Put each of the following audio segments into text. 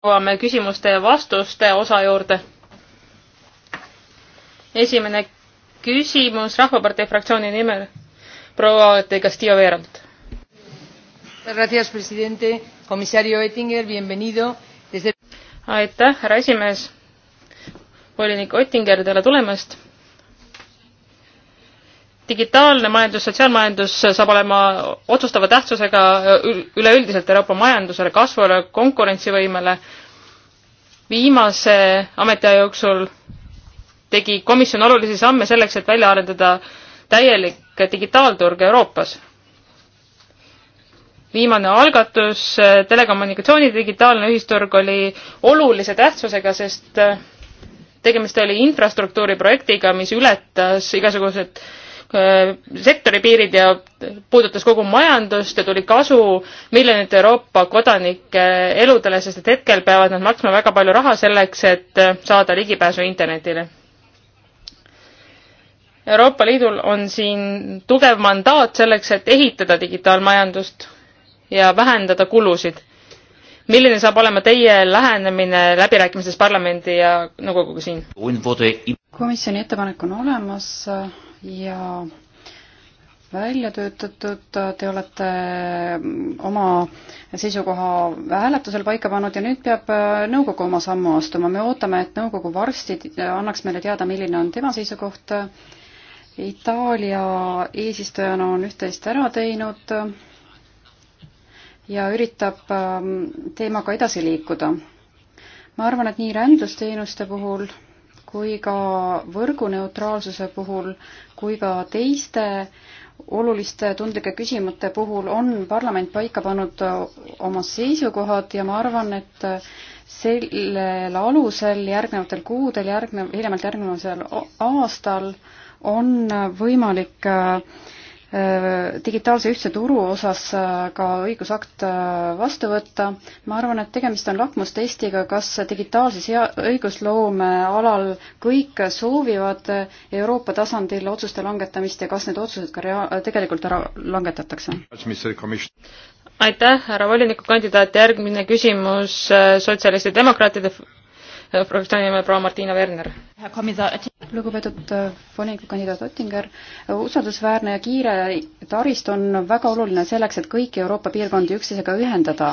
jõuame küsimuste ja vastuste osa juurde. esimene küsimus Rahvapartei fraktsiooni nimel proua de Castillo Veeralt. aitäh, härra esimees. volinik Ottinger, tere tulemast digitaalne majandus, sotsiaalmajandus saab olema otsustava tähtsusega üleüldiselt Euroopa majandusele, kasvule, konkurentsivõimele. viimase ametiaja jooksul tegi komisjon olulisi samme selleks, et välja arendada täielik digitaalturg Euroopas. viimane algatus, telekommunikatsiooni digitaalne ühisturg oli olulise tähtsusega, sest tegemist oli infrastruktuuri projektiga, mis ületas igasugused Äh, sektori piirid ja puudutas kogu majandust ja tuli kasu miljonite Euroopa kodanike eludele, sest et hetkel peavad nad maksma väga palju raha selleks, et äh, saada ligipääsu internetile. Euroopa Liidul on siin tugev mandaat selleks, et ehitada digitaalmajandust ja vähendada kulusid. milline saab olema teie lähenemine läbirääkimistes parlamendi ja nõukoguga siin? komisjoni ettepanek on olemas ja välja töötatud, te olete oma seisukoha hääletusel paika pannud ja nüüd peab nõukogu oma sammu astuma. me ootame, et nõukogu varsti annaks meile teada, milline on tema seisukoht. Itaalia eesistujana on üht-teist ära teinud ja üritab ähm, teemaga edasi liikuda. ma arvan, et nii rändlusteenuste puhul kui ka võrguneutraalsuse puhul kui ka teiste oluliste tundlike küsimute puhul on parlament paika pannud oma seisukohad ja ma arvan, et sellel alusel järgnevatel kuudel, järgnev, hiljemalt järgneval aastal on võimalik äh, Äh, digitaalse ühtse turu osas äh, ka õigusakt äh, vastu võtta. ma arvan, et tegemist on lakmustestiga, kas digitaalse sea-, õigusloome alal kõik soovivad Euroopa tasandil otsuste langetamist ja kas need otsused ka rea-, tegelikult ära langetatakse? aitäh, härra volinikukandidaat, järgmine küsimus sotsialistide demokraatide fraktsiooni nimel proua Martina Werner. lugupeetud äh, volinikukandidaat Ottinger, äh, usaldusväärne ja kiire taristu on väga oluline selleks, et kõiki Euroopa piirkondi üksteisega ühendada.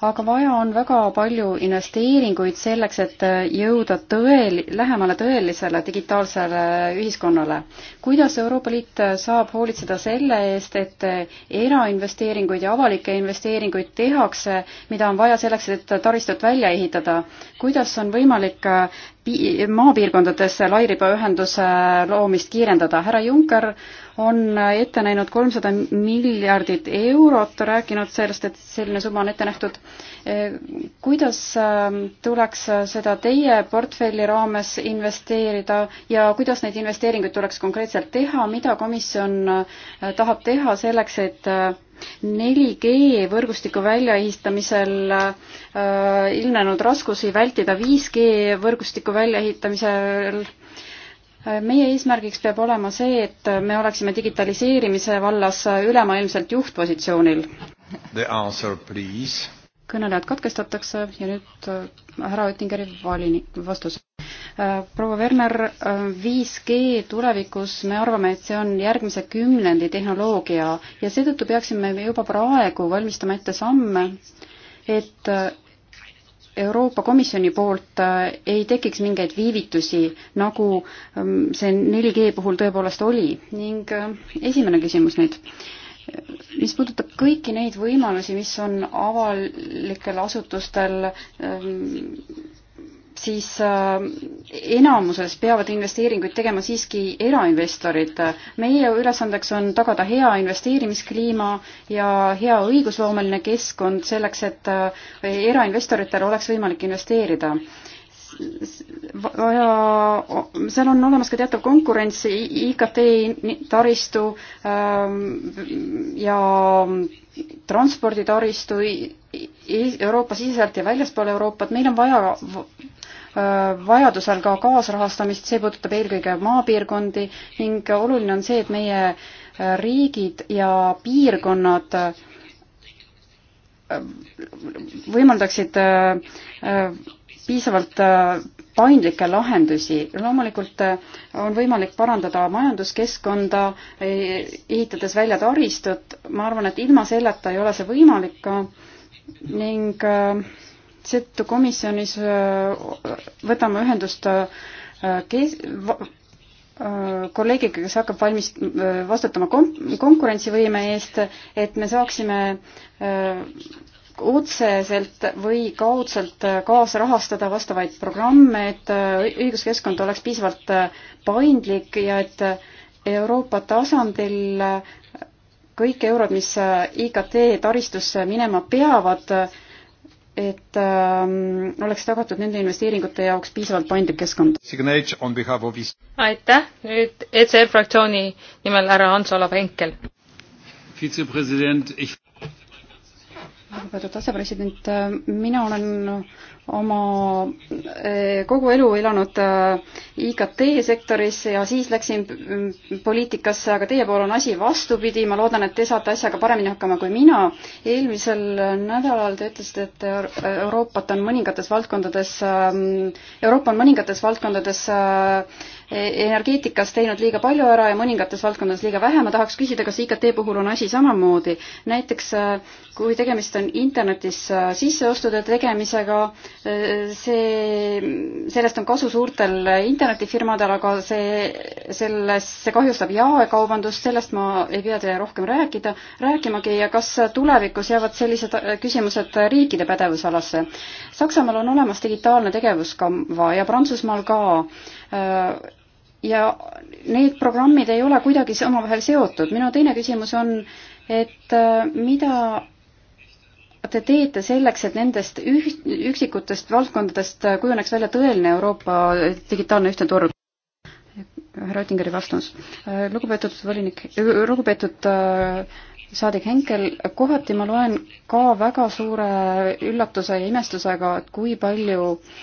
aga vaja on väga palju investeeringuid selleks, et äh, jõuda tõel-, lähemale tõelisele digitaalsele ühiskonnale. kuidas Euroopa Liit saab hoolitseda selle eest, et erainvesteeringuid ja avalikke investeeringuid tehakse, mida on vaja selleks, et taristut välja ehitada? kuidas on võimalik võimalik äh, maapiirkondades lairibaühenduse loomist kiirendada. härra Juncker on ette näinud kolmsada miljardit eurot, rääkinud sellest, et selline summa on ette nähtud. Eh, kuidas ähm, tuleks seda teie portfelli raames investeerida ja kuidas neid investeeringuid tuleks konkreetselt teha, mida komisjon äh, tahab teha selleks, et äh, 4G võrgustiku väljaehitamisel äh, ilmnenud raskusi vältida 5G võrgustiku väljaehitamisel äh, meie eesmärgiks peab olema see, et me oleksime digitaliseerimise vallas ülemaailmselt juhtpositsioonil. kõnelejad katkestatakse ja nüüd äh, härra Oettingeri valinik, vastus. Äh, proua Werner, 5G äh, tulevikus me arvame, et see on järgmise kümnendi tehnoloogia ja seetõttu peaksime me juba praegu valmistama ette samme, et äh, Euroopa Komisjoni poolt ei tekiks mingeid viivitusi, nagu ähm, see 4G puhul tõepoolest oli ning esimene küsimus nüüd mis puudutab kõiki neid võimalusi, mis on avalikel asutustel ähm, siis äh, enamuses peavad investeeringuid tegema siiski erainvestorid. meie ülesandeks on tagada hea investeerimiskliima ja hea õigusloomeline keskkond selleks, et äh, erainvestoritel oleks võimalik investeerida vaja, seal on olemas ka teatav konkurents IKT taristu ähm, ja transporditaristu Euroopa siseselt ja väljaspool Euroopat, meil on vaja äh, vajadusel ka kaasrahastamist, see puudutab eelkõige maapiirkondi ning oluline on see, et meie äh, riigid ja piirkonnad äh, võimaldaksid piisavalt äh, paindlikke lahendusi. loomulikult äh, on võimalik parandada majanduskeskkonda, e, ehitades välja taristut, ma arvan, et ilma selleta ei ole see võimalik ka ning äh, seetõttu komisjonis võtame ühendust kes-, kolleegiga, kes hakkab valmis-, vastutama kom-, konkurentsivõime eest, et me saaksime otseselt või kaudselt kaasrahastada vastavaid programme, et äh, õiguskeskkond oleks piisavalt äh, paindlik ja et Euroopa tasandil äh, kõik eurod, mis IKT taristusse minema peavad, et ähm, oleks tagatud nende investeeringute jaoks piisavalt paindlik keskkond. aitäh, nüüd ECR fraktsiooni nimel härra Hans-Olav Henkel lugupeetud asepresident, mina olen oma eh, kogu elu elanud eh, IKT sektoris ja siis läksin mm, poliitikasse, aga teie pool on asi vastupidi, ma loodan, et te saate asjaga paremini hakkama kui mina. eelmisel nädalal te ütlesite, et Euroopat on mõningates valdkondades, mm, Euroopa on mõningates valdkondades äh, energeetikas teinud liiga palju ära ja mõningates valdkondades liiga vähe. ma tahaks küsida, kas IKT puhul on asi samamoodi. näiteks äh, kui tegemist on internetis äh, sisseostude tegemisega, äh, see, sellest on kasu suurtel internetifirmadel, aga see, selles, see kahjustab jaekaubandust, sellest ma ei pea teile rohkem rääkida, rääkimagi ja kas tulevikus jäävad sellised küsimused riikide pädevusalasse? Saksamaal on olemas digitaalne tegevuskava ja Prantsusmaal ka ja need programmid ei ole kuidagi omavahel seotud. minu teine küsimus on, et äh, mida te teete selleks, et nendest üht, üksikutest valdkondadest äh, kujuneks välja tõeline Euroopa digitaalne ühtne turg? härra Oettingeri vastus. Äh, lugupeetud volinik, lugupeetud saadik Henkel, kohati ma loen ka väga suure üllatuse ja imestusega, et kui palju äh,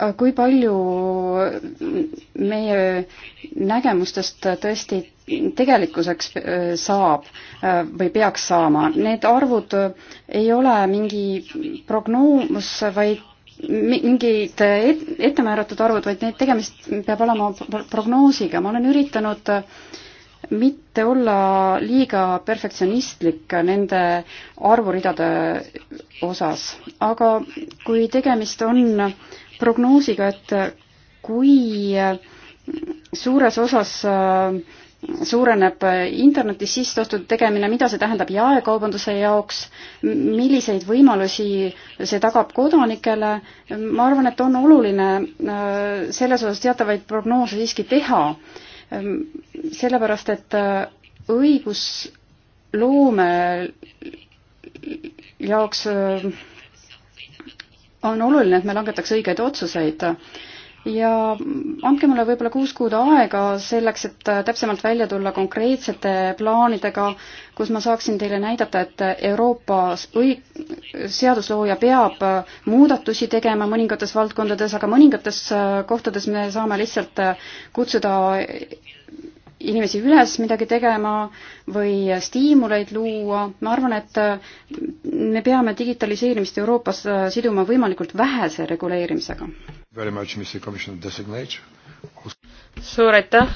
Äh, kui palju meie nägemustest tõesti tegelikkuseks äh, saab äh, või peaks saama. Need arvud ei ole mingi prognoos, vaid mingid ettemääratud arvud, vaid need tegemist peab olema prognoosiga. ma olen üritanud mitte olla liiga perfektsionistlik nende arvuridade osas, aga kui tegemist on prognoosiga, et kui suures osas äh, suureneb internetis sisseostude tegemine, mida see tähendab jaekaubanduse jaoks, milliseid võimalusi see tagab kodanikele, ma arvan, et on oluline äh, selles osas teatavaid prognoose siiski teha, ähm, sellepärast et äh, õigusloome jaoks on oluline, et me langetaks õigeid otsuseid ja andke mulle võib-olla kuus kuud aega selleks, et täpsemalt välja tulla konkreetsete plaanidega, kus ma saaksin teile näidata, et Euroopas õig-, seaduslooja peab muudatusi tegema mõningates valdkondades, aga mõningates äh, kohtades me saame lihtsalt kutsuda inimesi üles midagi tegema või stiimuleid luua, ma arvan, et me peame digitaliseerimist Euroopas siduma võimalikult vähese reguleerimisega. suur aitäh,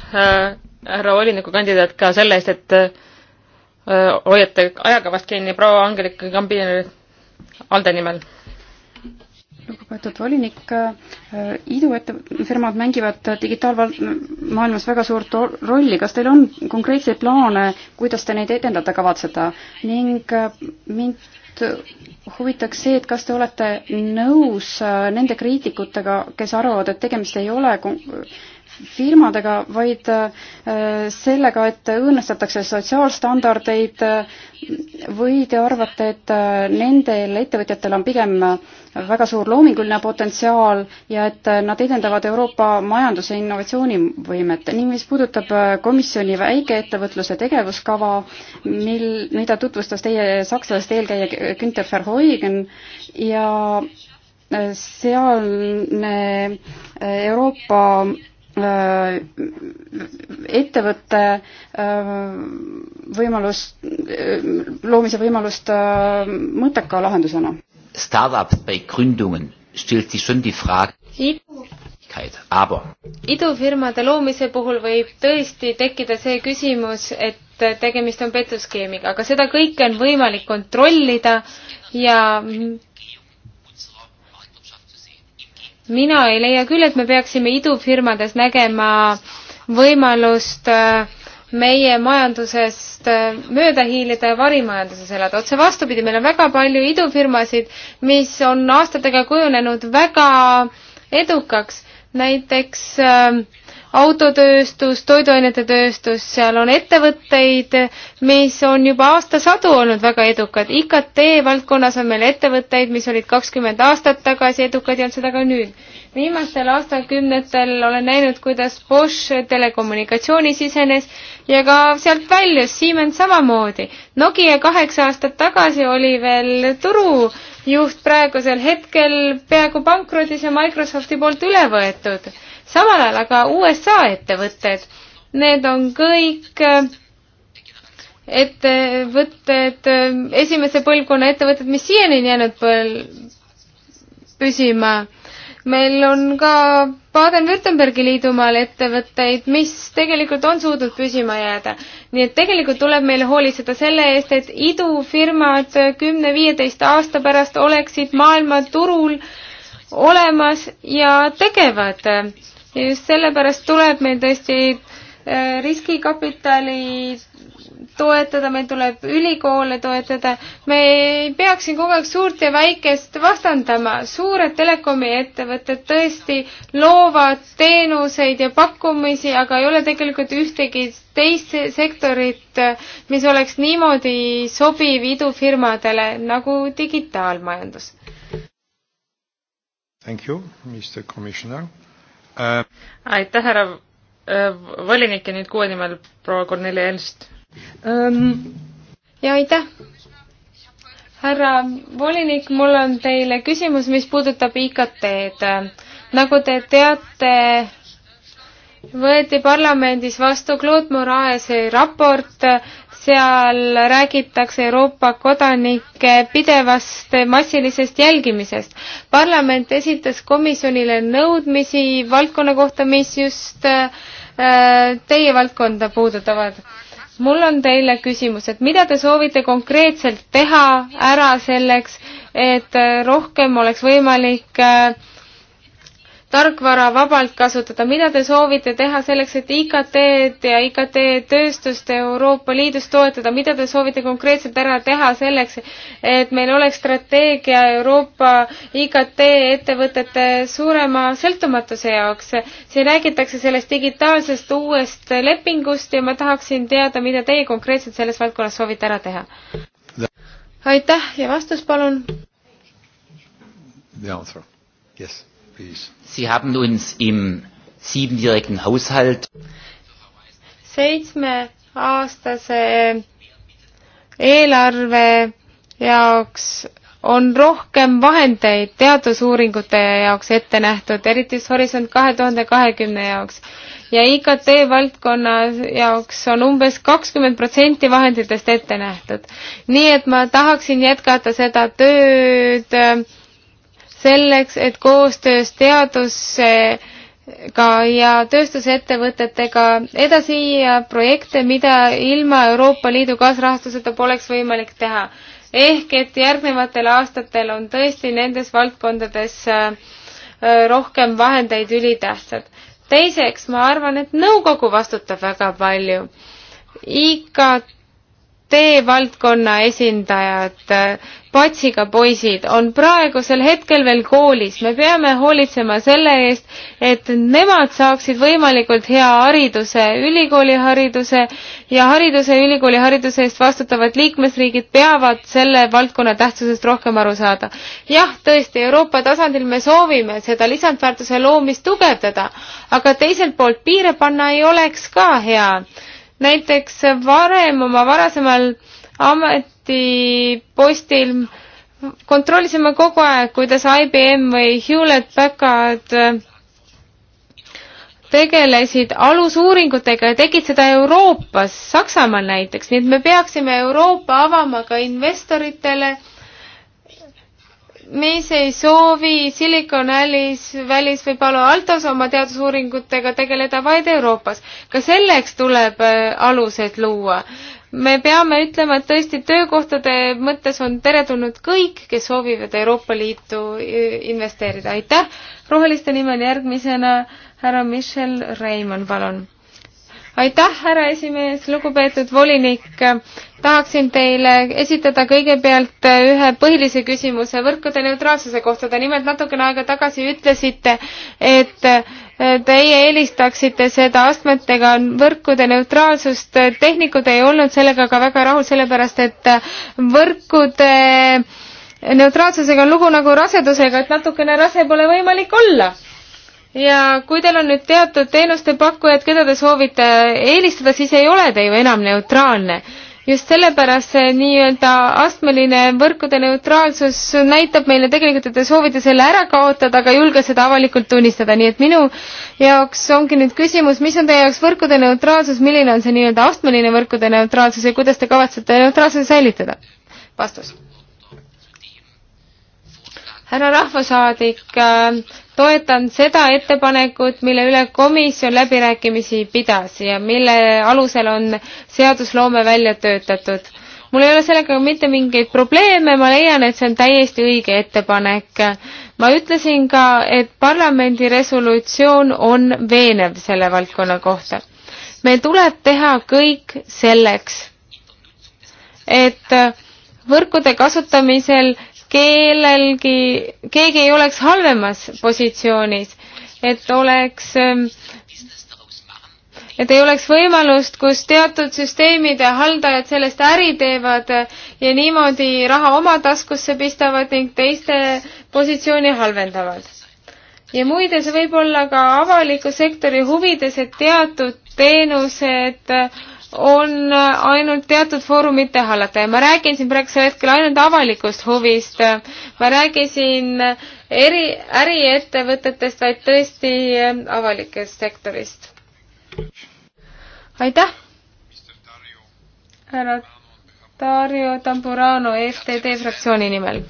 härra volinikukandidaat, ka selle eest, et äh, hoiate ajakavast kinni proua Angelika Kambini Alde nimel lugupeetud volinik, äh, idufirmad mängivad digitaalmaailmas väga suurt rolli, kas teil on konkreetseid plaane, kuidas te neid edendada kavatsete ning äh, mind huvitaks see, et kas te olete nõus äh, nende kriitikutega, kes arvavad, et tegemist ei ole firmadega, vaid äh, sellega, et õõnestatakse sotsiaalstandardeid äh, või te arvate, et äh, nendel ettevõtjatel on pigem väga suur loominguline potentsiaal ja et nad edendavad Euroopa majanduse innovatsioonivõimet ning mis puudutab komisjoni väikeettevõtluse tegevuskava, mil, mida tutvustas teie sakslaste eelkäija Günther Verheugen ja sealne Euroopa Äh, ettevõtte äh, võimalust, äh, loomise võimalust mõtteka lahendusena. Startups bei Gründungen stellt sich schon die Frage idufirmade loomise puhul võib tõesti tekkida see küsimus, et tegemist on petuskeemiga, aga seda kõike on võimalik kontrollida ja mina ei leia küll, et me peaksime idufirmades nägema võimalust äh, meie majandusest äh, mööda hiilida ja varimajanduses elada. otse vastupidi, meil on väga palju idufirmasid, mis on aastatega kujunenud väga edukaks. näiteks äh, autotööstus, toiduainetetööstus, seal on ettevõtteid, mis on juba aastasadu olnud väga edukad. IKT valdkonnas on meil ettevõtteid, mis olid kakskümmend aastat tagasi edukad ja on seda ka nüüd. viimastel aastakümnetel olen näinud, kuidas Bosch telekommunikatsiooni sisenes ja ka sealt väljus, Siemens samamoodi. Nokia kaheksa aastat tagasi oli veel turujuht praegusel hetkel peaaegu pankrotis ja Microsofti poolt üle võetud samal ajal aga USA ettevõtted, need on kõik äh, ettevõtted, äh, esimese põlvkonna ettevõtted, mis siiani on jäänud põl-, püsima. meil on ka Baden-Württembergi liidumaal ettevõtteid, mis tegelikult on suutnud püsima jääda. nii et tegelikult tuleb meil hoolitseda selle eest, et idufirmad kümne-viieteist aasta pärast oleksid maailmaturul olemas ja tegevad ja just sellepärast tuleb meil tõesti äh, riskikapitali toetada, meil tuleb ülikoole toetada, me ei peaks siin kogu aeg suurt ja väikest vastandama, suured telekomiettevõtted tõesti loovad teenuseid ja pakkumisi, aga ei ole tegelikult ühtegi teist sektorit, mis oleks niimoodi sobiv idufirmadele nagu digitaalmajandus. Thank you, Mr Commissioner äh.... aitäh, härra äh, volinik ja nüüd kuue nimel proua Kornelia Ernst ähm,. ja aitäh härra volinik, mul on teile küsimus, mis puudutab IKT-d. nagu te teate, võeti parlamendis vastu Claude Moraesi raport seal räägitakse Euroopa kodanike pidevast massilisest jälgimisest. parlament esitas komisjonile nõudmisi valdkonna kohta, mis just äh, teie valdkonda puudutavad. mul on teile küsimus, et mida te soovite konkreetselt teha ära selleks, et rohkem oleks võimalik äh, tarkvara vabalt kasutada, mida te soovite teha selleks, et IKT-d ja IKT tööstust Euroopa Liidus toetada, mida te soovite konkreetselt ära teha selleks, et meil oleks strateegia Euroopa IKT ettevõtete suurema sõltumatuse jaoks? siin räägitakse sellest digitaalsest uuest lepingust ja ma tahaksin teada, mida teie konkreetselt selles valdkonnas soovite ära teha? aitäh ja vastus palun! The answer. Yes, please. Sie haben uns im siebenjährigen Haushalt seitsmeaastase eelarve jaoks on rohkem vahendeid teadusuuringute jaoks ette nähtud, eriti just Horisont kahe tuhande kahekümne jaoks. ja IKT valdkonna jaoks on umbes kakskümmend protsenti vahenditest ette nähtud. nii et ma tahaksin jätkata seda tööd äh, selleks, et koostöös teadusega ja tööstusettevõtetega edasi viia projekte, mida ilma Euroopa Liidu kaasrahastuseta poleks võimalik teha. ehk et järgnevatel aastatel on tõesti nendes valdkondades äh, rohkem vahendeid ülitähtsad. teiseks, ma arvan, et nõukogu vastutab väga palju IKT valdkonna esindajad, patsiga poisid on praegusel hetkel veel koolis, me peame hoolitsema selle eest, et nemad saaksid võimalikult hea hariduse, ülikoolihariduse ja hariduse, ülikoolihariduse eest vastutavad liikmesriigid peavad selle valdkonna tähtsusest rohkem aru saada. jah, tõesti, Euroopa tasandil me soovime seda lisandväärtuse loomist tugevdada, aga teiselt poolt piire panna ei oleks ka hea näiteks varem oma varasemal ametipostil kontrollisime kogu aeg, kuidas IBM või Hewlett-Packard äh, tegelesid alusuuringutega ja tegid seda Euroopas, Saksamaal näiteks, nii et me peaksime Euroopa avama ka investoritele mis ei soovi Silicon Valley's, välis või Palo Altos oma teadusuuringutega tegeleda, vaid Euroopas. ka selleks tuleb äh, alused luua. me peame ütlema, et tõesti töökohtade mõttes on teretulnud kõik, kes soovivad Euroopa Liitu äh, investeerida. aitäh! roheliste nimel järgmisena härra Michel Reimann, palun aitäh, härra esimees, lugupeetud volinik. tahaksin teile esitada kõigepealt ühe põhilise küsimuse võrkude neutraalsuse kohta. Te nimelt natukene aega tagasi ütlesite, et teie eelistaksite seda astmetega võrkude neutraalsust. tehnikud ei olnud sellega ka väga rahul, sellepärast et võrkude neutraalsusega on lugu nagu rasedusega, et natukene rase pole võimalik olla ja kui teil on nüüd teatud teenustepakkujad, keda te soovite eelistada, siis ei ole te ju enam neutraalne. just sellepärast see nii-öelda astmeline võrkude neutraalsus näitab meile tegelikult, et te soovite selle ära kaotada, aga ei julge seda avalikult tunnistada, nii et minu jaoks ongi nüüd küsimus, mis on teie jaoks võrkude neutraalsus, milline on see nii-öelda astmeline võrkude neutraalsus ja kuidas te kavatsete neutraalsuse säilitada? vastus härra rahvasaadik, äh, toetan seda ettepanekut, mille üle komisjon läbirääkimisi pidas ja mille alusel on seadusloome välja töötatud. mul ei ole sellega mitte mingeid probleeme, ma leian, et see on täiesti õige ettepanek. ma ütlesin ka, et parlamendi resolutsioon on veenev selle valdkonna kohta. meil tuleb teha kõik selleks, et võrkude kasutamisel kellelgi, keegi ei oleks halvemas positsioonis, et oleks, ähm, et ei oleks võimalust, kus teatud süsteemide haldajad sellest äri teevad ja niimoodi raha oma taskusse pistavad ning teiste positsiooni halvendavad. ja muide, see võib olla ka avaliku sektori huvides, et teatud teenused äh, on ainult teatud foorumite hallata ja ma räägin siin praegusel hetkel ainult avalikust huvist. ma räägin siin eri, äriettevõtetest, vaid tõesti avalikest sektorist. aitäh! härra Dario Tamburano EFTD fraktsiooni nimel.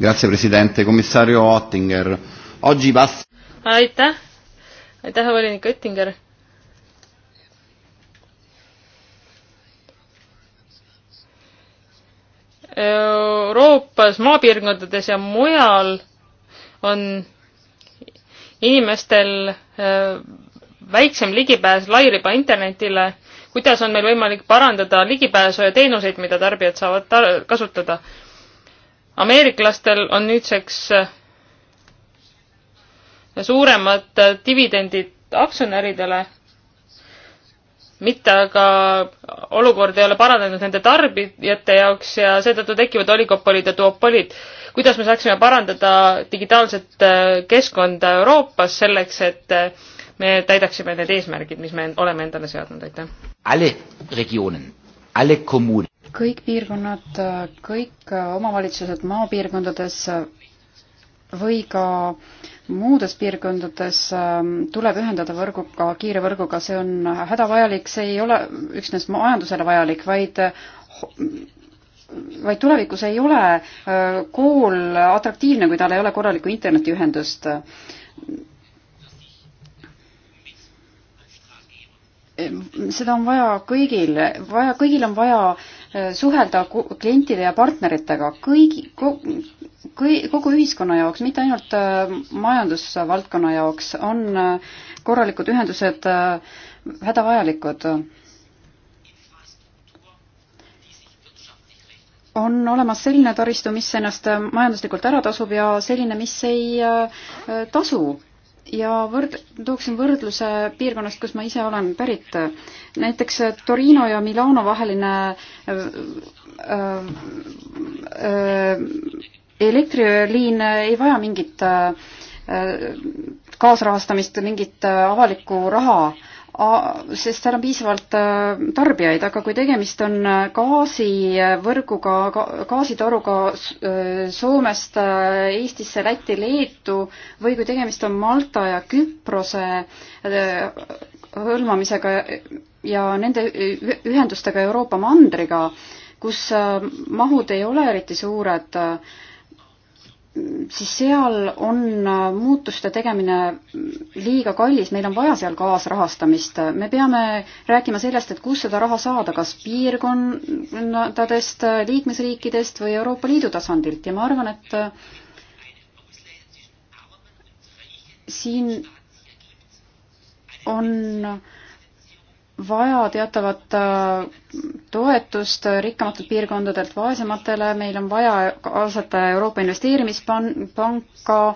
Grazie presidente, komissario Ottinger. Oggi pass-. aitäh, aitäh, volinik Ottinger Euroopas maapiirkondades ja mujal on inimestel äh, väiksem ligipääs lairiba internetile, kuidas on meil võimalik parandada ligipääsu ja teenuseid, mida tarbijad saavad tar kasutada. ameeriklastel on nüüdseks äh, suuremad dividendid aktsionäridele mitte aga olukord ei ole paranenud nende tarbijate jaoks ja seetõttu tekivad oligopolid ja duopolid. kuidas me saaksime parandada digitaalset äh, keskkonda Euroopas selleks, et äh, me täidaksime need eesmärgid, mis me oleme endale seadnud, aitäh? Alle regioonid, alle kommuunid. kõik piirkonnad, kõik äh, omavalitsused maapiirkondades või ka äh, muudes piirkondades ähm, tuleb ühendada võrguga, kiire võrguga, see on hädavajalik, see ei ole üksnes majandusele vajalik, vaid vaid tulevikus ei ole äh, kool atraktiivne, kui tal ei ole korralikku internetiühendust. seda on vaja kõigil, vaja, kõigil on vaja äh, suhelda klientide ja partneritega, kõigi, kõi-, kogu ühiskonna jaoks, mitte ainult äh, majandusvaldkonna jaoks, on äh, korralikud ühendused äh, hädavajalikud. on olemas selline taristu, mis ennast majanduslikult ära tasub ja selline, mis ei tasu ja võrd-, tooksin võrdluse piirkonnast, kus ma ise olen pärit. näiteks Torino ja Milano vaheline öö, öö, elektriliin ei vaja mingit äh, kaasrahastamist, mingit äh, avalikku raha, sest seal on piisavalt äh, tarbijaid, aga kui tegemist on gaasivõrguga, gaasitoruga Soomest Eestisse, Lätti, Leetu või kui tegemist on Malta ja Küprose hõlmamisega ja nende ühendustega Euroopa mandriga, kus mahud ei ole eriti suured, siis seal on äh, muutuste tegemine liiga kallis, meil on vaja seal kaasrahastamist. me peame rääkima sellest, et kust seda raha saada, kas piirkondadest, äh, liikmesriikidest või Euroopa Liidu tasandilt ja ma arvan, et äh, siin on vaja teatavat äh, toetust rikkamatelt piirkondadelt vaesematele, meil on vaja kaasata Euroopa Investeerimispanka, äh,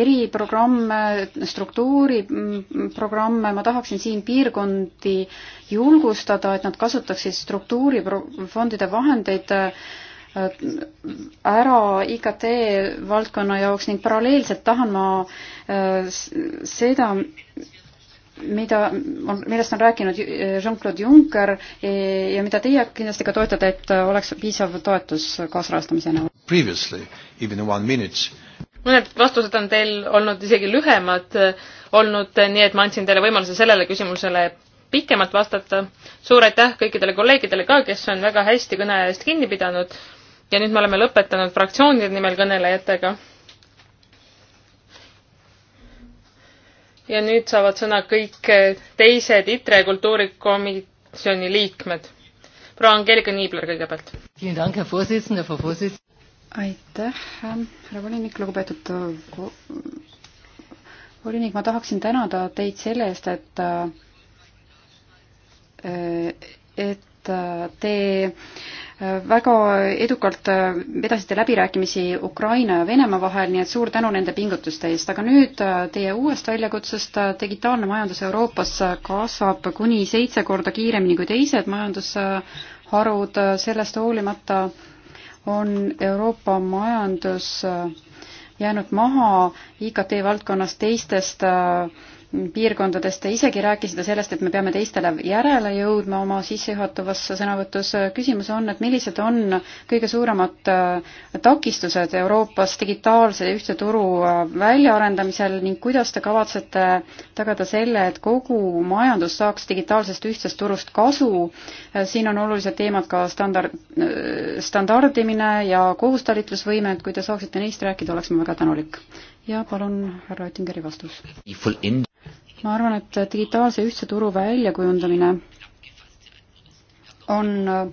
eriprogramme, struktuuriprogramme, mm, ma tahaksin siin piirkondi julgustada, et nad kasutaksid struktuurifondide vahendeid äh, ära IKT valdkonna jaoks ning paralleelselt tahan ma seda, mida on, millest on rääkinud äh, Jean-Claude Juncker e, ja mida teie kindlasti ka toetate, et oleks piisav toetus kaasrahastamise näol? mõned vastused on teil olnud isegi lühemad äh, olnud, äh, nii et ma andsin teile võimaluse sellele küsimusele pikemalt vastata. suur aitäh kõikidele kolleegidele ka, kes on väga hästi kõne eest kinni pidanud ja nüüd me oleme lõpetanud fraktsioonide nimel kõnelejatega ja nüüd saavad sõna kõik eh, teised ITRE kultuurikomisjoni liikmed. proua Angelika Niibler kõigepealt. aitäh, ähm, härra volinik, lugupeetud äh, volinik, ma tahaksin tänada teid selle eest, et äh, äh, et te väga edukalt äh, vedasite läbirääkimisi Ukraina ja Venemaa vahel, nii et suur tänu nende pingutuste eest, aga nüüd äh, teie uuest väljakutsest, äh, digitaalne majandus Euroopas kasvab kuni seitse korda kiiremini kui teised majandusharud, sellest hoolimata on Euroopa majandus jäänud maha IKT valdkonnas teistest äh, piirkondadest, te isegi rääkisite sellest, et me peame teistele järele jõudma oma sissejuhatavas sõnavõtus. küsimus on, et millised on kõige suuremad äh, takistused Euroopas digitaalse ühtse turu äh, väljaarendamisel ning kuidas te kavatsete tagada selle, et kogu majandus saaks digitaalsest ühtsest turust kasu. Äh, siin on olulised teemad ka standard, standardimine ja koostalitlusvõime, et kui te saaksite neist rääkida, oleks ma väga tänulik ja palun härra Oettingeri vastus. ma arvan, et digitaalse ühtse turu väljakujundamine on äh,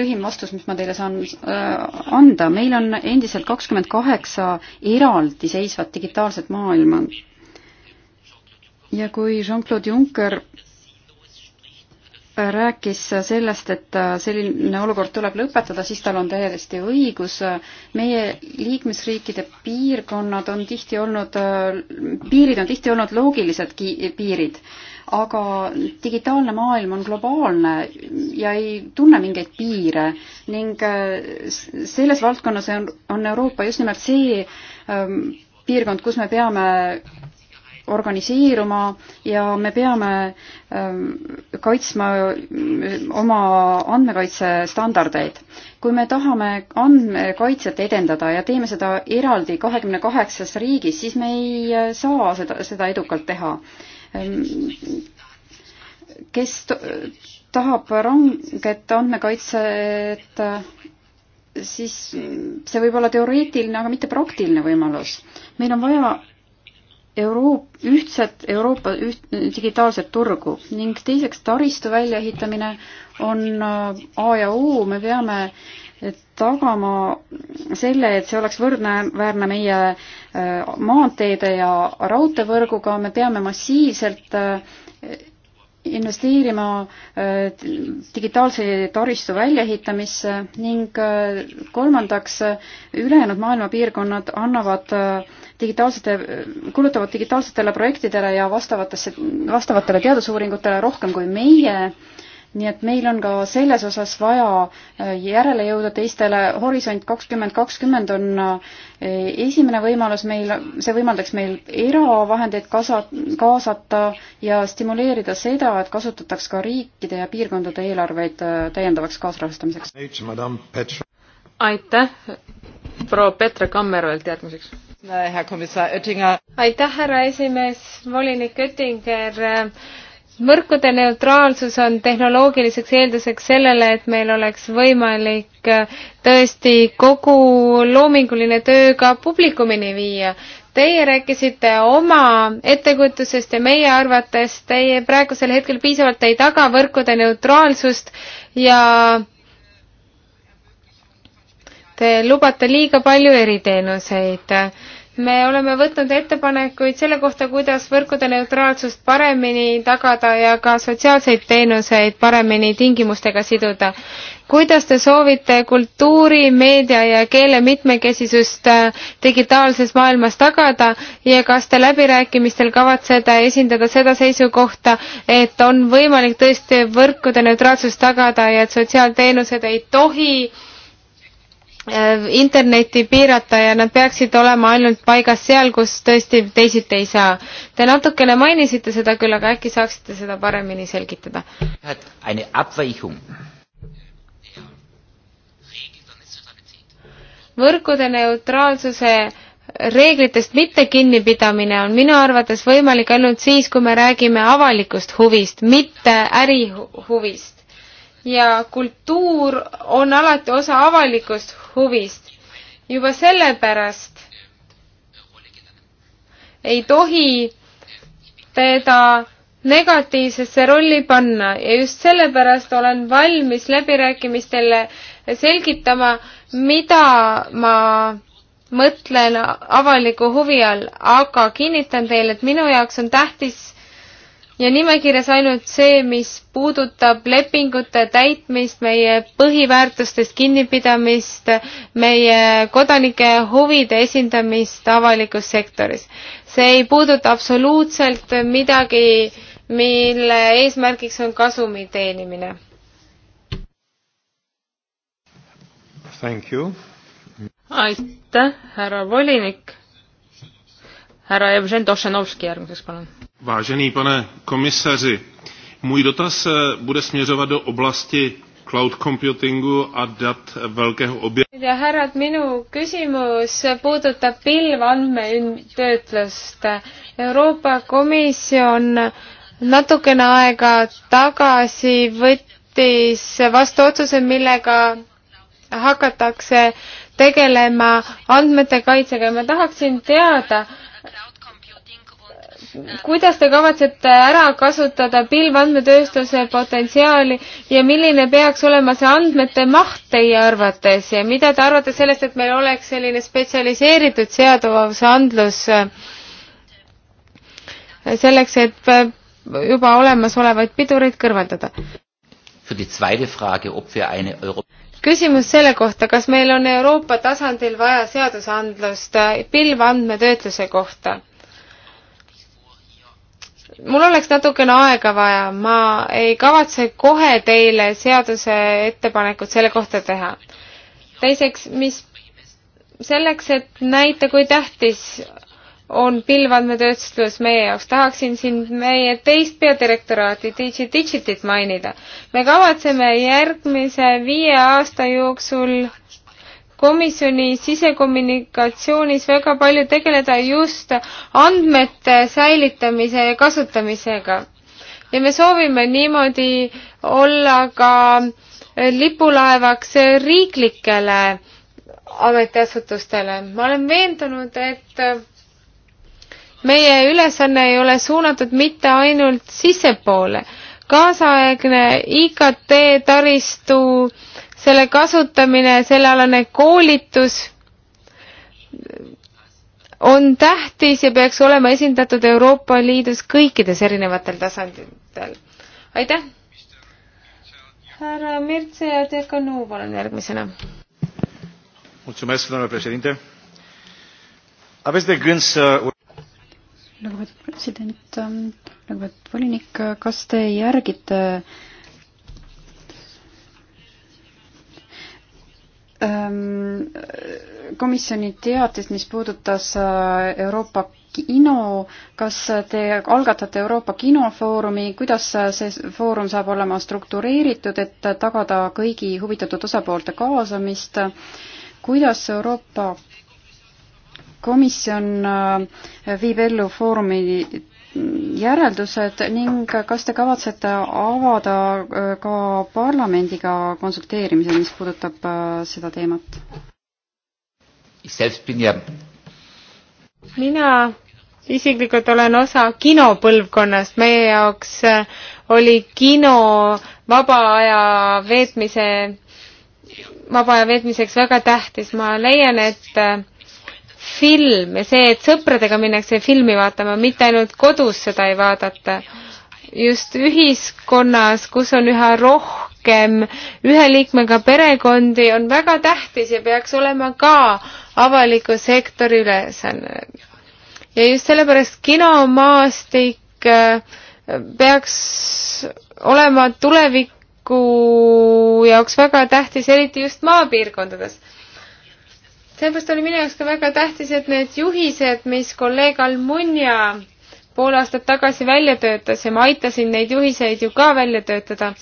lühim vastus, mis ma teile saan äh, anda. meil on endiselt kakskümmend kaheksa eraldiseisvat digitaalset maailma. ja kui Jean-Claude Juncker rääkis sellest, et selline olukord tuleb lõpetada, siis tal on täiesti õigus. meie liikmesriikide piirkonnad on tihti olnud, piirid on tihti olnud loogilised piirid, aga digitaalne maailm on globaalne ja ei tunne mingeid piire ning selles valdkonnas on, on Euroopa just nimelt see ähm, piirkond, kus me peame organiseeruma ja me peame ähm, kaitsma äh, oma andmekaitsestandardeid. kui me tahame andmekaitset edendada ja teeme seda eraldi kahekümne kaheksas riigis, siis me ei äh, saa seda, seda edukalt teha. Ähm, kes tahab ranget andmekaitset äh, siis see võib olla teoreetiline, aga mitte praktiline võimalus. meil on vaja Euroop-, ühtset Euroopa üht, digitaalset turgu ning teiseks taristu väljaehitamine on äh, A ja O, me peame tagama selle, et see oleks võrdväärne meie äh, maanteede ja raudteevõrguga, me peame massiivselt äh, investeerima digitaalse taristu väljaehitamisse ning kolmandaks, ülejäänud maailma piirkonnad annavad äh, digitaalsete, kulutavad digitaalsetele projektidele ja vastavatesse, vastavatele teadusuuringutele rohkem kui meie. nii et meil on ka selles osas vaja äh, järele jõuda teistele. Horisont kakskümmend kakskümmend on äh, esimene võimalus meil, see võimaldaks meil eravahendeid kaasa, kaasata ja stimuleerida seda, et kasutataks ka riikide ja piirkondade eelarveid äh, täiendavaks kaasrahastamiseks aitäh, proua Petra Kammervelt järgmiseks aitäh, härra esimees, volinik Oettinger võrkude äh, neutraalsus on tehnoloogiliseks eelduseks sellele, et meil oleks võimalik äh, tõesti kogu loominguline töö ka publikumini viia. Teie rääkisite oma ettekujutusest ja meie arvates teie praegusel hetkel piisavalt ei taga võrkude neutraalsust ja te lubate liiga palju eriteenuseid me oleme võtnud ettepanekuid selle kohta, kuidas võrkude neutraalsust paremini tagada ja ka sotsiaalseid teenuseid paremini tingimustega siduda. kuidas te soovite kultuuri, meedia ja keele mitmekesisust äh, digitaalses maailmas tagada ja kas te läbirääkimistel kavatsete esindada seda seisukohta, et on võimalik tõesti võrkude neutraalsust tagada ja et sotsiaalteenused ei tohi äh, Äh, internetti piirata ja nad peaksid olema ainult paigas seal, kus tõesti teisiti ei saa. Te natukene mainisite seda küll, aga äkki saaksite seda paremini selgitada? võrkude neutraalsuse reeglitest mitte kinnipidamine on minu arvates võimalik ainult siis, kui me räägime avalikust huvist, mitte ärihuvist ja kultuur on alati osa avalikust huvist. juba sellepärast ei tohi teda negatiivsesse rolli panna ja just sellepärast olen valmis läbirääkimistele selgitama, mida ma mõtlen avaliku huvi all, aga kinnitan teile, et minu jaoks on tähtis ja nimekirjas ainult see, mis puudutab lepingute täitmist, meie põhiväärtustest kinnipidamist, meie kodanike huvide esindamist avalikus sektoris. see ei puuduta absoluutselt midagi, mille eesmärgiks on kasumi teenimine. aitäh, härra volinik. härra Jevgeni Tošenovski järgmiseks, palun Vážený pane komisaři, můj dotaz eh, bude směřovat do oblasti cloud computingu a dat velkého objemu. ja härrad, minu küsimus puudutab pilvandmetöötlust. Euroopa Komisjon natukene aega tagasi võttis vastu otsuse, millega hakatakse tegelema andmete kaitsega ja ma tahaksin teada, kuidas te kavatsete ära kasutada pilvandmetööstuse potentsiaali ja milline peaks olema see andmete maht teie arvates ja mida te arvate sellest, et meil oleks selline spetsialiseeritud seadusandlus äh, selleks, et äh, juba olemasolevaid pidureid kõrvaldada? küsimus selle kohta, kas meil on Euroopa tasandil vaja seadusandlust äh, pilvandmetöötluse kohta mul oleks natukene aega vaja, ma ei kavatse kohe teile seaduse ettepanekut selle kohta teha. teiseks, mis selleks, et näita, kui tähtis on pilvandmetöötlus meie jaoks, tahaksin siin meie teist peadirektoraati, Digi Digitit mainida. me kavatseme järgmise viie aasta jooksul komisjoni sisekommunikatsioonis väga palju tegeleda just andmete säilitamise ja kasutamisega. ja me soovime niimoodi olla ka lipulaevaks riiklikele ametiasutustele. ma olen veendunud, et meie ülesanne ei ole suunatud mitte ainult sissepoole, kaasaegne IKT taristu selle kasutamine, sellealane koolitus on tähtis ja peaks olema esindatud Euroopa Liidus kõikides erinevatel tasanditel. aitäh! härra Mirtse ja Dekanu, palun järgmisena. lugupeetud president, lugupeetud volinik, kas te järgite äh, Ehm, komisjoni teatist, mis puudutas äh, Euroopa kino, kas te algatate Euroopa kinofoorumi, kuidas äh, see foorum saab olema struktureeritud, et tagada kõigi huvitatud osapoolte kaasamist, kuidas Euroopa komisjon äh, viib ellu foorumi järeldused ning kas te kavatsete avada äh, ka parlamendiga konsulteerimise, mis puudutab äh, seda teemat? mina isiklikult olen osa kinopõlvkonnast, meie jaoks äh, oli kino vaba aja veetmise, vaba aja veetmiseks väga tähtis, ma leian, et film ja see, et sõpradega minnakse filmi vaatama, mitte ainult kodus seda ei vaadata. just ühiskonnas, kus on üha rohkem ühe liikmega perekondi, on väga tähtis ja peaks olema ka avaliku sektori ülesanne. ja just sellepärast kinomaastik äh, peaks olema tuleviku jaoks väga tähtis, eriti just maapiirkondades seepärast oli minu jaoks ka väga tähtis, et need juhised, mis kolleeg Almunia pool aastat tagasi välja töötas ja ma aitasin neid juhiseid ju ka välja töötada,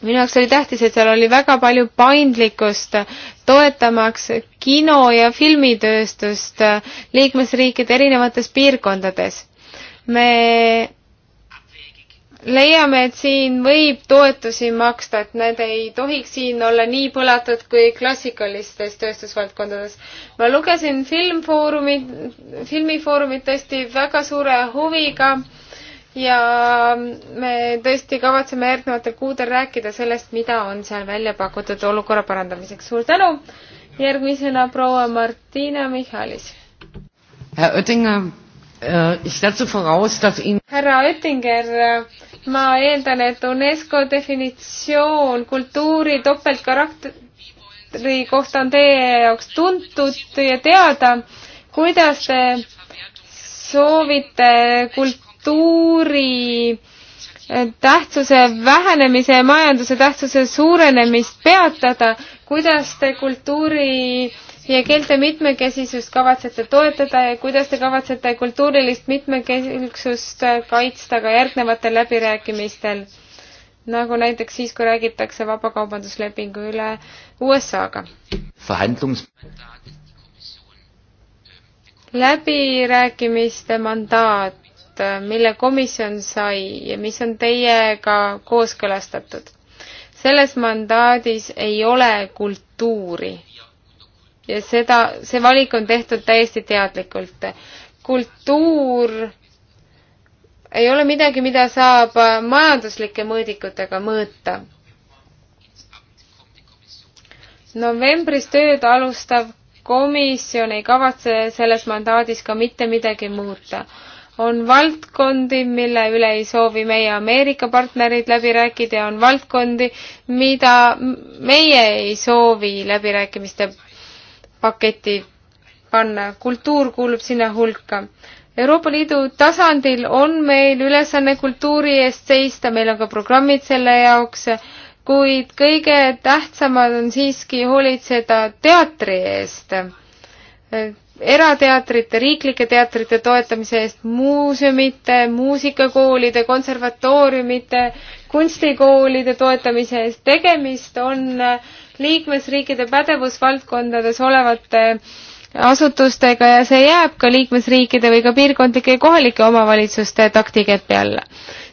minu jaoks oli tähtis, et seal oli väga palju paindlikkust, toetamaks kino- ja filmitööstust liikmesriikide erinevates piirkondades. me leiame, et siin võib toetusi maksta, et need ei tohiks siin olla nii põlatud kui klassikalistes tööstusvaldkondades. ma lugesin Filmfoorumi, filmifoorumit tõesti väga suure huviga ja me tõesti kavatseme järgnevatel kuudel rääkida sellest, mida on seal välja pakutud olukorra parandamiseks. suur tänu, järgmisena proua Martina Michalis. härra Oettinger, äh, ich setze voraus, dass Ihnen härra Oettinger äh, ma eeldan, et UNESCO definitsioon kultuuri topeltkarakteri kohta on teie jaoks tuntud ja teada. kuidas te soovite kultuuri tähtsuse vähenemise ja majanduse tähtsuse suurenemist peatada, kuidas te kultuuri ja keelte mitmekesisust kavatsete toetada ja kuidas te kavatsete kultuurilist mitmekesisust kaitsta ka järgnevatel läbirääkimistel, nagu näiteks siis, kui räägitakse vabakaubanduslepingu üle USA-ga? läbirääkimiste mandaat, mille komisjon sai ja mis on teiega kooskõlastatud selles mandaadis ei ole kultuuri ja seda, see valik on tehtud täiesti teadlikult. kultuur ei ole midagi, mida saab majanduslike mõõdikutega mõõta. novembris tööd alustav komisjon ei kavatse selles mandaadis ka mitte midagi muuta. on valdkondi, mille üle ei soovi meie Ameerika partnerid läbi rääkida ja on valdkondi, mida meie ei soovi läbirääkimiste paketi panna, kultuur kuulub sinna hulka. Euroopa Liidu tasandil on meil ülesanne kultuuri eest seista, meil on ka programmid selle jaoks, kuid kõige tähtsamad on siiski hoolitseda teatri eest, erateatrite, riiklike teatrite toetamise eest, muuseumite, muusikakoolide, konservatooriumite, kunstikoolide toetamise eest, tegemist on äh, liikmesriikide pädevusvaldkondades olevate asutustega ja see jääb ka liikmesriikide või ka piirkondlike ja kohalike omavalitsuste taktikepi alla.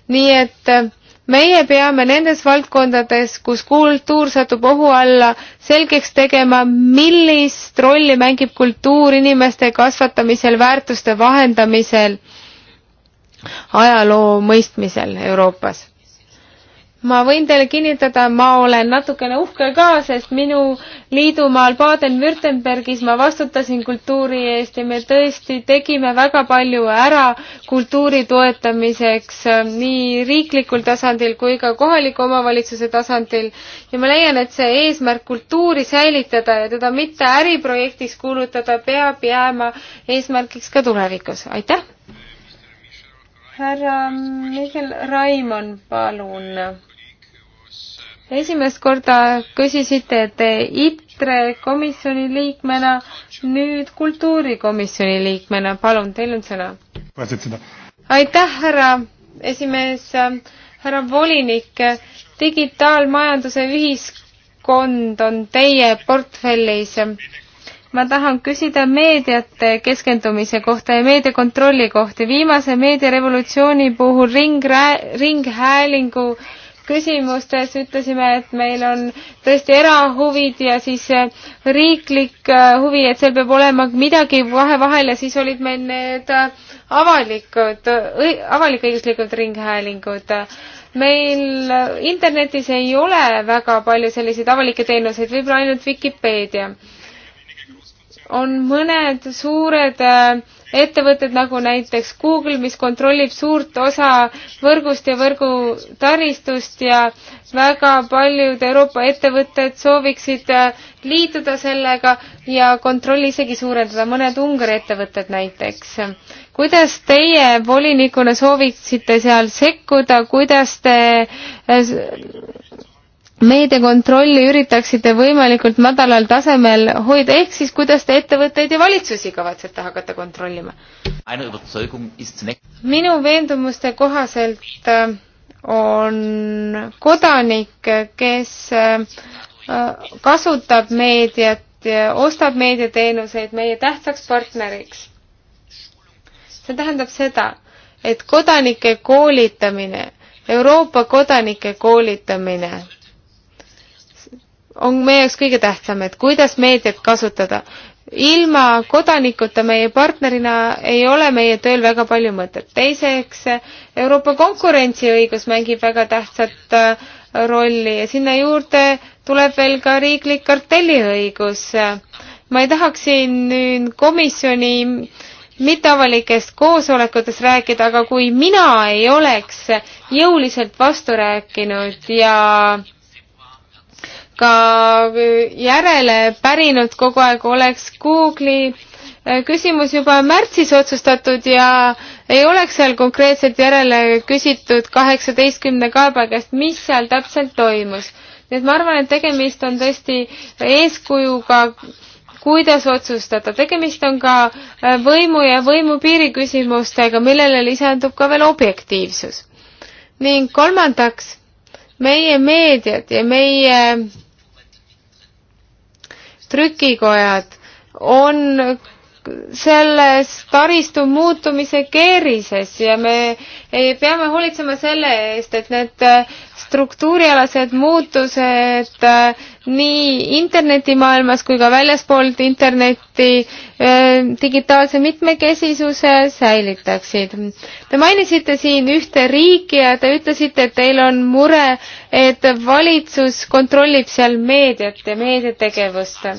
nii et äh, meie peame nendes valdkondades, kus kultuur satub ohu alla, selgeks tegema, millist rolli mängib kultuur inimeste kasvatamisel, väärtuste vahendamisel, ajaloo mõistmisel Euroopas ma võin teile kinnitada, ma olen natukene uhke ka, sest minu liidumaal Baden-Württembergis ma vastutasin kultuuri eest ja me tõesti tegime väga palju ära kultuuri toetamiseks äh, nii riiklikul tasandil kui ka kohaliku omavalitsuse tasandil. ja ma leian, et see eesmärk kultuuri säilitada ja teda mitte äriprojektiks kuulutada, peab jääma eesmärgiks ka tulevikus. aitäh! härra Mihkel Raimon, palun. esimest korda küsisite te ITRE komisjoni liikmena, nüüd kultuurikomisjoni liikmena, palun, teil on sõna. aitäh, härra esimees, härra volinik, digitaalmajanduse ühiskond on teie portfellis ma tahan küsida meediate keskendumise kohta ja meediakontrolli kohta. viimase meediarevolutsiooni puhul ringrää-, ringhäälingu küsimustes ütlesime, et meil on tõesti erahuvid ja siis äh, riiklik äh, huvi, et seal peab olema midagi vahe vahel ja siis olid meil need äh, avalikud, avalik-õiguslikud ringhäälingud. meil internetis ei ole väga palju selliseid avalikke teenuseid, võib-olla ainult Vikipeedia on mõned suured äh, ettevõtted nagu näiteks Google, mis kontrollib suurt osa võrgust ja võrgutaristust ja väga paljud Euroopa ettevõtted sooviksid äh, liituda sellega ja kontrolli isegi suurendada, mõned Ungari ettevõtted näiteks. kuidas teie volinikuna sooviksite seal sekkuda, kuidas te äh, meediakontrolli üritaksite võimalikult madalal tasemel hoida, ehk siis kuidas te ettevõtteid ja valitsusi kavatsete hakata kontrollima? minu veendumuste kohaselt äh, on kodanik, kes äh, kasutab meediat, ostab meediateenuseid meie tähtsaks partneriks. see tähendab seda, et kodanike koolitamine, Euroopa kodanike koolitamine on meie jaoks kõige tähtsam, et kuidas meediat kasutada. ilma kodanikuta meie partnerina ei ole meie tööl väga palju mõtet. teiseks, Euroopa konkurentsiõigus mängib väga tähtsat äh, rolli ja sinna juurde tuleb veel ka riiklik kartelliõigus. ma ei tahaks siin nüüd komisjoni mitteavalikest koosolekutest rääkida, aga kui mina ei oleks jõuliselt vastu rääkinud ja äh, ka järele pärinud kogu aeg, oleks Google'i äh, küsimus juba märtsis otsustatud ja ei oleks seal konkreetselt järele küsitud kaheksateistkümne kaeba käest, mis seal täpselt toimus. nii et ma arvan, et tegemist on tõesti eeskujuga, kuidas otsustada. tegemist on ka äh, võimu ja võimupiiri küsimustega, millele lisandub ka veel objektiivsus. ning kolmandaks, meie meediad ja meie trükikojad on selles taristu muutumise keerises ja me peame hoolitsema selle eest, et need struktuurialased muutused äh, nii internetimaailmas kui ka väljaspoolt internetti äh, digitaalse mitmekesisuse säilitaksid. Te mainisite siin ühte riiki ja te ütlesite, et teil on mure, et valitsus kontrollib seal meediat ja meediategevust.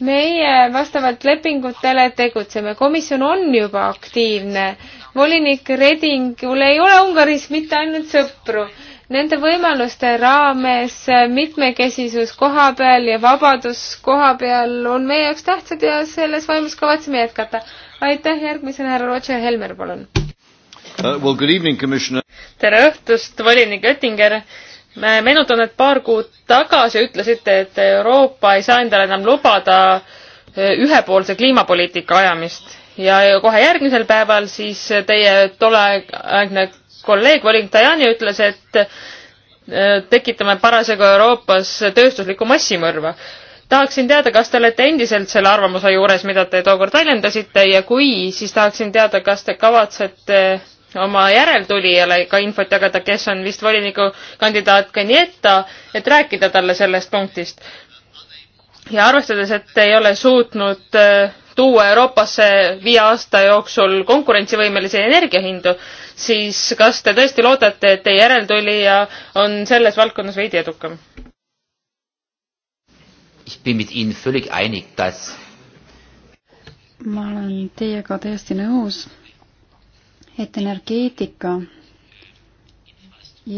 meie vastavalt lepingutele tegutseme, komisjon on juba aktiivne volinik Redingul ei ole Ungaris mitte ainult sõpru, nende võimaluste raames mitmekesisus koha peal ja vabadus koha peal on meie jaoks tähtsad ja selles vaimus kavatseme jätkata. aitäh, järgmisena härra Roger Helmer, palun uh,. Well, good evening, commissioner. tere õhtust, volinik Oettinger. meenutan, et paar kuud tagasi ütlesite, et Euroopa ei saa endale enam lubada eh, ühepoolse kliimapoliitika ajamist ja kohe järgmisel päeval siis teie tolleaegne kolleeg Voling Tajani ütles, et äh, tekitame parasjagu Euroopas tööstuslikku massimõrva. tahaksin teada, kas te olete endiselt selle arvamuse juures, mida te tookord väljendasite ja kui, siis tahaksin teada, kas te kavatsete oma järeltulijale ka infot jagada, kes on vist volinikukandidaat Kanieta, et rääkida talle sellest punktist. ja arvestades, et te ei ole suutnud äh, tuua Euroopasse viie aasta jooksul konkurentsivõimelisi energiahindu, siis kas te tõesti loodate, et teie järeltulija on selles valdkonnas veidi edukam? ma olen teiega täiesti nõus, et energeetika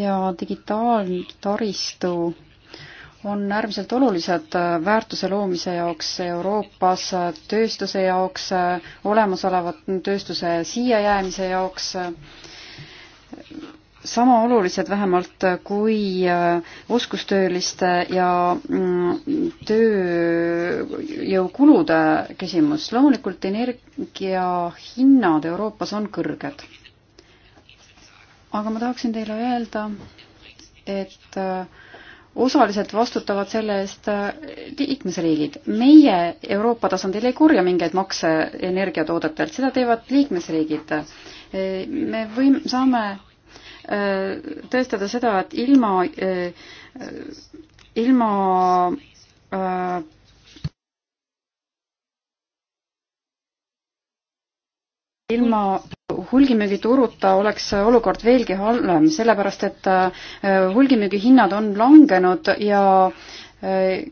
ja digitaaltaristu on äärmiselt olulised äh, väärtuse loomise jaoks Euroopas, äh, tööstuse jaoks, äh, olemasoleva tööstuse siia jäämise jaoks, sama olulised vähemalt kui oskustööliste ja mm, tööjõukulude küsimus. loomulikult energiahinnad Euroopas on kõrged. aga ma tahaksin teile öelda, et äh, osaliselt vastutavad selle eest äh, liikmesriigid. meie Euroopa tasandil ei korja mingeid makse energiatoodetelt, seda teevad liikmesriigid. Äh, me võim-, saame äh, tõestada seda, et ilma, ilma ilma hulgimüügituruta oleks olukord veelgi halvem, sellepärast et äh, hulgimüügi hinnad on langenud ja äh,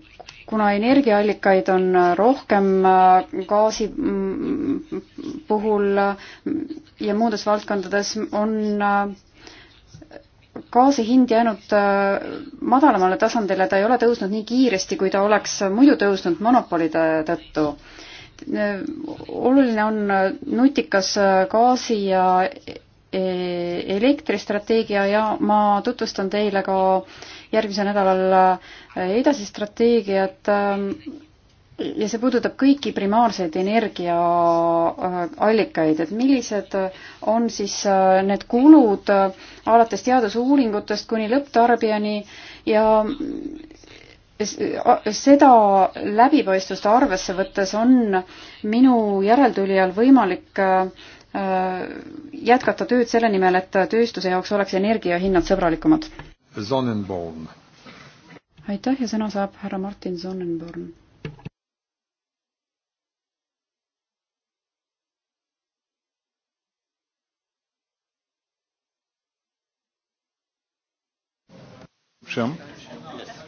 kuna energiaallikaid on rohkem äh, gaasi mm, puhul ja muudes valdkondades, on gaasi hind jäänud madalamale tasandile, ta ei ole tõusnud nii kiiresti, kui ta oleks muidu tõusnud monopolide tõttu Äh, oluline on nutikas äh, gaasi ja äh, elektristrateegia ja ma tutvustan teile ka järgmisel nädalal edasist strateegiat ähm, ja see puudutab kõiki primaarseid energiaallikaid, et millised on siis need kulud alates teadusuuringutest kuni lõpptarbijani ja seda läbipaistvust arvesse võttes on minu järeltulijal võimalik äh, äh, jätkata tööd selle nimel, et tööstuse jaoks oleks energiahinnad sõbralikumad. Sonnenborn. aitäh ja sõna saab härra Martin Sonnenborn.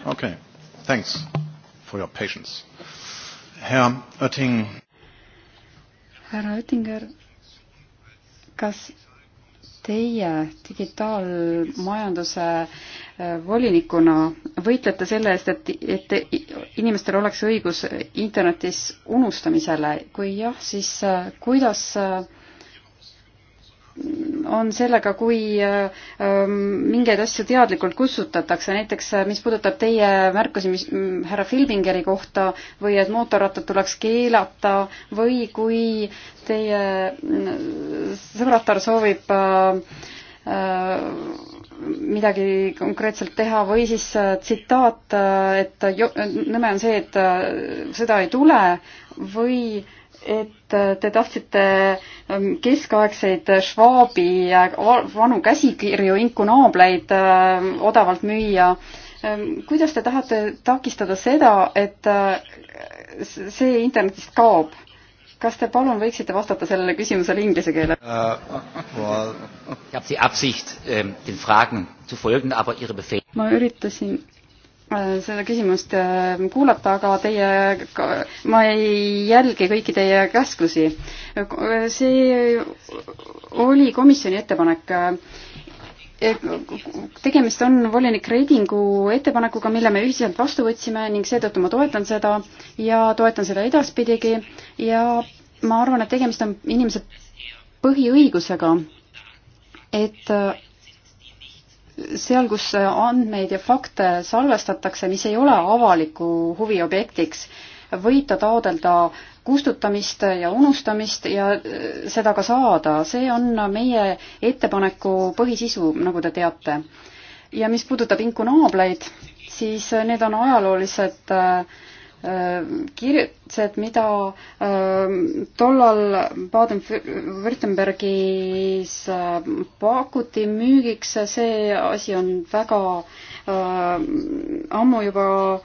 okei okay. Thanks for your patience. Herr Oetting. härra Oettinger, kas teie digitaalmajanduse äh, volinikuna võitlete selle eest, et, et inimestel oleks õigus internetis unustamisele, kui jah, siis äh, kuidas äh, on sellega, kui ähm, mingeid asju teadlikult kustutatakse, näiteks äh, mis puudutab teie märkusi, mis mm, härra Filbingeri kohta või et mootorrattad tuleks keelata või kui teie mm, sõbratar soovib äh, äh, midagi konkreetselt teha või siis tsitaat, et nõme on see, et sõda ei tule või äh, et te tahtsite ähm, keskaegseid Schwabi vanu käsikirju, inkunaableid ähm, odavalt müüa. Ähm, kuidas te tahate takistada seda, et äh, see internetist kaob? kas te palun võiksite vastata sellele küsimusele inglise keeles uh,? Äh, well. ma üritasin Äh, seda küsimust äh, kuulata, aga teie, ma ei jälgi kõiki teie käsklusi. see oli komisjoni ettepanek. tegemist on volinik Redingu ettepanekuga, mille me ühiselt vastu võtsime ning seetõttu ma toetan seda ja toetan seda edaspidigi ja ma arvan, et tegemist on inimese põhiõigusega, et seal, kus andmeid ja fakte salvestatakse, mis ei ole avaliku huvi objektiks, võib ta taodelda kustutamist ja unustamist ja äh, seda ka saada, see on meie ettepaneku põhisisu, nagu te teate. ja mis puudutab inkunaableid, siis need on ajaloolised äh, kirjutised, mida ähm, tollal Baden-Württembergis ähm, pakuti müügiks, see asi on väga ähm, ammu juba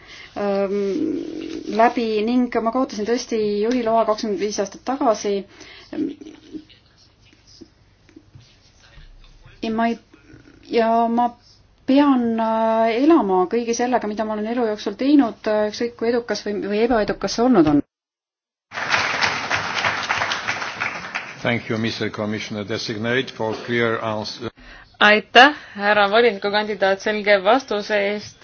läbi ning ma kaotasin tõesti juhiloa kakskümmend viis aastat tagasi. ja ma ei, ja ma pean äh, elama kõige sellega, mida ma olen elu jooksul teinud, äh, ükskõik kui edukas või, või ebaedukas see olnud on. Thank you, Mr Commissioner Designate for clear answer. aitäh, härra volinikukandidaat, selge vastuse eest.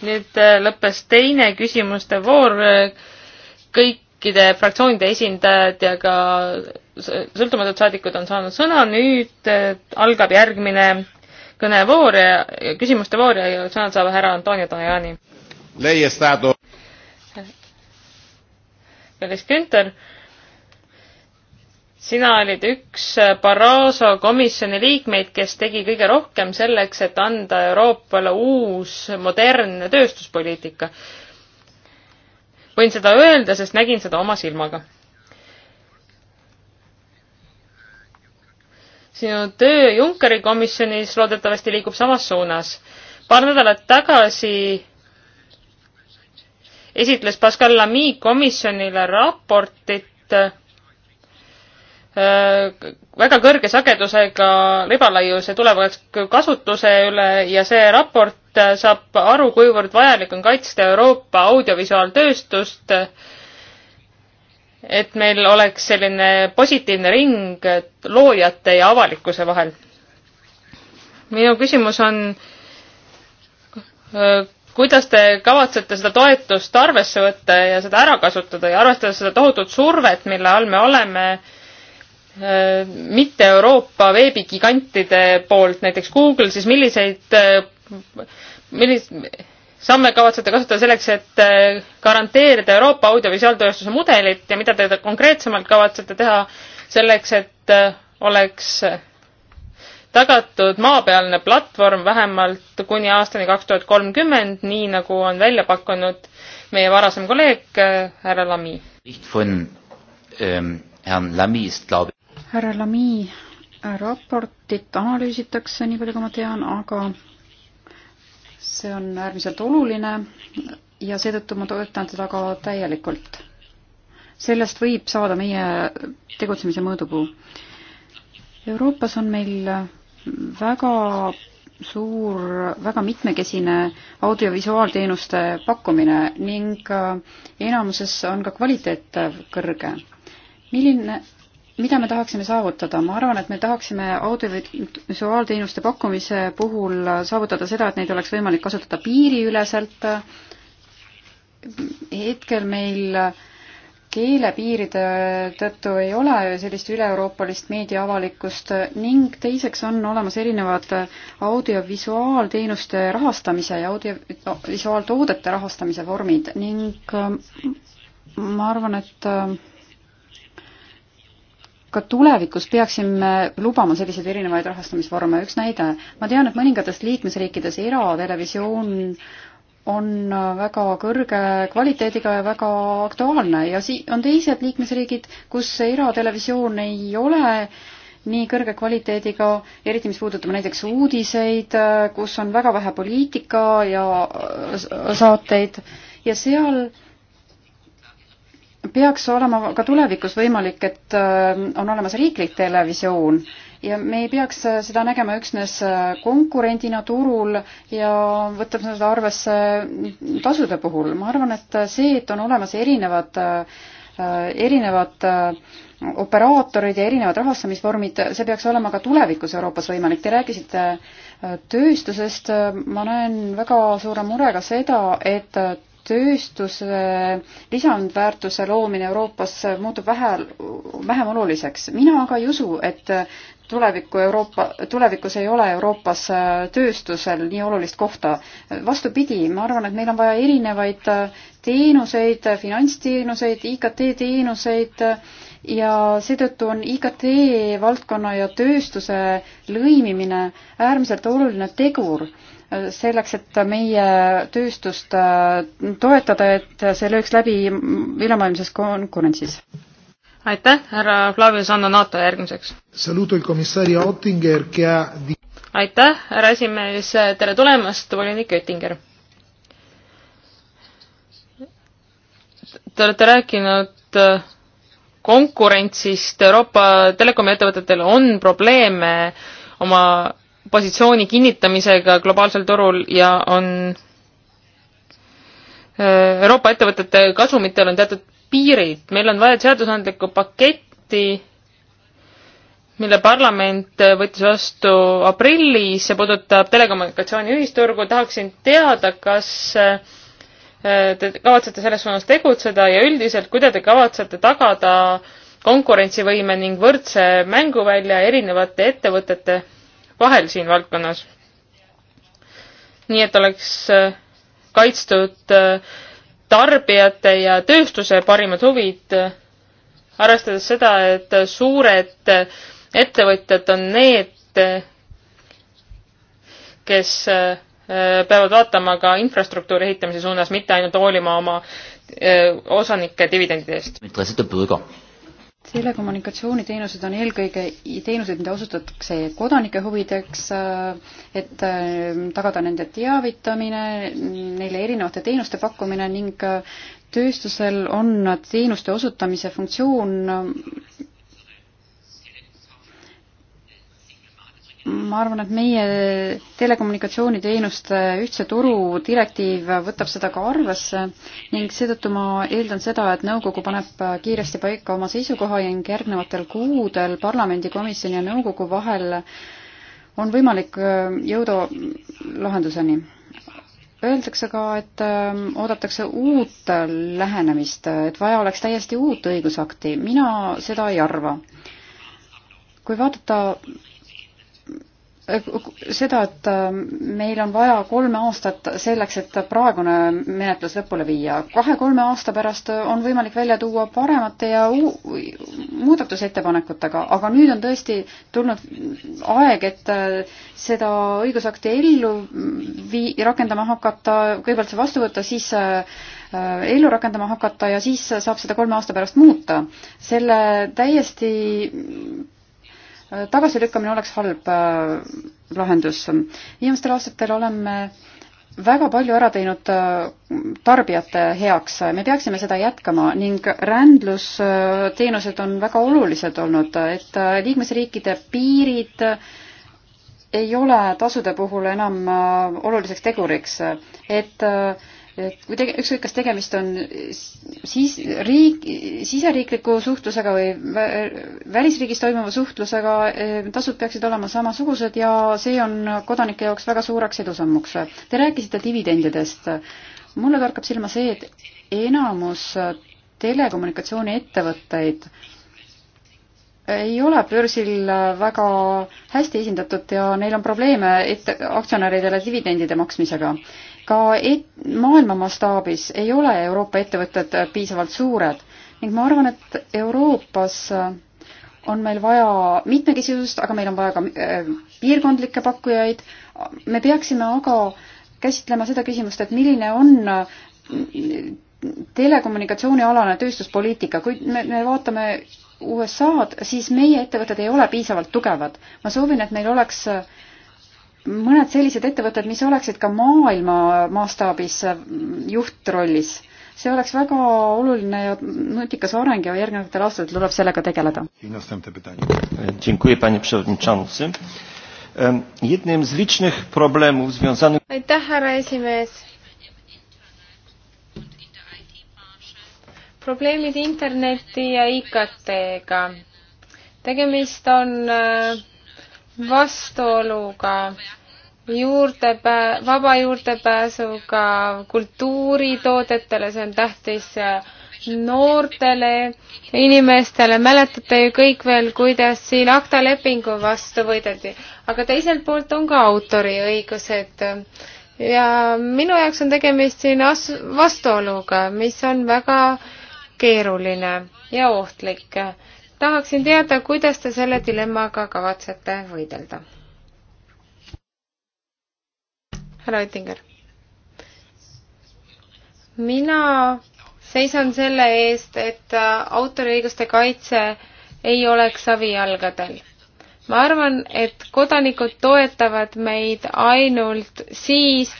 nüüd äh, lõppes teine küsimuste voor. kõikide fraktsioonide esindajad ja ka sõltumatud saadikud on saanud sõna, nüüd eh, algab järgmine kõnevoor ja, ja küsimuste voor ja sõnad saab härra Antonio Tajani. Kallis Günther, sina olid üks Barroso komisjoni liikmeid, kes tegi kõige rohkem selleks, et anda Euroopale uus modernne tööstuspoliitika. võin seda öelda, sest nägin seda oma silmaga sinu töö Junckeri komisjonis loodetavasti liigub samas suunas. paar nädalat tagasi esitles Pascal Lamy komisjonile raportit äh, väga kõrge sagedusega libalaiuse tulevaks kasutuse üle ja see raport saab aru, kuivõrd vajalik on kaitsta Euroopa audiovisuaaltööstust äh, et meil oleks selline positiivne ring loojate ja avalikkuse vahel. minu küsimus on, kuidas te kavatsete seda toetust arvesse võtta ja seda ära kasutada ja arvestada seda tohutut survet, mille all me oleme mitte Euroopa veebigigantide poolt, näiteks Google, siis milliseid, millist, samme kavatsete kasutada selleks, et äh, garanteerida Euroopa audiovisuaaltööstuse mudelit ja mida te konkreetsemalt kavatsete teha selleks, et äh, oleks äh, tagatud maapealne platvorm vähemalt kuni aastani kaks tuhat kolmkümmend, nii nagu on välja pakkunud meie varasem kolleeg härra Lami. Ähm, härra Lami raportit analüüsitakse, nii palju kui ma tean, aga see on äärmiselt oluline ja seetõttu ma toetan teda ka täielikult. sellest võib saada meie tegutsemise mõõdupuu. Euroopas on meil väga suur, väga mitmekesine audiovisuaalteenuste pakkumine ning äh, enamuses on ka kvaliteet kõrge. milline mida me tahaksime saavutada? ma arvan, et me tahaksime audiovisuaalteenuste pakkumise puhul saavutada seda, et neid oleks võimalik kasutada piiriüleselt. hetkel meil keelepiiride tõttu ei ole sellist üle-euroopalist meediaavalikkust ning teiseks on olemas erinevad audiovisuaalteenuste rahastamise ja audiovisuaaltoodete rahastamise vormid ning ähm, ma arvan, et ähm, ka tulevikus peaksime lubama selliseid erinevaid rahastamisvorme. üks näide, ma tean, et mõningates liikmesriikides eratelevisioon on väga kõrge kvaliteediga ja väga aktuaalne ja sii-, on teised liikmesriigid, kus eratelevisioon ei ole nii kõrge kvaliteediga, eriti mis puudutab näiteks uudiseid, kus on väga vähe poliitika ja saateid ja seal äh, peaks olema ka tulevikus võimalik, et äh, on olemas riiklik televisioon ja me ei peaks äh, seda nägema üksnes äh, konkurendina turul ja võtame seda arvesse tasude puhul. ma arvan, et see, et on olemas erinevad, erinevad operaatorid ja erinevad rahastamisvormid, see peaks olema ka tulevikus Euroopas võimalik. Te rääkisite tööstusest, ma näen väga suure murega seda, et tööstuse lisandväärtuse loomine Euroopas muutub vähe, vähem oluliseks. mina aga ei usu, et tuleviku Euroopa, tulevikus ei ole Euroopas tööstusel nii olulist kohta. vastupidi, ma arvan, et meil on vaja erinevaid teenuseid, finantsteenuseid, IKT teenuseid ja seetõttu on IKT valdkonna ja tööstuse lõimimine äärmiselt oluline tegur selleks, et meie tööstust äh, toetada, et see lööks läbi ülemaailmses konkurentsis. aitäh, härra Flavius Andonato järgmiseks. aitäh, härra esimees, tere tulemast, volinik Oettinger. Te olete rääkinud äh, konkurentsist, Euroopa telekomiettevõtetel on probleeme oma positsiooni kinnitamisega globaalsel turul ja on Euroopa ettevõtete kasumitel on teatud piirid, meil on vaja seadusandlikku paketti, mille parlament võttis vastu aprillis, see puudutab telekommunikatsiooni ühisturgu, tahaksin teada, kas te kavatsete selles suunas tegutseda ja üldiselt, kuidas te kavatsete tagada konkurentsivõime ning võrdse mänguvälja erinevate ettevõtete vahel siin valdkonnas. nii et oleks äh, kaitstud äh, tarbijate ja tööstuse parimad huvid, äh, arvestades seda, et suured ettevõtjad on need, kes peavad vaatama ka infrastruktuuri ehitamise suunas, mitte ainult hoolima oma osanike dividendidest telekommunikatsiooniteenused on eelkõige teenused, mida osutatakse kodanike huvideks, et ähm, tagada nende teavitamine, neile erinevate teenuste pakkumine ning äh, tööstusel on teenuste osutamise funktsioon ma arvan, et meie telekommunikatsiooniteenuste ühtse turu direktiiv võtab seda ka arvesse ning seetõttu ma eeldan seda, et nõukogu paneb kiiresti paika oma seisukoha ning järgnevatel kuudel parlamendikomisjoni ja nõukogu vahel on võimalik äh, jõuda lahenduseni. Öeldakse ka, et äh, oodatakse uut lähenemist, et vaja oleks täiesti uut õigusakti. mina seda ei arva. kui vaadata seda, et äh, meil on vaja kolme aastat selleks, et praegune menetlus lõpule viia. kahe-kolme aasta pärast on võimalik välja tuua paremate ja muudatusettepanekutega, aga nüüd on tõesti tulnud aeg, et äh, seda õigusakti ellu vii-, rakendama hakata, kõigepealt see vastu võtta, siis äh, ellu rakendama hakata ja siis saab seda kolme aasta pärast muuta. selle täiesti tagasilükkamine oleks halb äh, lahendus. viimastel aastatel oleme väga palju ära teinud äh, tarbijate heaks, me peaksime seda jätkama ning rändlusteenused on väga olulised olnud, et äh, liikmesriikide piirid ei ole tasude puhul enam oluliseks teguriks, et äh, et kui tege-, ükskõik, kas tegemist on siis riik, siseriikliku suhtlusega või vä välisriigis toimuva suhtlusega, eh, tasud peaksid olema samasugused ja see on kodanike jaoks väga suureks edusammuks. Te rääkisite dividendidest. mulle torkab silma see, et enamus telekommunikatsiooniettevõtteid ei ole börsil väga hästi esindatud ja neil on probleeme ette, aktsionäridele dividendide maksmisega ka et, maailma mastaabis ei ole Euroopa ettevõtted piisavalt suured ning ma arvan, et Euroopas on meil vaja mitmekesisust, aga meil on vaja ka äh, piirkondlikke pakkujaid. me peaksime aga käsitlema seda küsimust, et milline on mm, telekommunikatsioonialane tööstuspoliitika, kui me, me vaatame USA-d, siis meie ettevõtted ei ole piisavalt tugevad. ma soovin, et meil oleks äh, mõned sellised ettevõtted, mis oleksid ka maailma mastaabis juhtrollis. see oleks väga oluline ja nutikas areng ja järgnevatel aastatel tuleb sellega tegeleda. E, e, aitäh, härra esimees. probleemid interneti ja IKT-ga. tegemist on äh, vastuoluga juurdepää-, vaba juurdepääsuga kultuuritoodetele, see on tähtis noortele inimestele, mäletate ju kõik veel, kuidas siin akta lepingu vastu võideldi. aga teiselt poolt on ka autoriõigused ja minu jaoks on tegemist siin as-, vastuoluga, mis on väga keeruline ja ohtlik tahaksin teada, kuidas te selle dilemmaga kavatsete võidelda? härra Oettinger. mina seisan selle eest, et autoriõiguste kaitse ei oleks savijalgadel. ma arvan, et kodanikud toetavad meid ainult siis,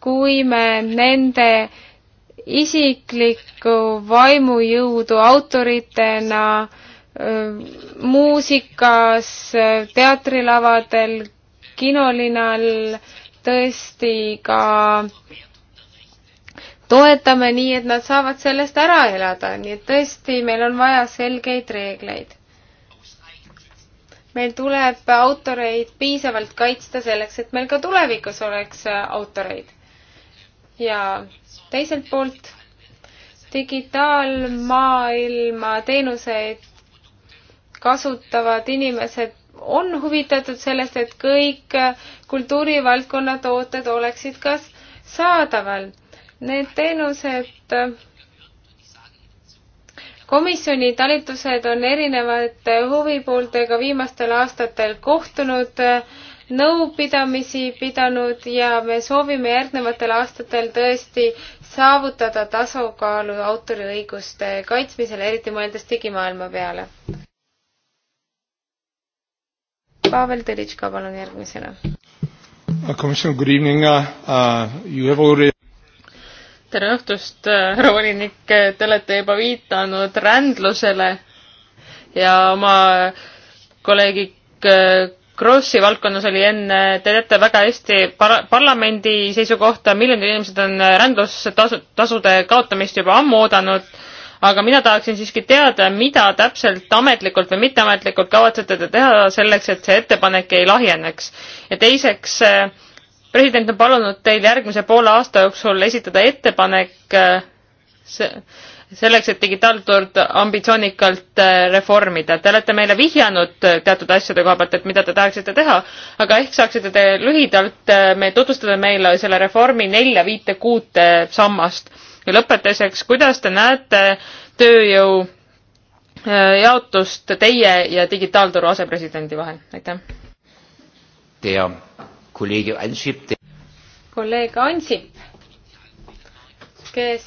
kui me nende isiklikku vaimujõudu autoritena äh, muusikas, teatrilavadel, kinolinal, tõesti ka toetame nii, et nad saavad sellest ära elada, nii et tõesti, meil on vaja selgeid reegleid. meil tuleb autoreid piisavalt kaitsta selleks, et meil ka tulevikus oleks autoreid. ja teiselt poolt digitaalmaailma teenuseid kasutavad inimesed on huvitatud sellest, et kõik kultuurivaldkonna tooted oleksid kas saadaval. Need teenused, komisjoni talitused on erinevate huvipooltega viimastel aastatel kohtunud, nõupidamisi pidanud ja me soovime järgnevatel aastatel tõesti saavutada tasakaalu autoriõiguste kaitsmisel, eriti mõeldes digimaailma peale. Pavel Telitška, palun järgmisena. Uh, Commissioner, good evening uh, uh,. You have already tere õhtust, uh, härra volinik, te olete juba viitanud rändlusele ja oma kolleegi Krossi valdkonnas oli enne, te teate väga hästi par-, parlamendi seisukohta, miljonid inimesed on rändlustasude kaotamist juba ammu oodanud aga mina tahaksin siiski teada, mida täpselt ametlikult või mitteametlikult kavatsete te teha selleks, et see ettepanek ei lahjeneks. ja teiseks, eh, president on palunud teil järgmise poole aasta jooksul esitada ettepanek eh, selleks, et digitaalturg ambitsioonikalt eh, reformida. Te olete meile vihjanud teatud asjade koha pealt, et mida te tahaksite teha, aga ehk saaksite te lühidalt me tutvustada meile selle reformi nelja-viite-kuute sammast ja lõpetuseks, kuidas te näete tööjõu äh, jaotust teie ja digitaalturu asepresidendi vahel, aitäh! kolleeg Ansip, kes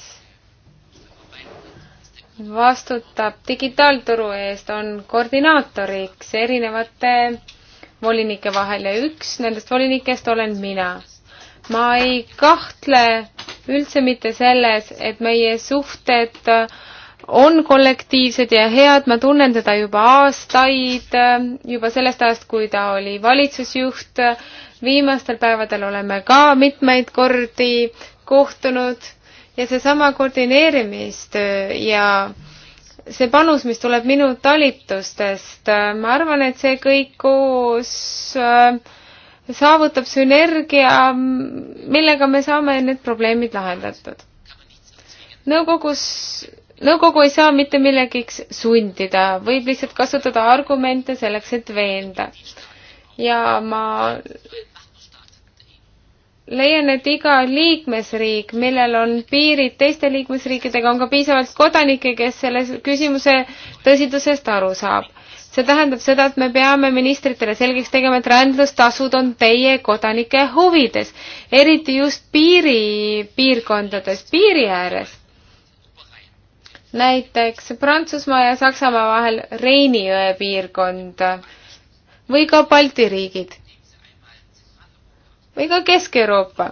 vastutab digitaalturu eest, on koordinaatoriks erinevate volinike vahel ja üks nendest volinikest olen mina. ma ei kahtle üldse mitte selles, et meie suhted äh, on kollektiivsed ja head, ma tunnen teda juba aastaid, äh, juba sellest ajast, kui ta oli valitsusjuht. viimastel päevadel oleme ka mitmeid kordi kohtunud ja seesama koordineerimistöö ja see panus, mis tuleb minu talitustest, äh, ma arvan, et see kõik koos äh, saavutab sünergia, millega me saame need probleemid lahendatud. nõukogus, nõukogu ei saa mitte millegiks sundida, võib lihtsalt kasutada argumente selleks, et veenda. ja ma leian, et iga liikmesriik, millel on piirid teiste liikmesriikidega, on ka piisavalt kodanikke, kes selle küsimuse tõsidusest aru saab see tähendab seda, et me peame ministritele selgeks tegema, et rändlustasud on teie kodanike huvides, eriti just piiripiirkondades, piiri ääres. näiteks Prantsusmaa ja Saksamaa vahel Reini jõe piirkond või ka Balti riigid või ka Kesk-Euroopa.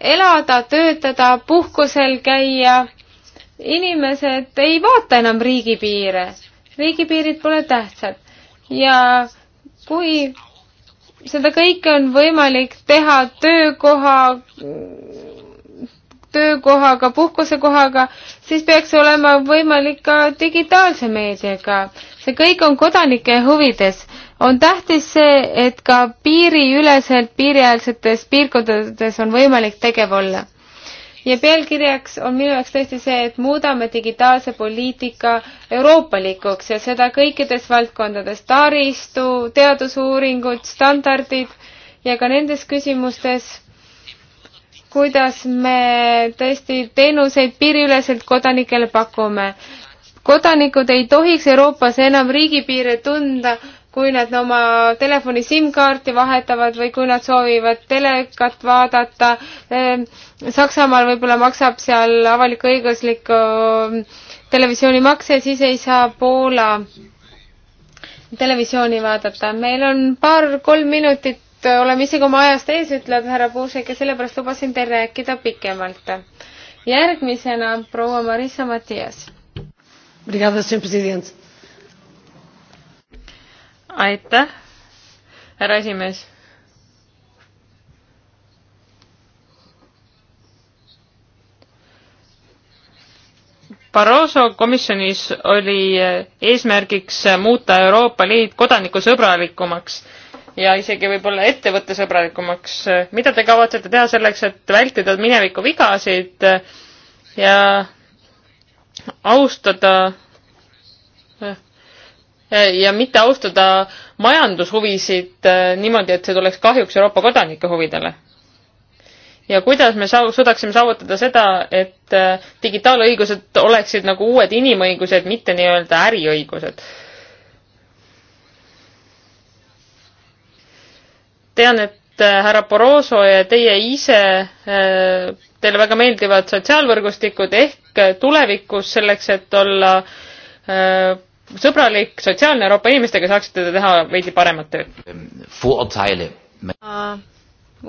elada, töötada, puhkusel käia inimesed ei vaata enam riigipiire, riigipiirid pole tähtsad ja kui seda kõike on võimalik teha töökoha, töökohaga, puhkusekohaga, siis peaks olema võimalik ka digitaalse meediaga. see kõik on kodanike huvides. on tähtis see, et ka piiriüleselt piiriäärsetes piirkondades on võimalik tegev olla ja pealkirjaks on minu jaoks tõesti see, et muudame digitaalse poliitika euroopalikuks ja seda kõikides valdkondades, taristu, teadusuuringud, standardid ja ka nendes küsimustes, kuidas me tõesti teenuseid piiriüleselt kodanikele pakume kodanikud ei tohiks Euroopas enam riigipiire tunda, kui nad oma telefoni SIM-kaarti vahetavad või kui nad soovivad telekat vaadata. Ehm, Saksamaal võib-olla maksab seal avalik-õigusliku ehm, televisiooni makse, siis ei saa Poola televisiooni vaadata. meil on paar-kolm minutit, oleme isegi oma ajast ees, ütleb härra Puusek ja sellepärast lubasin teil rääkida pikemalt. järgmisena proua Marissa Matias. Obrigada, senhor presidente aitäh, härra esimees. Barroso komisjonis oli eesmärgiks muuta Euroopa Liit kodanikusõbralikumaks ja isegi võib-olla ettevõttesõbralikumaks. mida te kavatsete teha selleks, et vältida mineviku vigasid ja austada Eh, ja mitte austada majandushuvisid eh, niimoodi, et see tuleks kahjuks Euroopa kodanike huvidele. ja kuidas me saav-, suudaksime saavutada seda, et eh, digitaalõigused oleksid nagu uued inimõigused, mitte nii-öelda äriõigused tean, et härra Poroso ja teie ise, teile väga meeldivad sotsiaalvõrgustikud ehk tulevikus selleks, et olla sõbralik, sotsiaalne Euroopa inimestega saaksite te teha veidi paremat tööd? ma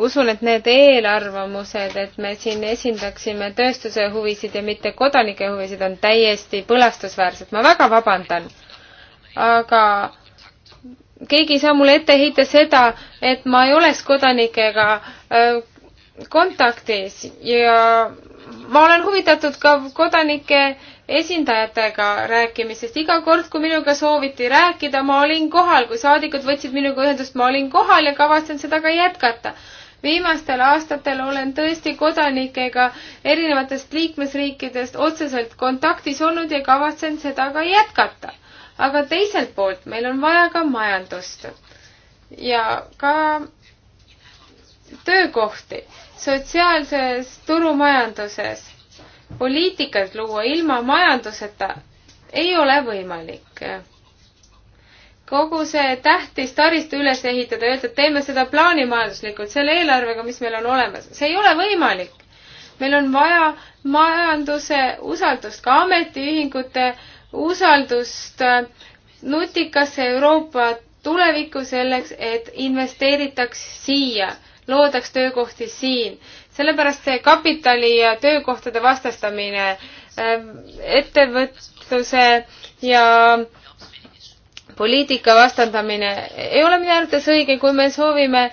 usun, et need eelarvamused, et me siin esindaksime tööstuse huvisid ja mitte kodanike huvisid, on täiesti põlastusväärsed. ma väga vabandan. aga keegi ei saa mulle ette heita seda, et ma ei oleks kodanikega äh, kontaktis ja ma olen huvitatud ka kodanike esindajatega rääkimist, sest iga kord, kui minuga sooviti rääkida, ma olin kohal, kui saadikud võtsid minuga ühendust, ma olin kohal ja kavatsen seda ka jätkata. viimastel aastatel olen tõesti kodanikega erinevatest liikmesriikidest otseselt kontaktis olnud ja kavatsen seda ka jätkata. aga teiselt poolt meil on vaja ka majandust ja ka töökohti sotsiaalses turumajanduses poliitikat luua ilma majanduseta ei ole võimalik. kogu see tähtis taristu üles ehitada, öelda, et teeme seda plaanimajanduslikult selle eelarvega, mis meil on olemas, see ei ole võimalik. meil on vaja majanduse usaldust, ka ametiühingute usaldust nutikasse Euroopa tulevikku selleks, et investeeritaks siia, loodaks töökohti siin sellepärast see kapitali ja töökohtade vastastamine, äh, ettevõtluse ja poliitika vastandamine ei ole minu arvates õige, kui me soovime,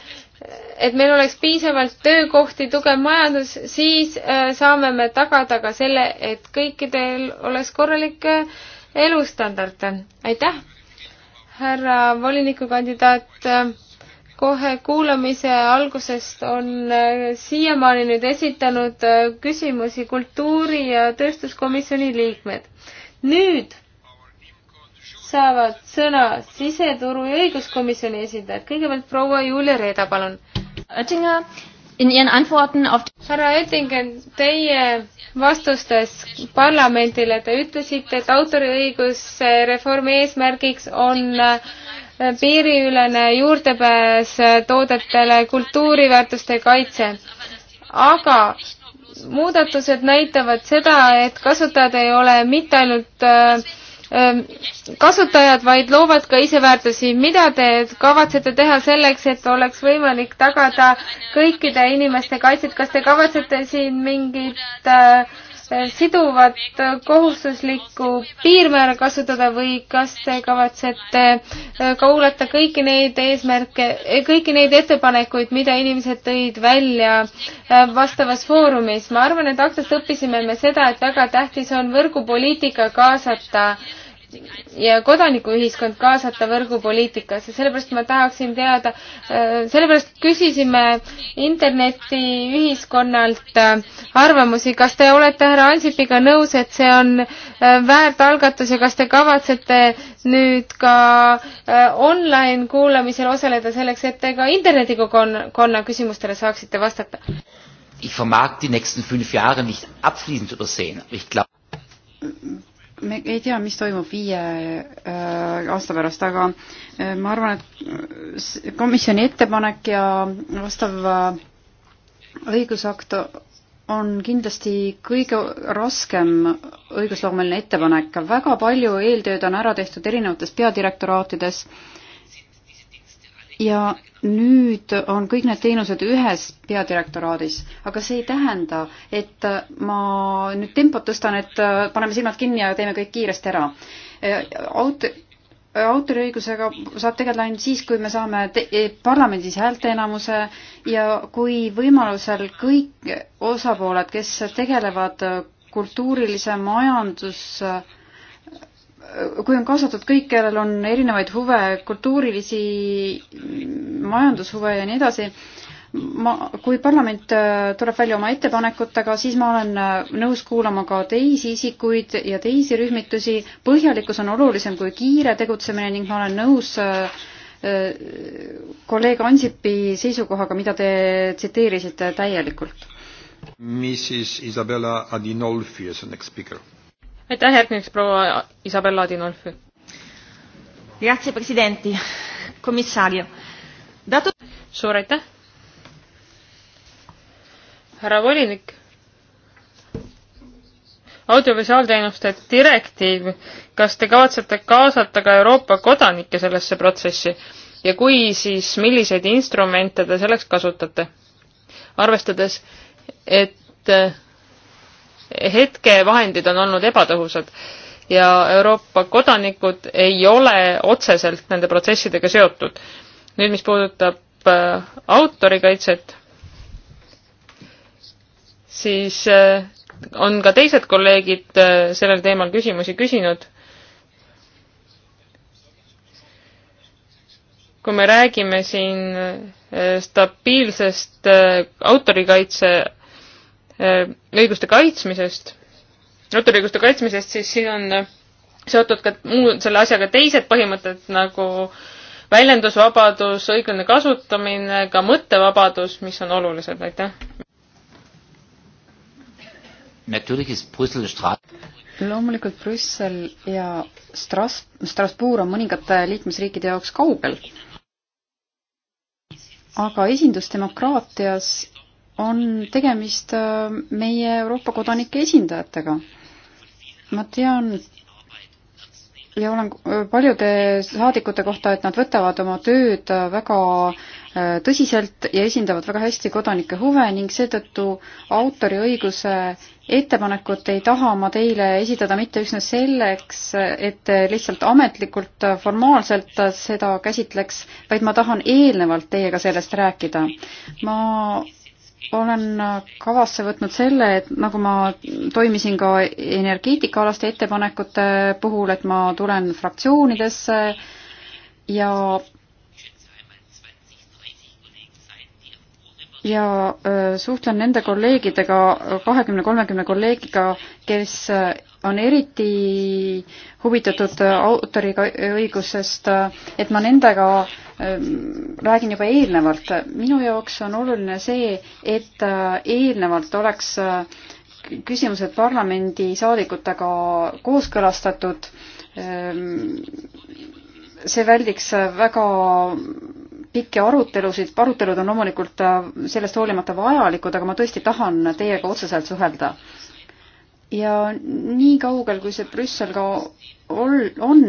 et meil oleks piisavalt töökohti, tugev majandus, siis äh, saame me tagada ka selle, et kõikidel oleks korralik äh, elustandard. aitäh, härra volinikukandidaat kohe kuulamise algusest on äh, siiamaani nüüd esitanud äh, küsimusi kultuuri- ja tööstuskomisjoni liikmed. nüüd saavad sõna siseturu ja õiguskomisjoni esindajad. kõigepealt proua Julia Reeda, palun. härra Oettingen, teie vastustes parlamendile te ütlesite, et autoriõiguse reformi eesmärgiks on äh, piiriülene juurdepääs toodetele, kultuuriväärtuste kaitse. aga muudatused näitavad seda, et kasutajad ei ole mitte ainult äh, kasutajad, vaid loovad ka ise väärtusi. mida te kavatsete teha selleks, et oleks võimalik tagada kõikide inimeste kaitset? kas te kavatsete siin mingit äh, siduvat kohustuslikku piirmäära kasutada või kas te kavatsete äh, kuulata kõiki neid eesmärke, kõiki neid ettepanekuid, mida inimesed tõid välja äh, vastavas foorumis? ma arvan, et aktsiast õppisime me seda, et väga tähtis on võrgupoliitika kaasata ja kodanikuühiskond kaasata võrgupoliitikasse, sellepärast ma tahaksin teada, äh, sellepärast küsisime internetiühiskonnalt äh, arvamusi, kas te olete härra Ansipiga nõus, et see on äh, väärt algatus ja kas te kavatsete nüüd ka online kuulamisel osaleda selleks, et te ka internetikogukonna küsimustele saaksite vastata? Ich vermag die nächsten fünf Jahre nicht abschließend übersehen, aber ich glaube me ei tea, mis toimub viie äh, aasta pärast, aga äh, ma arvan, et komisjoni ettepanek ja vastav äh, õigusakt on kindlasti kõige raskem õigusloomeline ettepanek. väga palju eeltööd on ära tehtud erinevates peadirektoraatides äh, ja nüüd on kõik need teenused ühes peadirektoraadis, aga see ei tähenda, et ma nüüd tempot tõstan, et paneme silmad kinni ja teeme kõik kiiresti ära. Äh, aut-, autoriõigusega saab tegeleda ainult siis, kui me saame e, parlamendis häälteenamuse ja kui võimalusel kõik osapooled, kes tegelevad kultuurilise majandus- kui on kaasatud kõik, kellel on erinevaid huve, kultuurilisi, majandushuve ja nii edasi, ma, kui parlament äh, tuleb välja oma ettepanekutega, siis ma olen äh, nõus kuulama ka teisi isikuid ja teisi rühmitusi. põhjalikkus on olulisem kui kiire tegutsemine ning ma olen nõus äh, kolleeg Ansipi seisukohaga, mida te tsiteerisite täielikult. Mrs Isabella Adinolfi is the next speaker aitäh, järgmiseks proua Isabella Adinolfi. Grazie presidenti, komissario. suur aitäh. härra volinik. audiovisuaalteenuste direktiiv, kas te kavatsete kaasata ka Euroopa kodanikke sellesse protsessi ja kui, siis milliseid instrumente te selleks kasutate? arvestades, et hetkevahendid on olnud ebatõhusad ja Euroopa kodanikud ei ole otseselt nende protsessidega seotud. nüüd, mis puudutab äh, autorikaitset, siis äh, on ka teised kolleegid äh, sellel teemal küsimusi küsinud. kui me räägime siin stabiilsest autorikaitse Äh, õiguste kaitsmisest, autoriõiguste kaitsmisest, siis siin on äh, seotud ka muu, selle asjaga teised põhimõtted nagu väljendusvabadus, õiglane kasutamine, ka mõttevabadus, mis on olulised, aitäh. loomulikult Brüssel ja Stras-, Strasbourg on mõningate liikmesriikide jaoks kaugel. aga esindusdemokraatias on tegemist äh, meie Euroopa kodanike esindajatega. ma tean ja olen äh, paljude saadikute kohta, et nad võtavad oma tööd äh, väga tõsiselt ja esindavad väga hästi kodanike huve ning seetõttu autoriõiguse ettepanekut ei taha ma teile esitada mitte üksnes selleks, et te lihtsalt ametlikult, formaalselt seda käsitleks, vaid ma tahan eelnevalt teiega sellest rääkida. ma olen kavasse võtnud selle, et nagu ma toimisin ka energeetikaalaste ettepanekute puhul, et ma tulen fraktsioonidesse ja ja suhtlen nende kolleegidega, kahekümne, kolmekümne kolleegiga, kes on eriti huvitatud autoriga õigusest, et ma nendega räägin juba eelnevalt. minu jaoks on oluline see, et eelnevalt oleks küsimused parlamendisaadikutega kooskõlastatud. see väldiks väga pikki arutelusid, arutelud on loomulikult äh, sellest hoolimata vajalikud, aga ma tõesti tahan teiega otseselt suhelda. ja nii kaugel, kui see Brüssel ka ol-, on,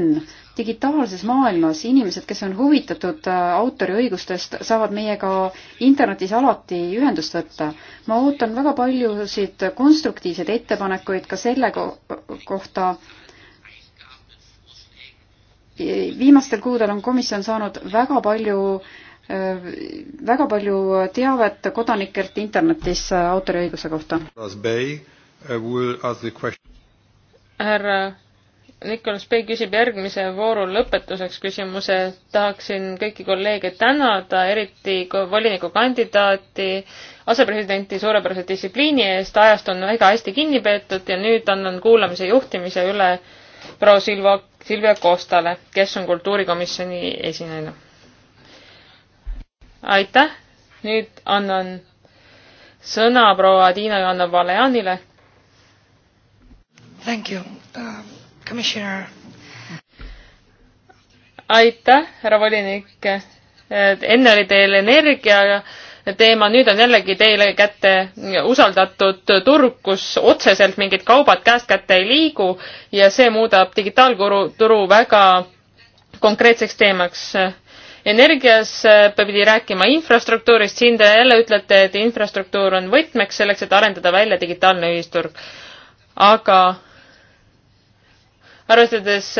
digitaalses maailmas inimesed, kes on huvitatud äh, autoriõigustest, saavad meiega internetis alati ühendust võtta. ma ootan väga paljusid konstruktiivseid ettepanekuid ka selle ko kohta, kohta, viimastel kuudel on komisjon saanud väga palju väga palju teavet kodanikelt internetis autoriõiguse kohta. Uh, härra Nicolas Bay küsib järgmise vooru lõpetuseks küsimuse. tahaksin kõiki kolleege tänada, eriti volinikukandidaati, asepresidenti suurepärase distsipliini eest. ajast on väga hästi kinni peetud ja nüüd annan kuulamise juhtimise üle proua Silva Silvia Kostale, kes on kultuurikomisjoni esinaine. aitäh, nüüd annan sõna proua Tiina Johanna-Valeanile. Thank you uh,, commissioner. aitäh, härra volinik. enne oli teil energia teema, nüüd on jällegi teile kätte usaldatud turg, kus otseselt mingid kaubad käest kätte ei liigu ja see muudab digitaalturu väga konkreetseks teemaks. energias pidi rääkima infrastruktuurist, siin te jälle ütlete, et infrastruktuur on võtmeks selleks, et arendada välja digitaalne ühisturg. aga arvestades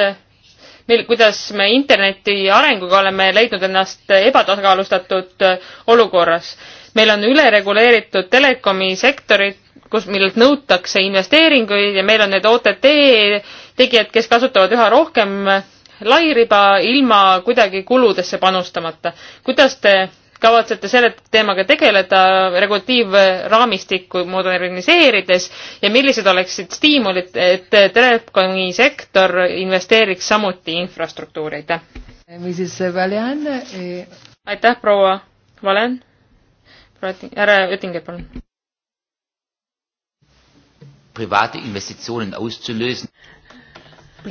mil-, kuidas me interneti arenguga oleme leidnud ennast ebatasakaalustatud äh, olukorras. meil on ülereguleeritud telekomi sektorit, kus, millelt nõutakse investeeringuid ja meil on need OTT tegijad, kes kasutavad üha rohkem lairiba ilma kuidagi kuludesse panustamata. kuidas te kavatsete selle teemaga tegeleda regulatiivraamistikku moderniseerides ja millised oleksid stiimulid, et telekomi sektor investeeriks samuti infrastruktuuri, aitäh! Eh, aitäh, proua Valen! härra Oettinger, palun! privaatinvestitsioonid auszulösen.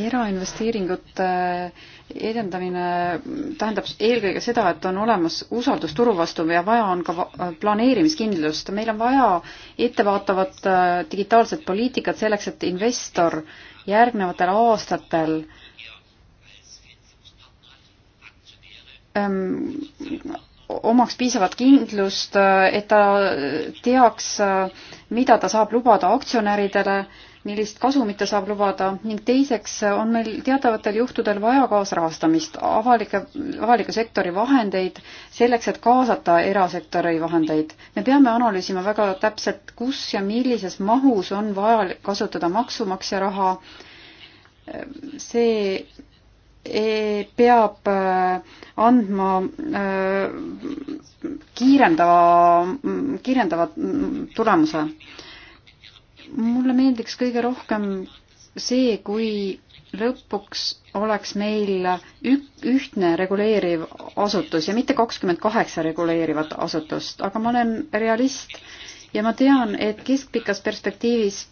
erainvesteeringute äh, edendamine tähendab eelkõige seda, et on olemas usaldus turu vastu ja vaja on ka planeerimiskindlust. meil on vaja ettevaatavat äh, digitaalset poliitikat selleks, et investor järgnevatel aastatel öö, ähm, omaks piisavat kindlust, äh, et ta teaks, äh, mida ta saab lubada aktsionäridele millist kasumit ta saab lubada ning teiseks on meil teatavatel juhtudel vaja kaasrahastamist, avalike, avaliku sektori vahendeid selleks, et kaasata erasektori vahendeid. me peame analüüsima väga täpselt, kus ja millises mahus on vaja kasutada maksumaksja raha. see e, peab äh, andma äh, kiirendava, kiirendava tulemuse mulle meeldiks kõige rohkem see, kui lõpuks oleks meil ük-, ühtne reguleeriv asutus ja mitte kakskümmend kaheksa reguleerivat asutust, aga ma olen realist ja ma tean, et keskpikas perspektiivis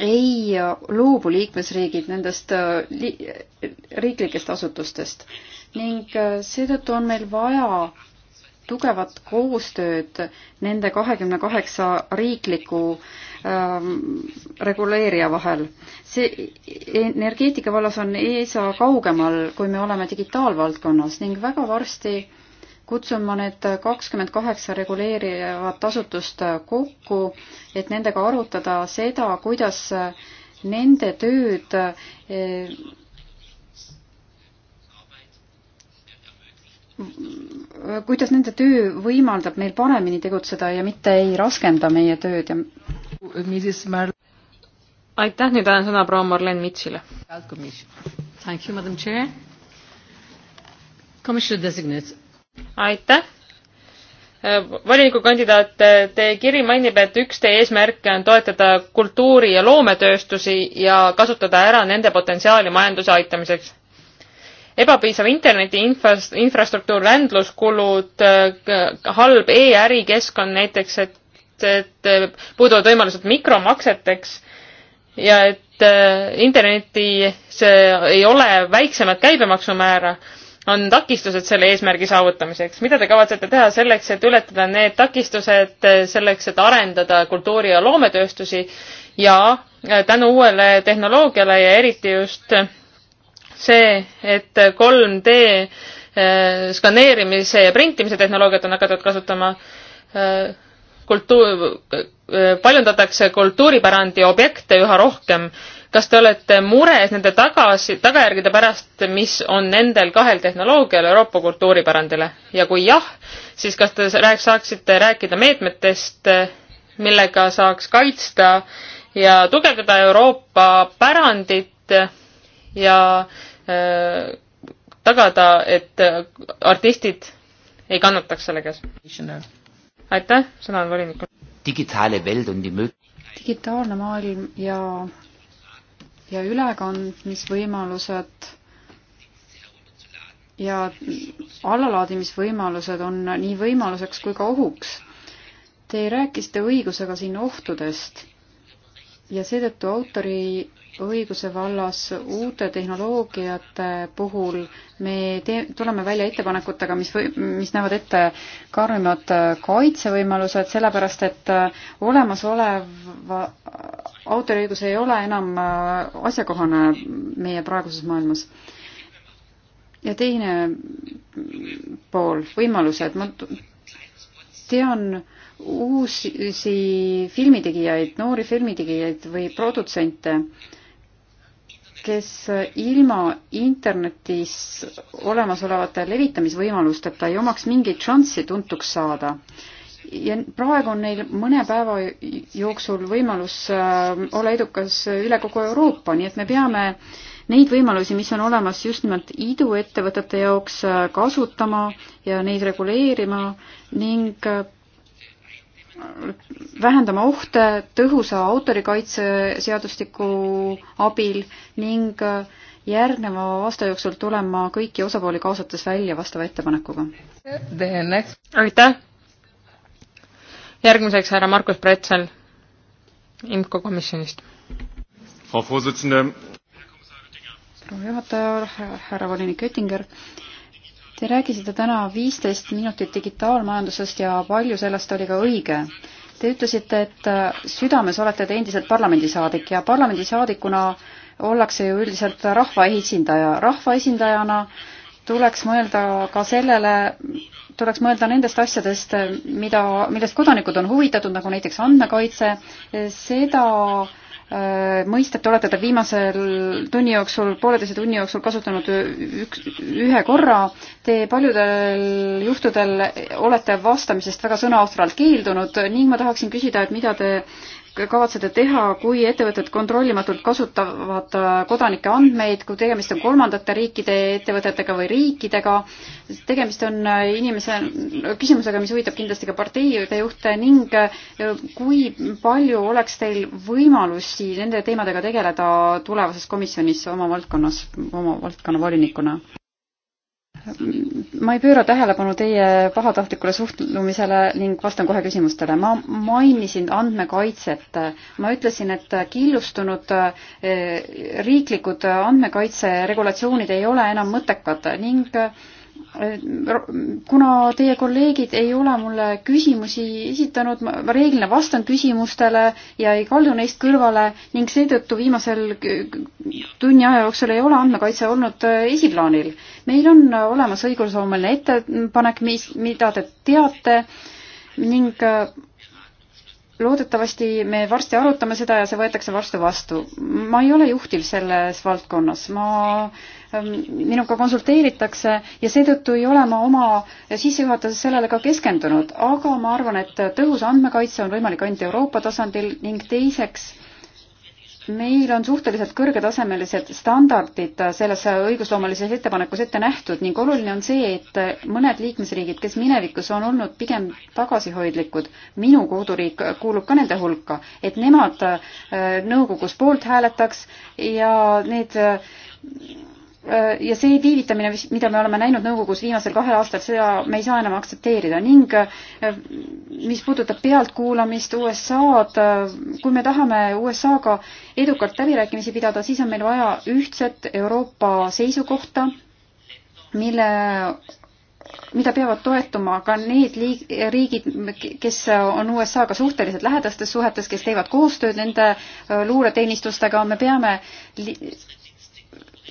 ei loobu liikmesriigid nendest äh, li riiklikest asutustest ning äh, seetõttu on meil vaja tugevat koostööd nende kahekümne kaheksa riikliku äh, Ähm, reguleerija vahel. see e-, energeetika vallas on ESA kaugemal, kui me oleme digitaalvaldkonnas ning väga varsti kutsun ma need kakskümmend kaheksa reguleerivat asutust kokku, et nendega arutada seda, kuidas nende tööd e, kuidas nende töö võimaldab meil paremini tegutseda ja mitte ei raskenda meie tööd ja aitäh, nüüd annan sõna proua Marlen Mitsile. aitäh. Äh, volinikukandidaat, äh, teie kiri mainib, et üks teie eesmärke on toetada kultuuri- ja loometööstusi ja kasutada ära nende potentsiaali majanduse aitamiseks ebapiisav interneti infrast-, infrastruktuur, rändluskulud, äh, halb e-ärikeskkond näiteks, et et puuduvad võimalused mikromakseteks ja et äh, internetis ei ole väiksemat käibemaksumäära, on takistused selle eesmärgi saavutamiseks. mida te kavatsete teha selleks, et ületada need takistused, äh, selleks, et arendada kultuuri- ja loometööstusi ja äh, tänu uuele tehnoloogiale ja eriti just see, et 3D skaneerimise ja printimise tehnoloogiat on hakatud kasutama, kultuur, äh, paljundatakse kultuuripärandi objekte üha rohkem. kas te olete mures nende tagasi, tagajärgede pärast, mis on nendel kahel tehnoloogial Euroopa kultuuripärandile ja kui jah, siis kas te rääk, saaksite rääkida meetmetest, millega saaks kaitsta ja tugevdada Euroopa pärandit ja äh, tagada, et artistid ei kannataks selle käes? aitäh, sõna on volinikul. digitaalne veld on nii mõ-. digitaalne maailm ja, ja ülekandmisvõimalused ja allalaadimisvõimalused on nii võimaluseks kui ka ohuks. Te rääkisite õigusega siin ohtudest ja seetõttu autori õiguse vallas uute tehnoloogiate puhul me tee-, tuleme välja ettepanekutega, mis või-, mis näevad ette karmimad kaitsevõimalused, sellepärast et olemasolev autoriõigus ei ole enam asjakohane meie praeguses maailmas. ja teine pool, võimalused, ma tean uusi filmitegijaid, noori filmitegijaid või produtsente, kes ilma internetis olemasolevate levitamisvõimalusteta ei omaks mingit šanssi tuntuks saada. ja praegu on neil mõne päeva jooksul võimalus äh, olla edukas üle kogu Euroopa, nii et me peame neid võimalusi, mis on olemas just nimelt iduettevõtete jaoks, äh, kasutama ja neid reguleerima ning äh, vähendama ohte tõhusa autorikaitse seadustiku abil ning järgneva aasta jooksul tulema kõiki osapooli kaasates välja vastava ettepanekuga. aitäh! järgmiseks härra Markus Pretzel IMCO komisjonist. proua juhataja, härra volinik Oettinger, Te rääkisite täna viisteist minutit digitaalmajandusest ja palju sellest oli ka õige. Te ütlesite, et südames olete te endiselt parlamendisaadik ja parlamendisaadikuna ollakse ju üldiselt rahvaesindaja. rahvaesindajana tuleks mõelda ka sellele, tuleks mõelda nendest asjadest, mida, millest kodanikud on huvitatud, nagu näiteks andmekaitse, seda äh, Äh, mõistet olete te viimasel tunni jooksul, pooleteise tunni jooksul kasutanud üks, ühe korra. Te paljudel juhtudel olete vastamisest väga sõnaostralt keeldunud ning ma tahaksin küsida, et mida te kavatsete teha, kui ettevõtted kontrollimatult kasutavad äh, kodanike andmeid, kui tegemist on kolmandate riikide ettevõtetega või riikidega, tegemist on äh, inimese, küsimusega, mis huvitab kindlasti ka parteide juhte ning äh, kui palju oleks teil võimalusi nende teemadega tegeleda tulevases komisjonis oma valdkonnas, oma valdkonna volinikuna? ma ei pööra tähelepanu teie pahatahtlikule suhtumisele ning vastan kohe küsimustele. ma mainisin andmekaitset. ma ütlesin, et killustunud eh, riiklikud andmekaitseregulatsioonid ei ole enam mõttekad ning äh, kuna teie kolleegid ei ole mulle küsimusi esitanud, ma reeglina vastan küsimustele ja ei kaldu neist kõrvale ning seetõttu viimasel tunni aja jooksul ei ole andmekaitse olnud äh, esiplaanil. meil on olemas õigusloomeline ettepanek, mis, mida te teate ning äh, loodetavasti me varsti arutame seda ja see võetakse varsti vastu. ma ei ole juhtiv selles valdkonnas, ma Ehm, minuga konsulteeritakse ja seetõttu ei ole ma oma sissejuhatuses sellele ka keskendunud, aga ma arvan, et tõhus andmekaitse on võimalik ainult Euroopa tasandil ning teiseks meil on suhteliselt kõrgetasemelised standardid selles õigusloomelises ettepanekus ette nähtud ning oluline on see, et mõned liikmesriigid, kes minevikus on olnud pigem tagasihoidlikud, minu koduriik kuulub ka nende hulka, et nemad äh, nõukogus poolt hääletaks ja need Äh, ja see tiivitamine, mis, mida me oleme näinud nõukogus viimasel kahel aastal, seda me ei saa enam aktsepteerida ning äh, mis puudutab pealtkuulamist USA-d, äh, kui me tahame USA-ga edukalt läbirääkimisi pidada, siis on meil vaja ühtset Euroopa seisukohta, mille, mida peavad toetuma ka need liig-, riigid, kes on USA-ga suhteliselt lähedastes suhetes, kes teevad koostööd nende luureteenistustega, me peame li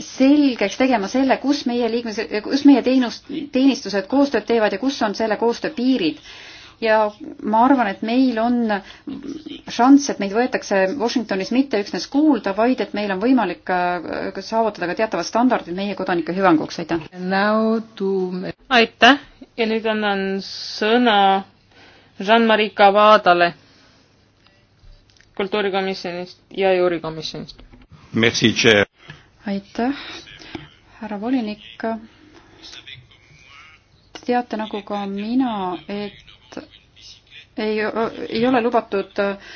selgeks tegema selle, kus meie liikmes, kus meie teenus, teenistused koostööd teevad ja kus on selle koostöö piirid. ja ma arvan, et meil on šanss, et meid võetakse Washingtonis mitte üksnes kuulda, vaid et meil on võimalik äh, saavutada ka teatavad standardid meie kodanike hüvanguks, aitäh! To... aitäh ja nüüd annan sõna Jean-Marie Cavadale kultuurikomisjonist ja juurikomisjonist. Merci, Chair aitäh, härra volinik. Te teate nagu ka mina, et ei, ei ole lubatud äh,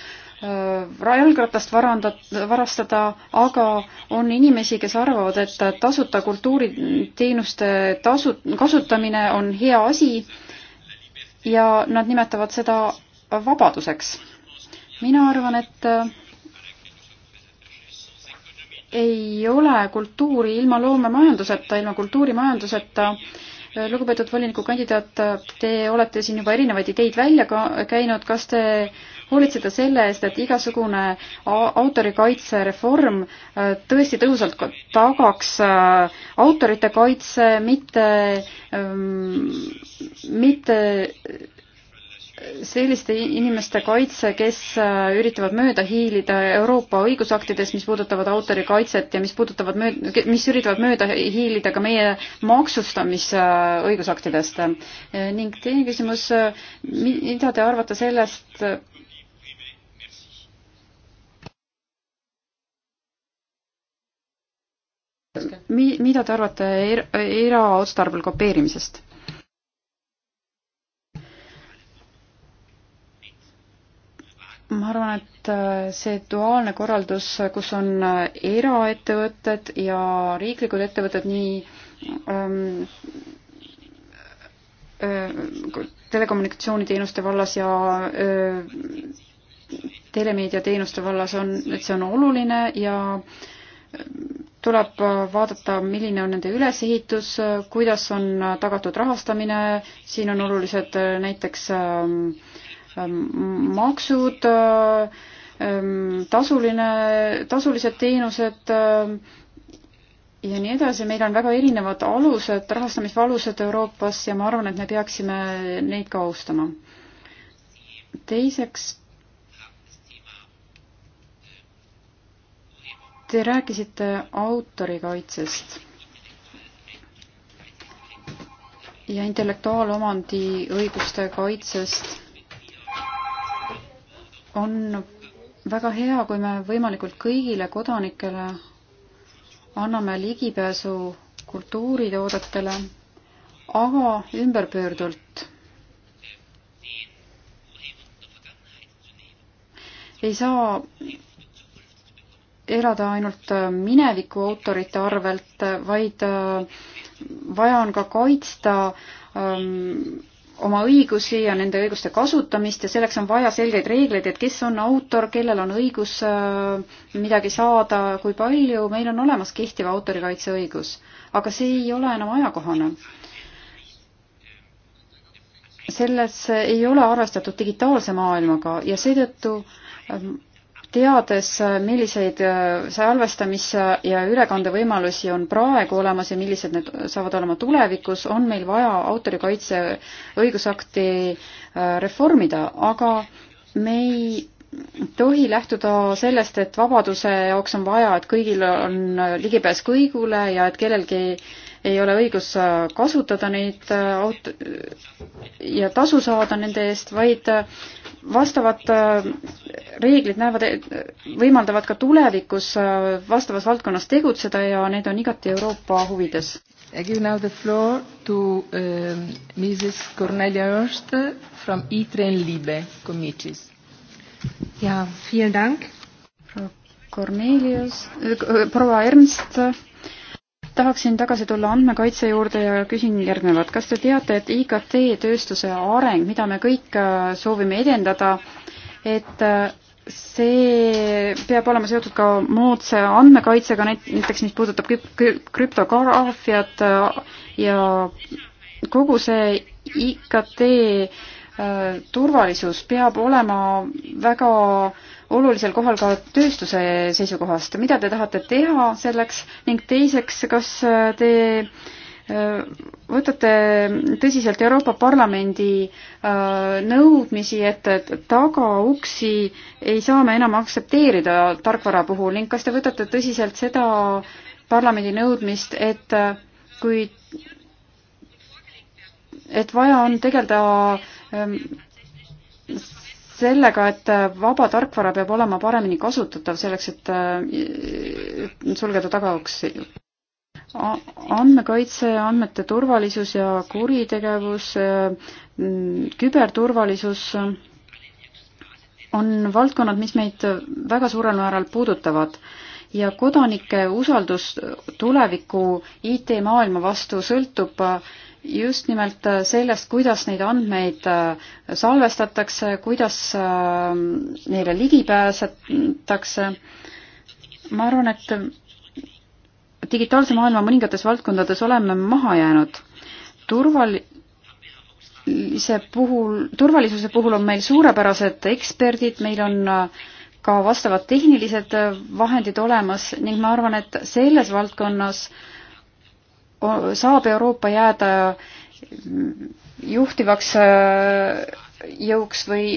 jalgratast varandat, varastada, aga on inimesi, kes arvavad, et tasuta kultuuriteenuste tasu, kasutamine on hea asi ja nad nimetavad seda vabaduseks. mina arvan, et ei ole kultuuri ilma loomemajanduseta, ilma kultuurimajanduseta. lugupeetud volinikukandidaat, te olete siin juba erinevaid ideid välja ka käinud, kas te hoolitseda selle eest, et igasugune autorikaitsereform äh, tõesti tõhusalt tagaks äh, autorite kaitse, mitte, ähm, mitte selliste inimeste kaitse, kes äh, üritavad mööda hiilida Euroopa õigusaktidest, mis puudutavad autorikaitset ja mis puudutavad mööd-, mis üritavad mööda hiilida ka meie maksustamisõigusaktidest. Äh, ning teine küsimus, äh, mida te arvate sellest, mi-, mida te arvate era- eraotstarbel kopeerimisest? ma arvan, et äh, see duaalne korraldus, kus on äh, eraettevõtted ja riiklikud ettevõtted nii ähm, äh, telekommunikatsiooniteenuste vallas ja äh, telemeediateenuste vallas on, et see on oluline ja äh, tuleb vaadata, milline on nende ülesehitus, kuidas on tagatud rahastamine, siin on olulised näiteks äh, Ähm, maksud, äh, ähm, tasuline, tasulised teenused äh, ja nii edasi, meil on väga erinevad alused, rahastamisvalused Euroopas ja ma arvan, et me peaksime neid ka austama. teiseks, te rääkisite autorikaitsest ja intellektuaalomandi õiguste kaitsest on väga hea, kui me võimalikult kõigile kodanikele anname ligipääsu kultuuritoodetele, aga ümberpöördult. ei saa elada ainult mineviku autorite arvelt, vaid vaja on ka kaitsta ähm, oma õigusi ja nende õiguste kasutamist ja selleks on vaja selgeid reegleid, et kes on autor, kellel on õigus äh, midagi saada, kui palju, meil on olemas kehtiv autorikaitseõigus, aga see ei ole enam ajakohane. selles ei ole arvestatud digitaalse maailmaga ja seetõttu ähm, teades, milliseid äh, salvestamise ja ülekandevõimalusi on praegu olemas ja millised need saavad olema tulevikus, on meil vaja autorikaitse õigusakti äh, reformida, aga me ei tohi lähtuda sellest, et vabaduse jaoks on vaja, et kõigil on äh, ligipääs kõigule ja et kellelgi äh, ei ole õigus äh, kasutada neid äh, aut- ja tasu saada nende eest, vaid äh, vastavad reeglid näevad, e-, võimaldavad ka tulevikus vastavas valdkonnas tegutseda ja need on igati Euroopa huvides. I give now the floor to um, ähm, Mrs Cornelia Ernst from ITREN Libe committees. ja, vielen Dank. proua Cornelius äh,, proua Ernst tahaksin tagasi tulla andmekaitse juurde ja küsin järgnevat. kas te teate, et IKT tööstuse areng, mida me kõik äh, soovime edendada, et äh, see peab olema seotud ka moodsa andmekaitsega, näiteks mis puudutab krüptograafiat äh, ja kogu see IKT turvalisus peab olema väga äh, olulisel kohal ka tööstuse seisukohast, mida te tahate teha selleks ning teiseks, kas te äh, võtate tõsiselt Euroopa Parlamendi äh, nõudmisi, et tagauksi ei saa me enam aktsepteerida tarkvara puhul ning kas te võtate tõsiselt seda parlamendi nõudmist, et äh, kui, et vaja on tegeleda ähm, sellega, et äh, vaba tarkvara peab olema paremini kasutatav selleks, et äh, sulgeda tagauksi. andmekaitse, andmete turvalisus ja kuritegevus, äh, mm, küberturvalisus on valdkonnad, mis meid väga suurel määral puudutavad ja kodanike usaldus tuleviku IT-maailma vastu sõltub just nimelt äh, sellest, kuidas neid andmeid äh, salvestatakse, kuidas äh, neile ligi pääsetakse. ma arvan, et digitaalse maailma mõningates valdkondades oleme maha jäänud. turvalise puhul, turvalisuse puhul on meil suurepärased eksperdid, meil on ka vastavad tehnilised vahendid olemas ning ma arvan, et selles valdkonnas äh, saab Euroopa jääda juhtivaks äh, jõuks või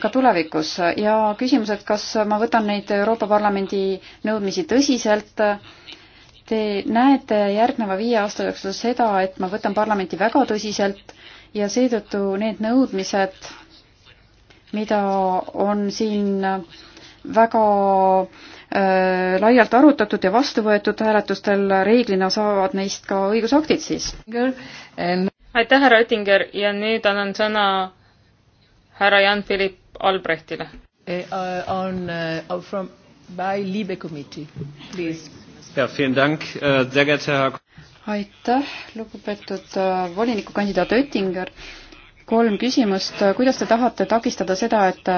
ka tulevikus ja küsimus, et kas ma võtan neid Euroopa Parlamendi nõudmisi tõsiselt. Te näete järgneva viie aasta jooksul seda, et ma võtan parlamenti väga tõsiselt ja seetõttu need nõudmised, mida on siin väga äh, Äh, laialt arutatud ja vastu võetud hääletustel, reeglina saavad neist ka õigusaktid siis. aitäh, härra Oettinger ja nüüd annan sõna härra Jan-Philipp Albrechtile. Eh, eh, on uh, from by Libe committee, please. ja, vielen Dank, äh, sehr geehrter Herr aitäh, lugupeetud äh, volinikukandidaat Oettinger kolm küsimust. kuidas te tahate takistada seda, et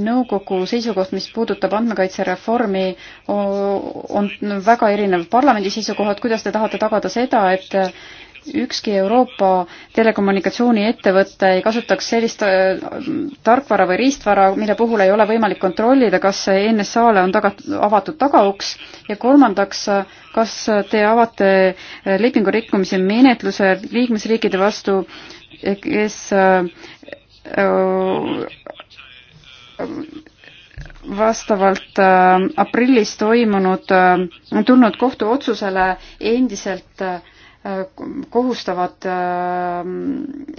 nõukogu seisukoht, mis puudutab andmekaitsereformi, on väga erinev parlamendi seisukohad, kuidas te tahate tagada seda, et ükski Euroopa telekommunikatsiooniettevõte ei kasutaks sellist äh, tarkvara või riistvara, mille puhul ei ole võimalik kontrollida, kas NSA-le on taga, avatud tagauks ja kolmandaks, kas te avate lepingu rikkumise menetluse liikmesriikide vastu kes äh, äh, vastavalt äh, aprillis toimunud, tulnud kohtuotsusele endiselt kohustavad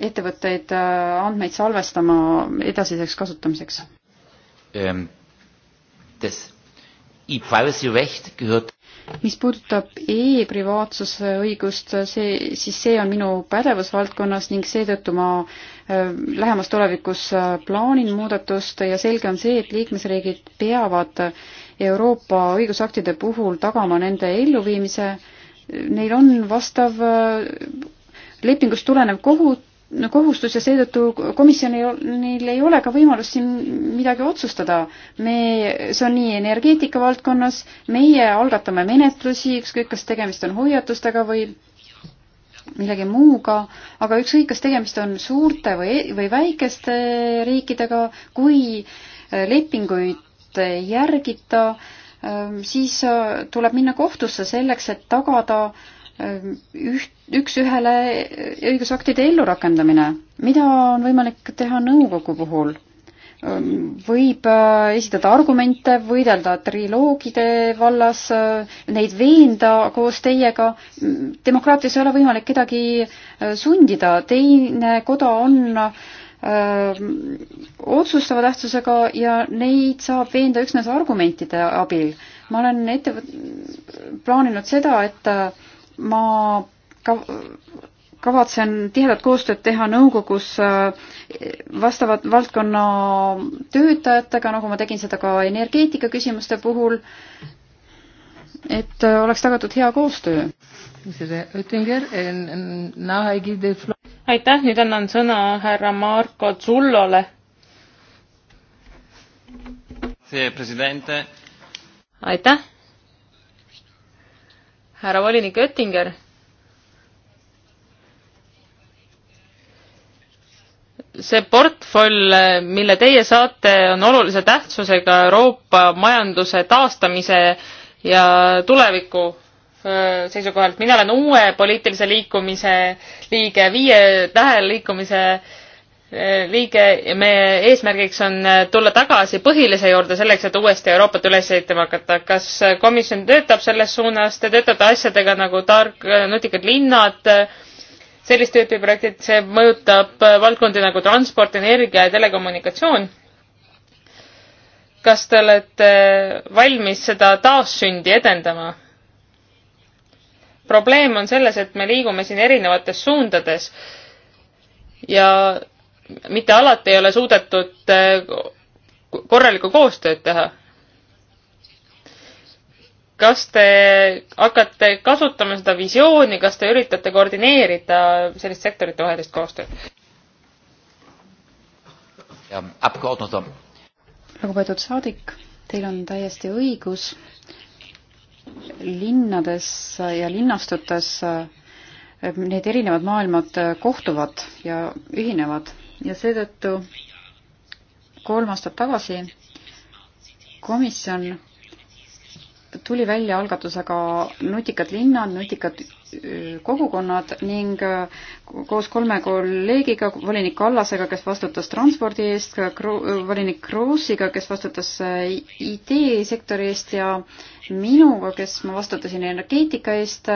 ettevõtteid andmeid salvestama edasiseks kasutamiseks ähm,? Das E-Privacy-Recht gehört mis puudutab e-privaatsuse õigust, see, siis see on minu pädevusvaldkonnas ning seetõttu ma äh, lähemas tulevikus äh, plaanin muudatust ja selge on see, et liikmesriigid peavad Euroopa õigusaktide puhul tagama nende elluviimise. Neil on vastav äh, lepingust tulenev kohut, kohustus ja seetõttu komisjonil, neil ei ole ka võimalust siin midagi otsustada. me, see on nii energeetika valdkonnas, meie algatame menetlusi, ükskõik kas tegemist on hoiatustega või millegi muuga, aga ükskõik, kas tegemist on suurte või, või väikeste riikidega, kui lepinguid järgita, ähm, siis äh, tuleb minna kohtusse selleks, et tagada äh, üht, üks-ühele õigusaktide ellurakendamine. mida on võimalik teha nõukogu puhul? Ähm, võib äh, esitada argumente, võidelda triloogide vallas, äh, neid veenda koos teiega. demokraatias ei ole võimalik kedagi äh, sundida, teine koda on öö, otsustava tähtsusega ja neid saab veenda üksnes argumentide abil. ma olen ette plaaninud seda, et ma ka kavatsen tihedat koostööd teha nõukogus äh, vastava valdkonna töötajatega, nagu ma tegin seda ka energeetika küsimuste puhul, et äh, oleks tagatud hea koostöö. aitäh, nüüd annan sõna härra Marko Zullole. aitäh härra volinik Oettinger. see portfell, mille teie saate, on olulise tähtsusega Euroopa majanduse taastamise ja tuleviku äh, seisukohalt. mina olen uue poliitilise liikumise liige, viie tähe liikumise Eh, liige, meie eesmärgiks on eh, tulla tagasi põhilise juurde selleks, et uuesti Euroopat üles ehitama hakata. kas eh, komisjon töötab selles suunas, te töötate asjadega nagu tark, nutikad linnad, sellist tüüpi projektid, see mõjutab valdkondi nagu transport, energia ja telekommunikatsioon. kas te olete valmis seda taassündi edendama? probleem on selles, et me liigume siin erinevates suundades ja mitte alati ei ole suudetud eh, korralikku koostööd teha. kas te hakkate kasutama seda visiooni, kas te üritate koordineerida sellist sektorite vahelist koostööd? lugupeetud saadik, teil on täiesti õigus. linnades ja linnastutes eh, need erinevad maailmad eh, kohtuvad ja ühinevad ja seetõttu kolm aastat tagasi komisjon tuli välja algatusega Nutikad linnad, nutikad kogukonnad ning koos kolme kolleegiga, volinik Kallasega, kes vastutas transpordi eest, volinik Kruusiga, kes vastutas äh, IT-sektori eest ja minuga, kes ma vastutasin energeetika eest,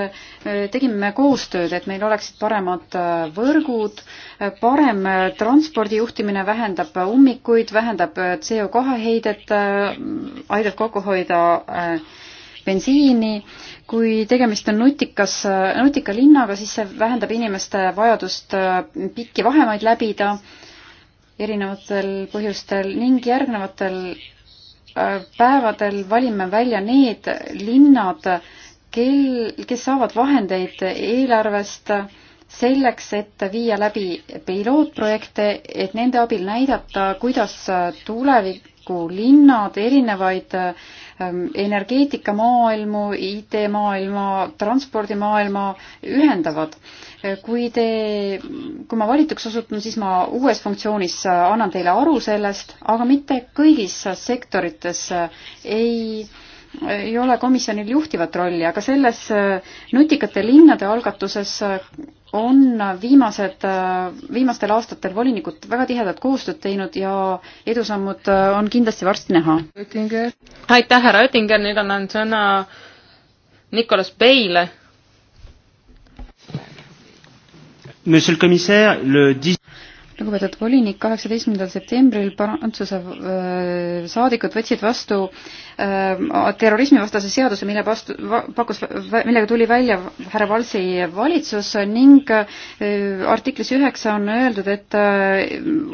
tegime koostööd, et meil oleksid paremad äh, võrgud, äh, parem transpordi juhtimine vähendab ummikuid, vähendab CO2 heidet, aitab kokku hoida äh, bensiini. kui tegemist on nutikas, nutika linnaga, siis see vähendab inimeste vajadust äh, pikki vahemaid läbida erinevatel põhjustel ning järgnevatel äh, päevadel valime välja need linnad, kel, kes saavad vahendeid eelarvest selleks, et viia läbi pilootprojekte, et nende abil näidata, kuidas äh, tuleviku linnad erinevaid Ähm, energeetikamaailmu, IT-maailma, transpordimaailma ühendavad. Äh, kui te, kui ma valituks osutun, siis ma uues funktsioonis äh, annan teile aru sellest, aga mitte kõigis äh, sektorites ei ei ole komisjonil juhtivat rolli, aga selles nutikate linnade algatuses on viimased, viimastel aastatel volinikud väga tihedat koostööd teinud ja edusammud äh, on kindlasti varsti näha. aitäh, härra Oettinger, nüüd annan sõna Nicolas Bay'le. Monsieur le commissaire, le 10 lugupeetud volinik, kaheksateistkümnendal septembril Prantsuse äh, saadikud võtsid vastu äh, terrorismivastase seaduse, mille vastu va,, pakkus, millega tuli välja härra Valsi valitsus ning äh, artiklis üheksa on öeldud, et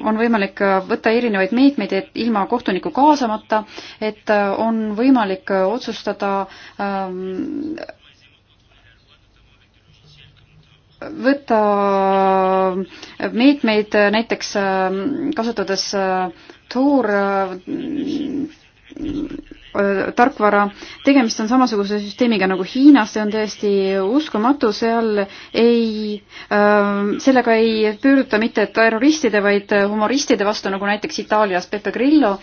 on võimalik võtta erinevaid meetmeid, et ilma kohtuniku kaasamata, et on võimalik otsustada ähm, võtta meetmeid näiteks ähm, kasutades äh, toor äh, tarkvara, tegemist on samasuguse süsteemiga nagu Hiinas, see on täiesti uskumatu, seal ei, ähm, sellega ei pöörduta mitte terroristide, vaid humoristide vastu, nagu näiteks Itaalias Pepe Grillo,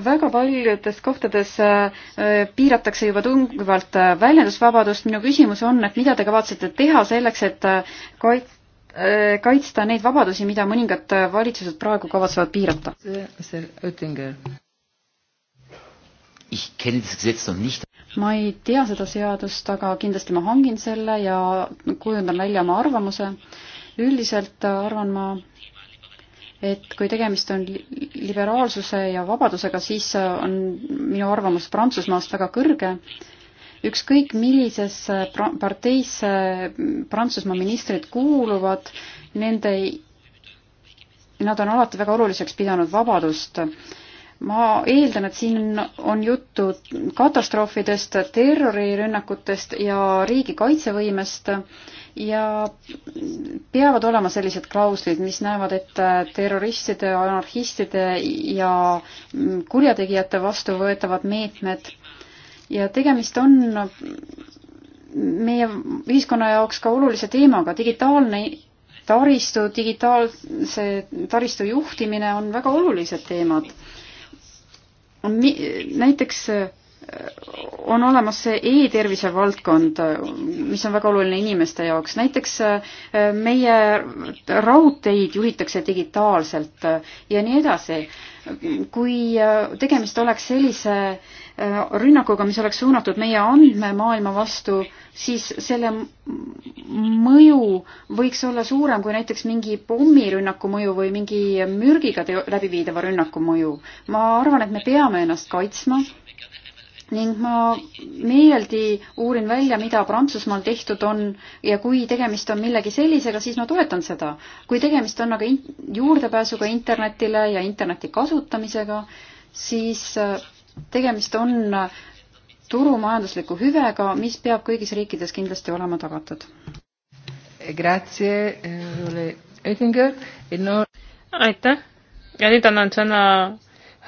väga paljudes kohtades äh, äh, piiratakse juba tungivalt äh, väljendusvabadust. minu küsimus on, et mida te kavatsete teha selleks, et kait-, kaitsta neid vabadusi, mida mõningad valitsused praegu kavatsevad piirata? ma ei tea seda seadust, aga kindlasti ma hangin selle ja kujundan välja oma arvamuse. üldiselt arvan ma, et kui tegemist on liberaalsuse ja vabadusega, siis on minu arvamus Prantsusmaast väga kõrge. ükskõik millisesse äh, parteisse äh, Prantsusmaa ministrid kuuluvad, nende, nad on alati väga oluliseks pidanud vabadust ma eeldan, et siin on juttu katastroofidest, terrorirünnakutest ja riigi kaitsevõimest ja peavad olema sellised klauslid, mis näevad ette terroristide, anarhistide ja kurjategijate vastu võetavad meetmed. ja tegemist on meie ühiskonna jaoks ka olulise teemaga, digitaalne taristu, digitaalse taristu juhtimine on väga olulised teemad näiteks äh, on olemas see e-tervise valdkond, äh, mis on väga oluline inimeste jaoks. näiteks äh, meie raudteid juhitakse digitaalselt ja nii edasi. kui tegemist oleks sellise Äh, rünnakuga, mis oleks suunatud meie andmemaailma vastu, siis selle mõju võiks olla suurem kui näiteks mingi pommirünnaku mõju või mingi mürgiga läbiviidava rünnaku mõju. ma arvan, et me peame ennast kaitsma ning ma meeldi uurin välja, mida Prantsusmaal tehtud on ja kui tegemist on millegi sellisega, siis ma toetan seda. kui tegemist on aga in juurdepääsuga internetile ja interneti kasutamisega, siis äh, tegemist on turumajandusliku hüvega, mis peab kõigis riikides kindlasti olema tagatud. Eh, aitäh ja nüüd annan sõna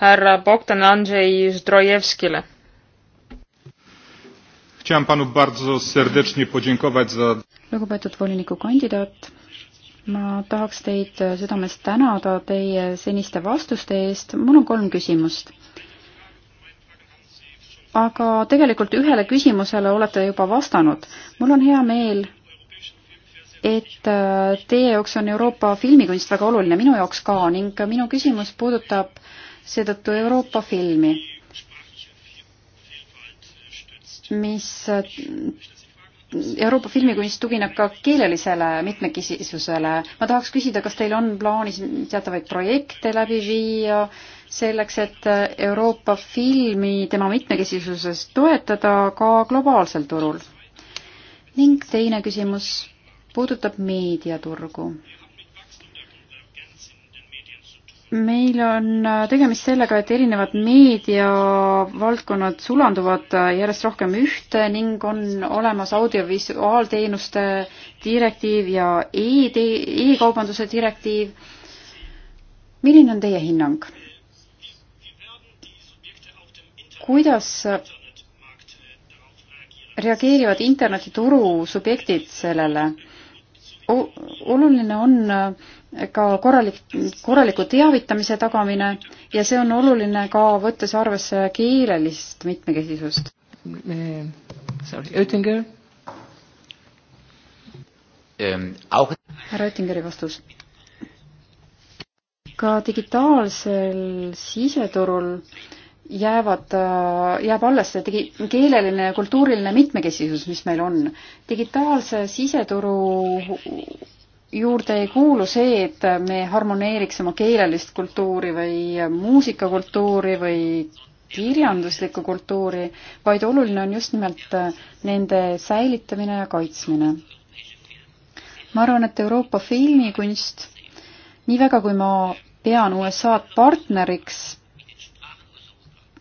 härra Bogdan Andrzej Zdrojevskile. lugupeetud volinikukandidaat, ma tahaks teid südamest tänada teie seniste vastuste eest, mul on kolm küsimust aga tegelikult ühele küsimusele olete juba vastanud. mul on hea meel, et äh, teie jaoks on Euroopa filmikunst väga oluline, minu jaoks ka ning minu küsimus puudutab seetõttu Euroopa filmi, mis Euroopa filmikunst tugineb ka keelelisele mitmekesisusele. ma tahaks küsida, kas teil on plaanis teatavaid projekte läbi viia selleks, et Euroopa filmi tema mitmekesisuses toetada ka globaalsel turul? ning teine küsimus puudutab meediaturgu meil on äh, tegemist sellega, et erinevad meediavaldkonnad sulanduvad äh, järjest rohkem ühte ning on olemas audiovisuaalteenuste direktiiv ja e-kaubanduse e direktiiv. milline on teie hinnang? kuidas reageerivad internetituru subjektid sellele? oluline on äh, ka korralik, korraliku teavitamise tagamine ja see on oluline ka võttes arvesse keelelist mitmekesisust. Eh, sorry, Oettinger ähm,. härra Oettingeri vastus. ka digitaalsel siseturul jäävad, äh, jääb alles see digi-, keeleline ja kultuuriline mitmekesisus, mis meil on. digitaalse siseturu juurde ei kuulu see, et me harmoneeriks oma keelelist kultuuri või muusikakultuuri või kirjanduslikku kultuuri, vaid oluline on just nimelt nende säilitamine ja kaitsmine. ma arvan, et Euroopa filmikunst, nii väga kui ma pean USA-d partneriks,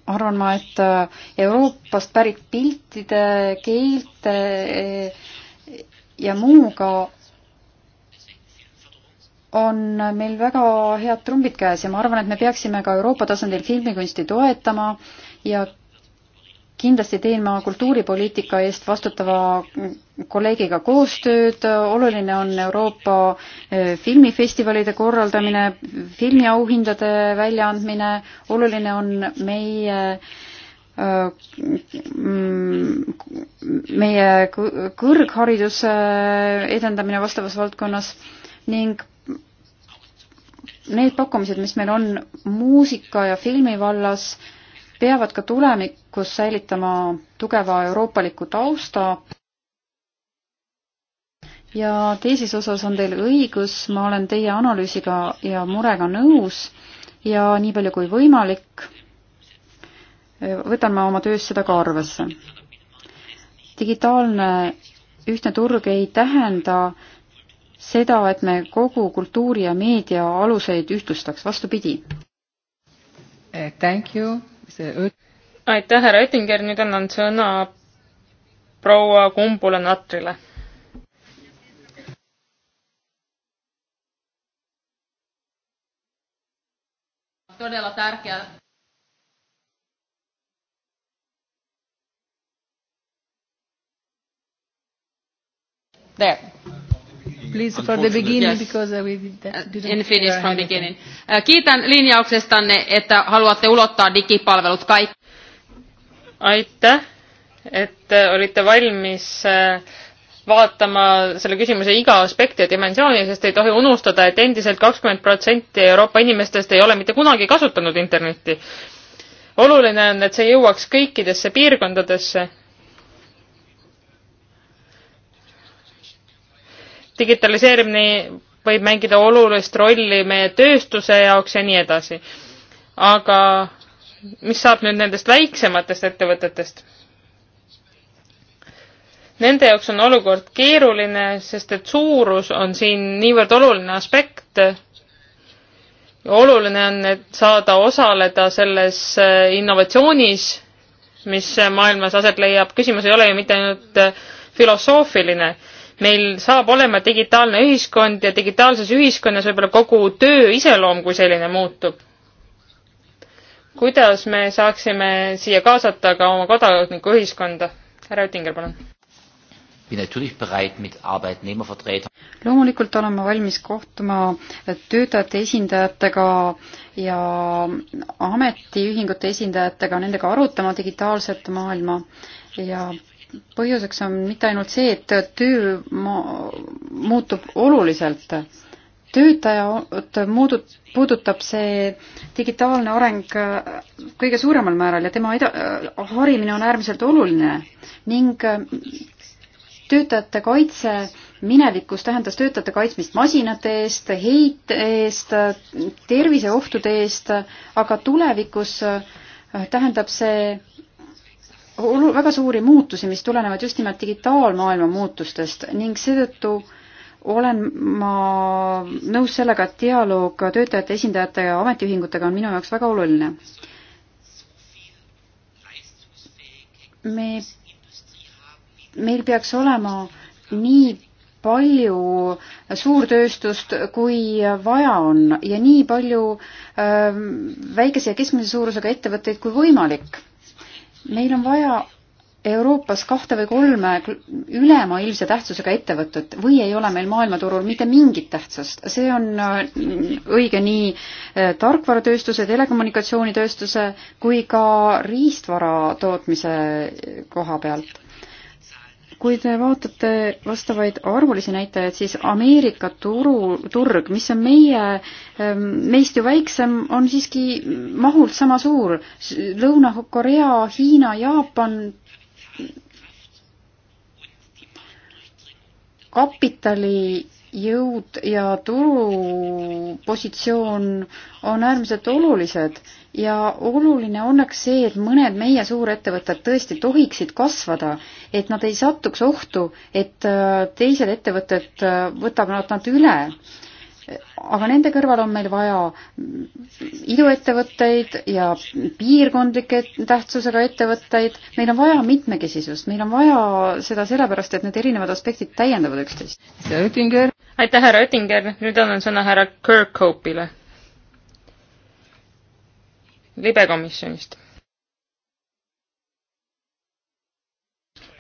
arvan ma, et äh, Euroopast pärit piltide, keelte äh, ja muuga on meil väga head trumbid käes ja ma arvan, et me peaksime ka Euroopa tasandil filmikunsti toetama ja kindlasti teen ma kultuuripoliitika eest vastutava kolleegiga koostööd, oluline on Euroopa eh, filmifestivalide korraldamine, filmiauhindade väljaandmine, oluline on meie eh, mm, meie kõrghariduse edendamine vastavas valdkonnas ning need pakkumised, mis meil on muusika ja filmi vallas, peavad ka tulevikus säilitama tugeva euroopaliku tausta. ja teises osas on teil õigus, ma olen teie analüüsiga ja murega nõus ja nii palju kui võimalik, võtan ma oma töös seda ka arvesse. digitaalne ühtne turg ei tähenda äh, seda, et me kogu kultuuri ja meedia aluseid ühtlustaks, vastupidi. Eh, thank you. aitäh, härra Oettinger, nüüd annan sõna proua Kumbule Natrile. todella tärkeä There. Please for the beginning yes. because uh, we didn't uh, In Finnish from beginning. Uh, kiitän linjauksestanne, että haluatte ulottaa digipalvelut kaikki. Aitäh, että olitte valmis äh, vaatama selle küsimuse iga aspekti ja dimensiooni, sest ei tohi unustada, et endiselt kakskümmend protsenti Euroopa inimestest ei ole mitte kunagi kasutanud internetti. oluline on, et see jõuaks kõikidesse piirkondadesse digitaliseerimine võib mängida olulist rolli meie tööstuse jaoks ja nii edasi. aga mis saab nüüd nendest väiksematest ettevõtetest? Nende jaoks on olukord keeruline, sest et suurus on siin niivõrd oluline aspekt. oluline on, et saada osaleda selles äh, innovatsioonis, mis maailmas aset leiab. küsimus ei ole ju mitte ainult äh, filosoofiline meil saab olema digitaalne ühiskond ja digitaalses ühiskonnas võib-olla kogu töö iseloom kui selline muutub. kuidas me saaksime siia kaasata ka oma kodanikuühiskonda? härra Oettinger, palun. loomulikult olen ma valmis kohtuma töötajate esindajatega ja ametiühingute esindajatega, nendega arutama digitaalset maailma ja põhjuseks on mitte ainult see, et töö muutub oluliselt. töötajat muudut-, puudutab see digitaalne areng kõige suuremal määral ja tema eda-, harimine on äärmiselt oluline ning töötajate kaitse minevikus tähendas töötajate kaitsmist masinate eest, heite eest, terviseohtude eest, aga tulevikus tähendab see olu-, väga suuri muutusi, mis tulenevad just nimelt digitaalmaailma muutustest ning seetõttu olen ma nõus sellega, et dialoog töötajate esindajate ja ametiühingutega on minu jaoks väga oluline. me, meil peaks olema nii palju suurtööstust, kui vaja on ja nii palju äh, väikese ja keskmise suurusega ettevõtteid kui võimalik meil on vaja Euroopas kahte või kolme ülemaailmse tähtsusega ettevõtet või ei ole meil maailmaturul mitte mingit tähtsust. see on äh, õige nii äh, tarkvaratööstuse, telekommunikatsioonitööstuse kui ka riistvara tootmise koha pealt kui te vaatate vastavaid arvulisi näitajaid, siis Ameerika turu, turg, mis on meie, ehm, meist ju väiksem, on siiski mahult sama suur. Lõuna-Korea, Hiina, Jaapan, kapitali jõud ja turupositsioon on äärmiselt olulised ja oluline oleks see, et mõned meie suurettevõtted tõesti tohiksid kasvada, et nad ei satuks ohtu, et äh, teised ettevõtted äh, võtavad nad üle. aga nende kõrval on meil vaja iduettevõtteid ja piirkondlike tähtsusega ettevõtteid, meil on vaja mitmekesisust, meil on vaja seda sellepärast, et need erinevad aspektid täiendavad üksteist aitäh, härra Oettinger, nüüd annan sõna härra Kirkhope'ile. libekomisjonist.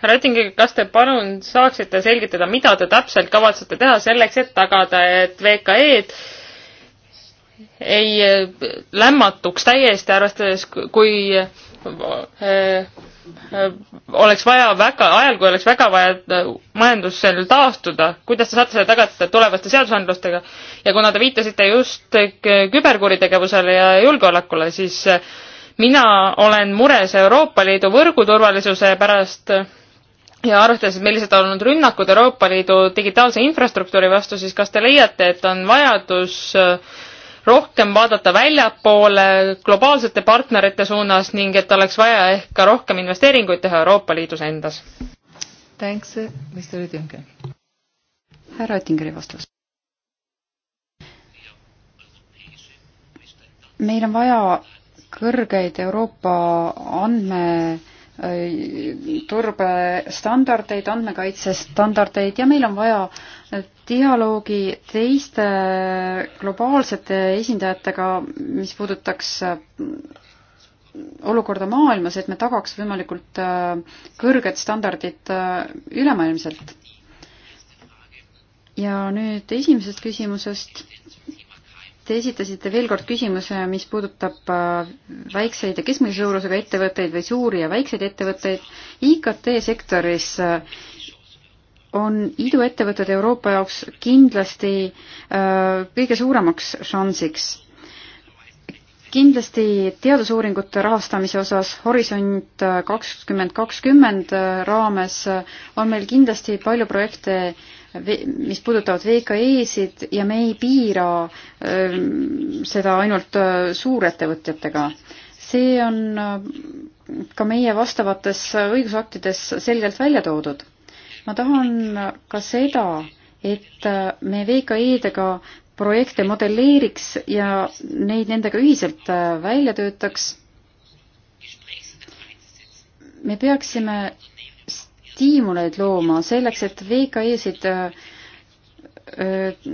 härra Oettinger, kas te palun saaksite selgitada, mida te täpselt kavatsete teha selleks, et tagada, et VKE-d ei lämmatuks täiesti, arvestades, kui äh, Äh, oleks vaja väga, ajal kui oleks väga vaja äh, majandusel taastuda, kuidas te saate seda tagada tulevaste seadusandlustega? ja kuna te viitasite just küberkuritegevusele ja julgeolekule, siis äh, mina olen mures Euroopa Liidu võrguturvalisuse pärast ja arvestades, millised on olnud rünnakud Euroopa Liidu digitaalse infrastruktuuri vastu, siis kas te leiate, et on vajadus äh, rohkem vaadata väljapoole globaalsete partnerite suunas ning et oleks vaja ehk ka rohkem investeeringuid teha Euroopa Liidus endas. Thanks, eh, Mr Oettinger. härra Oettingeri vastus. meil on vaja kõrgeid Euroopa andme Äh, turbestandardeid, andmekaitsestandardeid ja meil on vaja dialoogi teiste globaalsete esindajatega, mis puudutaks äh, olukorda maailmas, et me tagaks võimalikult äh, kõrged standardid ülemaailmselt. ja nüüd esimesest küsimusest Te esitasite veel kord küsimuse, mis puudutab äh, väikseid ja keskmise suurusega ettevõtteid või suuri ja väikseid ettevõtteid. IKT sektoris äh, on iduettevõtted Euroopa jaoks kindlasti äh, kõige suuremaks šansiks. kindlasti teadusuuringute rahastamise osas Horisont kakskümmend kakskümmend raames on meil kindlasti palju projekte mis puudutavad VKE-sid ja me ei piira ähm, seda ainult äh, suurettevõtjatega. see on äh, ka meie vastavates õigusaktides selgelt välja toodud. ma tahan ka seda, et äh, me VKE-dega projekte modelleeriks ja neid nendega ühiselt välja töötaks. me peaksime stiimuleid looma selleks, et VKE-sid äh, äh,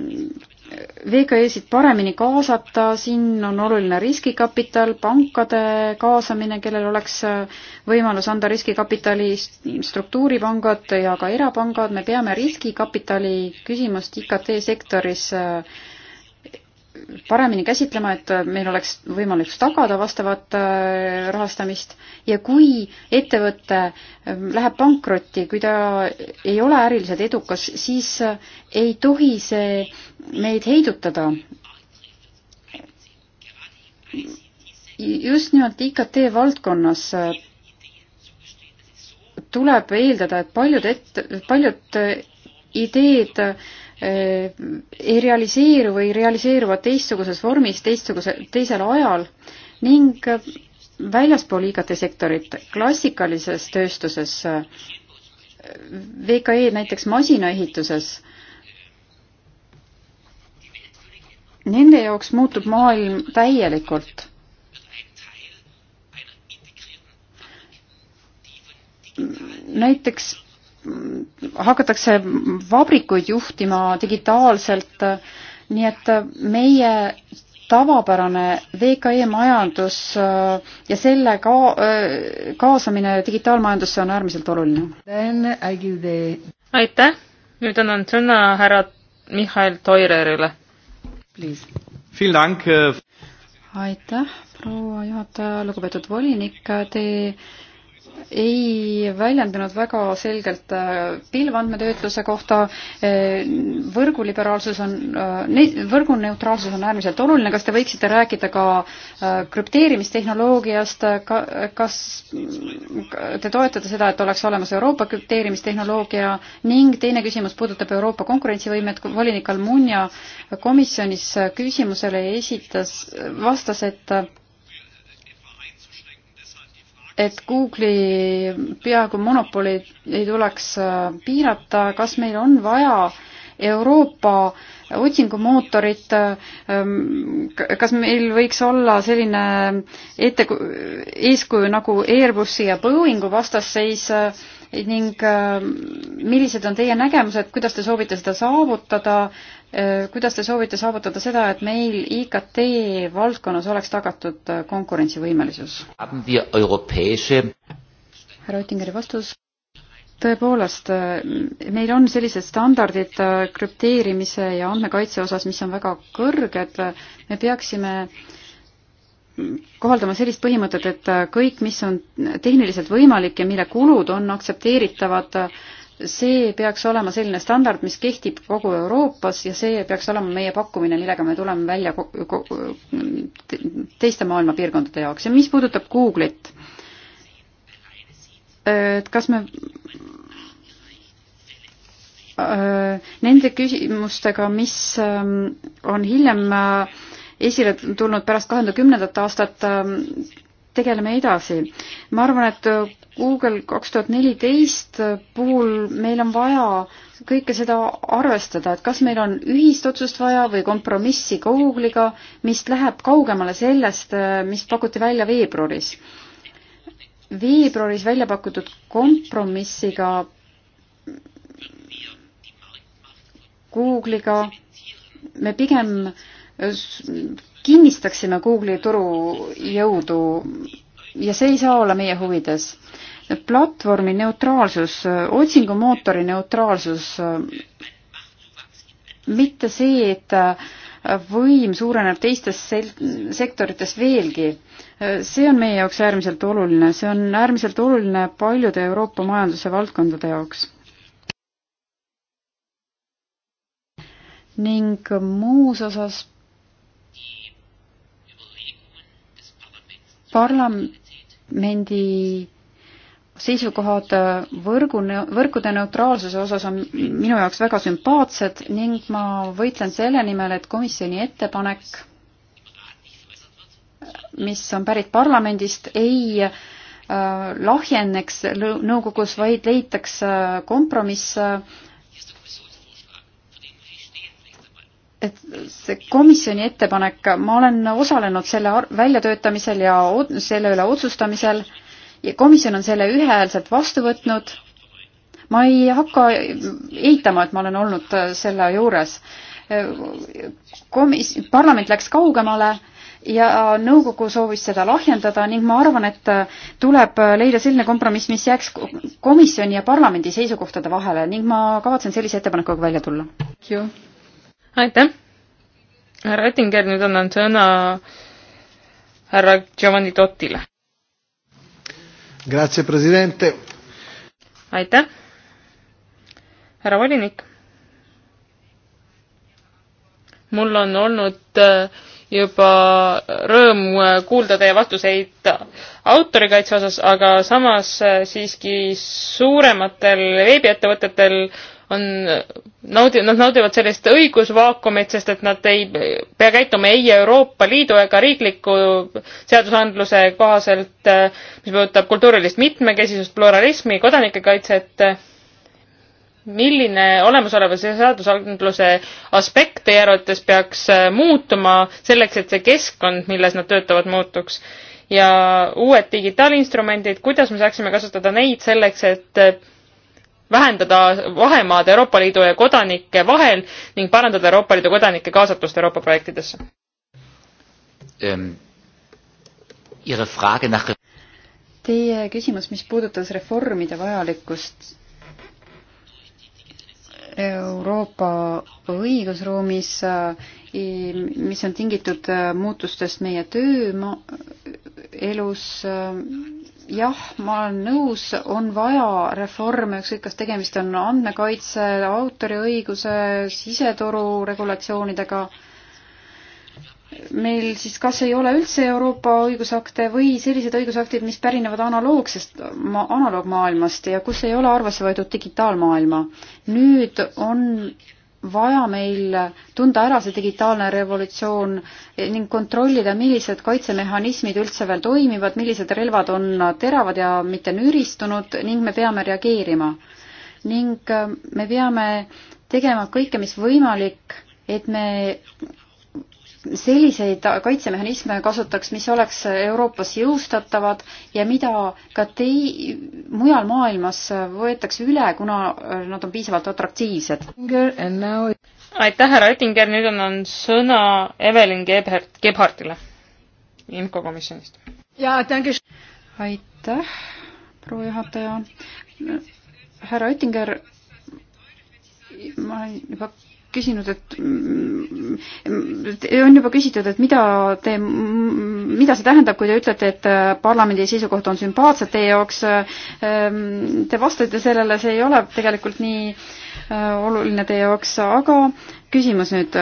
VKE-sid paremini kaasata, siin on oluline riskikapital, pankade kaasamine, kellel oleks äh, võimalus anda riskikapitali struktuuripangad ja ka erapangad, me peame riskikapitali küsimust IKT sektoris paremini käsitlema, et meil oleks võimalik tagada vastavat äh, rahastamist ja kui ettevõte äh, läheb pankrotti, kui ta ei ole äriliselt edukas, siis äh, ei tohi see meid heidutada. just nimelt IKT valdkonnas tuleb eeldada, et paljud et-, paljud ideed ei realiseeru või realiseeruvad teistsuguses vormis, teistsuguse, teisel ajal ning väljaspool IKT sektorit, klassikalises tööstuses, VKE näiteks masinaehituses, nende jaoks muutub maailm täielikult näiteks hakatakse vabrikuid juhtima digitaalselt, nii et meie tavapärane VKE majandus ja selle ka-, kaasamine digitaalmajandusse on äärmiselt oluline. The... aitäh, nüüd annan sõna härra Mihhail Toirerile. Äh. aitäh, proua juhataja, lugupeetud volinik, te ei väljendanud väga selgelt äh, pilvandmetöötluse kohta. Äh, võrguliberaalsus on, äh, võrguneutraalsus on äärmiselt oluline. kas te võiksite rääkida ka krüpteerimistehnoloogiast, kas te toetate seda, et oleks olemas Euroopa krüpteerimistehnoloogia ning teine küsimus puudutab Euroopa konkurentsivõimet. volinik Almunia komisjonis küsimusele esitas, vastas, et et Google'i peaaegu monopoli ei tuleks äh, piirata, kas meil on vaja Euroopa otsingumootorit, ähm, kas meil võiks olla selline ette, eeskuju nagu Airbusi ja Boeingu vastasseis äh, ning ähm, millised on teie nägemused, kuidas te soovite seda saavutada, Äh, kuidas te soovite saavutada seda, et meil IKT valdkonnas oleks tagatud äh, konkurentsivõimelisus? härra Oettingeri vastus. tõepoolest, äh, meil on sellised standardid krüpteerimise ja andmekaitse osas, mis on väga kõrged, me peaksime mm, kohaldama sellist põhimõtet, et kõik, mis on tehniliselt võimalik ja mille kulud on aktsepteeritavad, see peaks olema selline standard, mis kehtib kogu Euroopas ja see peaks olema meie pakkumine, millega me tuleme välja teiste maailma piirkondade jaoks. ja mis puudutab Google'it, et kas me äh, nende küsimustega, mis ähm, on hiljem äh, esile tulnud pärast kahe tuhande kümnendat aastat, ähm, tegeleme edasi. ma arvan, et Google kaks tuhat neliteist puhul meil on vaja kõike seda arvestada, et kas meil on ühist otsust vaja või kompromissi Google'iga, mis läheb kaugemale sellest, mis pakuti välja veebruaris. veebruaris välja pakutud kompromissiga Google'iga me pigem kinnistaksime Google'i turujõudu ja see ei saa olla meie huvides. platvormi neutraalsus, otsingumootori neutraalsus, mitte see, et võim suureneb teistes sektorites veelgi. see on meie jaoks äärmiselt oluline, see on äärmiselt oluline paljude Euroopa majanduse valdkondade jaoks ning muus osas parlamendi seisukohad võrgu, võrkude neutraalsuse osas on minu jaoks väga sümpaatsed ning ma võitlen selle nimel, et komisjoni ettepanek, mis on pärit parlamendist, ei äh, lahjeneks nõukogus, vaid leitaks äh, kompromiss äh, et see komisjoni ettepanek, ma olen osalenud selle väljatöötamisel ja selle üle otsustamisel ja komisjon on selle ühehäälselt vastu võtnud. ma ei hakka eitama, et ma olen olnud selle juures. Komis-, parlament läks kaugemale ja nõukogu soovis seda lahjendada ning ma arvan, et tuleb leida selline kompromiss, mis jääks komisjoni ja parlamendi seisukohtade vahele ning ma kavatsen sellise ettepanekuga välja tulla aitäh! härra Oettinger, nüüd annan sõna härra Giovanni Tottile. Grazie, president! aitäh! härra volinik! mul on olnud äh, juba rõõm äh, kuulda teie vastuseid autorikaitse osas, aga samas äh, siiski suurematel veebiettevõtetel on, naudi-, nad naudivad sellist õigusvaakumit, sest et nad ei pea käituma ei Euroopa Liidu ega riikliku seadusandluse kohaselt, äh, mis puudutab kultuurilist mitmekesisust, pluralismi, kodanikekaitset. Äh, milline olemasoleva seadusandluse aspekt teie arvates peaks äh, muutuma selleks, et see keskkond, milles nad töötavad, muutuks? ja uued digitaalinstrumendid, kuidas me saaksime kasutada neid selleks, et vähendada vahemaad Euroopa Liidu ja kodanike vahel ning parandada Euroopa Liidu kodanike kaasatust Euroopa projektidesse ähm,. Nach... Teie küsimus, mis puudutas reformide vajalikkust Euroopa õigusruumis, äh, mis on tingitud äh, muutustest meie tööelus äh, jah, ma olen nõus, on vaja reforme, ükskõik kas tegemist on andmekaitse, autoriõiguse, siseturu regulatsioonidega. meil siis kas ei ole üldse Euroopa õigusakte või sellised õigusaktid, mis pärinevad analoogsest, analoogmaailmast ja kus ei ole arvesse võetud digitaalmaailma. nüüd on vaja meil tunda ära see digitaalne revolutsioon ning kontrollida, millised kaitsemehhanismid üldse veel toimivad, millised relvad on teravad ja mitte nüristunud ning me peame reageerima. ning äh, me peame tegema kõike, mis võimalik, et me selliseid kaitsemehhanisme kasutaks, mis oleks Euroopas jõustatavad ja mida ka tei-, mujal maailmas võetakse üle, kuna nad on piisavalt atraktiivsed. aitäh, härra Oettinger, nüüd annan sõna Evelyn Gebhard, Gebhardile infokomisjonist. jaa, aitäh, proua juhataja. härra Oettinger, ma juba küsinud, et mm, on juba küsitud, et mida te, mm, mida see tähendab, kui te ütlete, et parlamendi seisukoht on sümpaatsed teie jaoks. Ehm, te vastate sellele, see ei ole tegelikult nii äh, oluline teie jaoks, aga küsimus nüüd.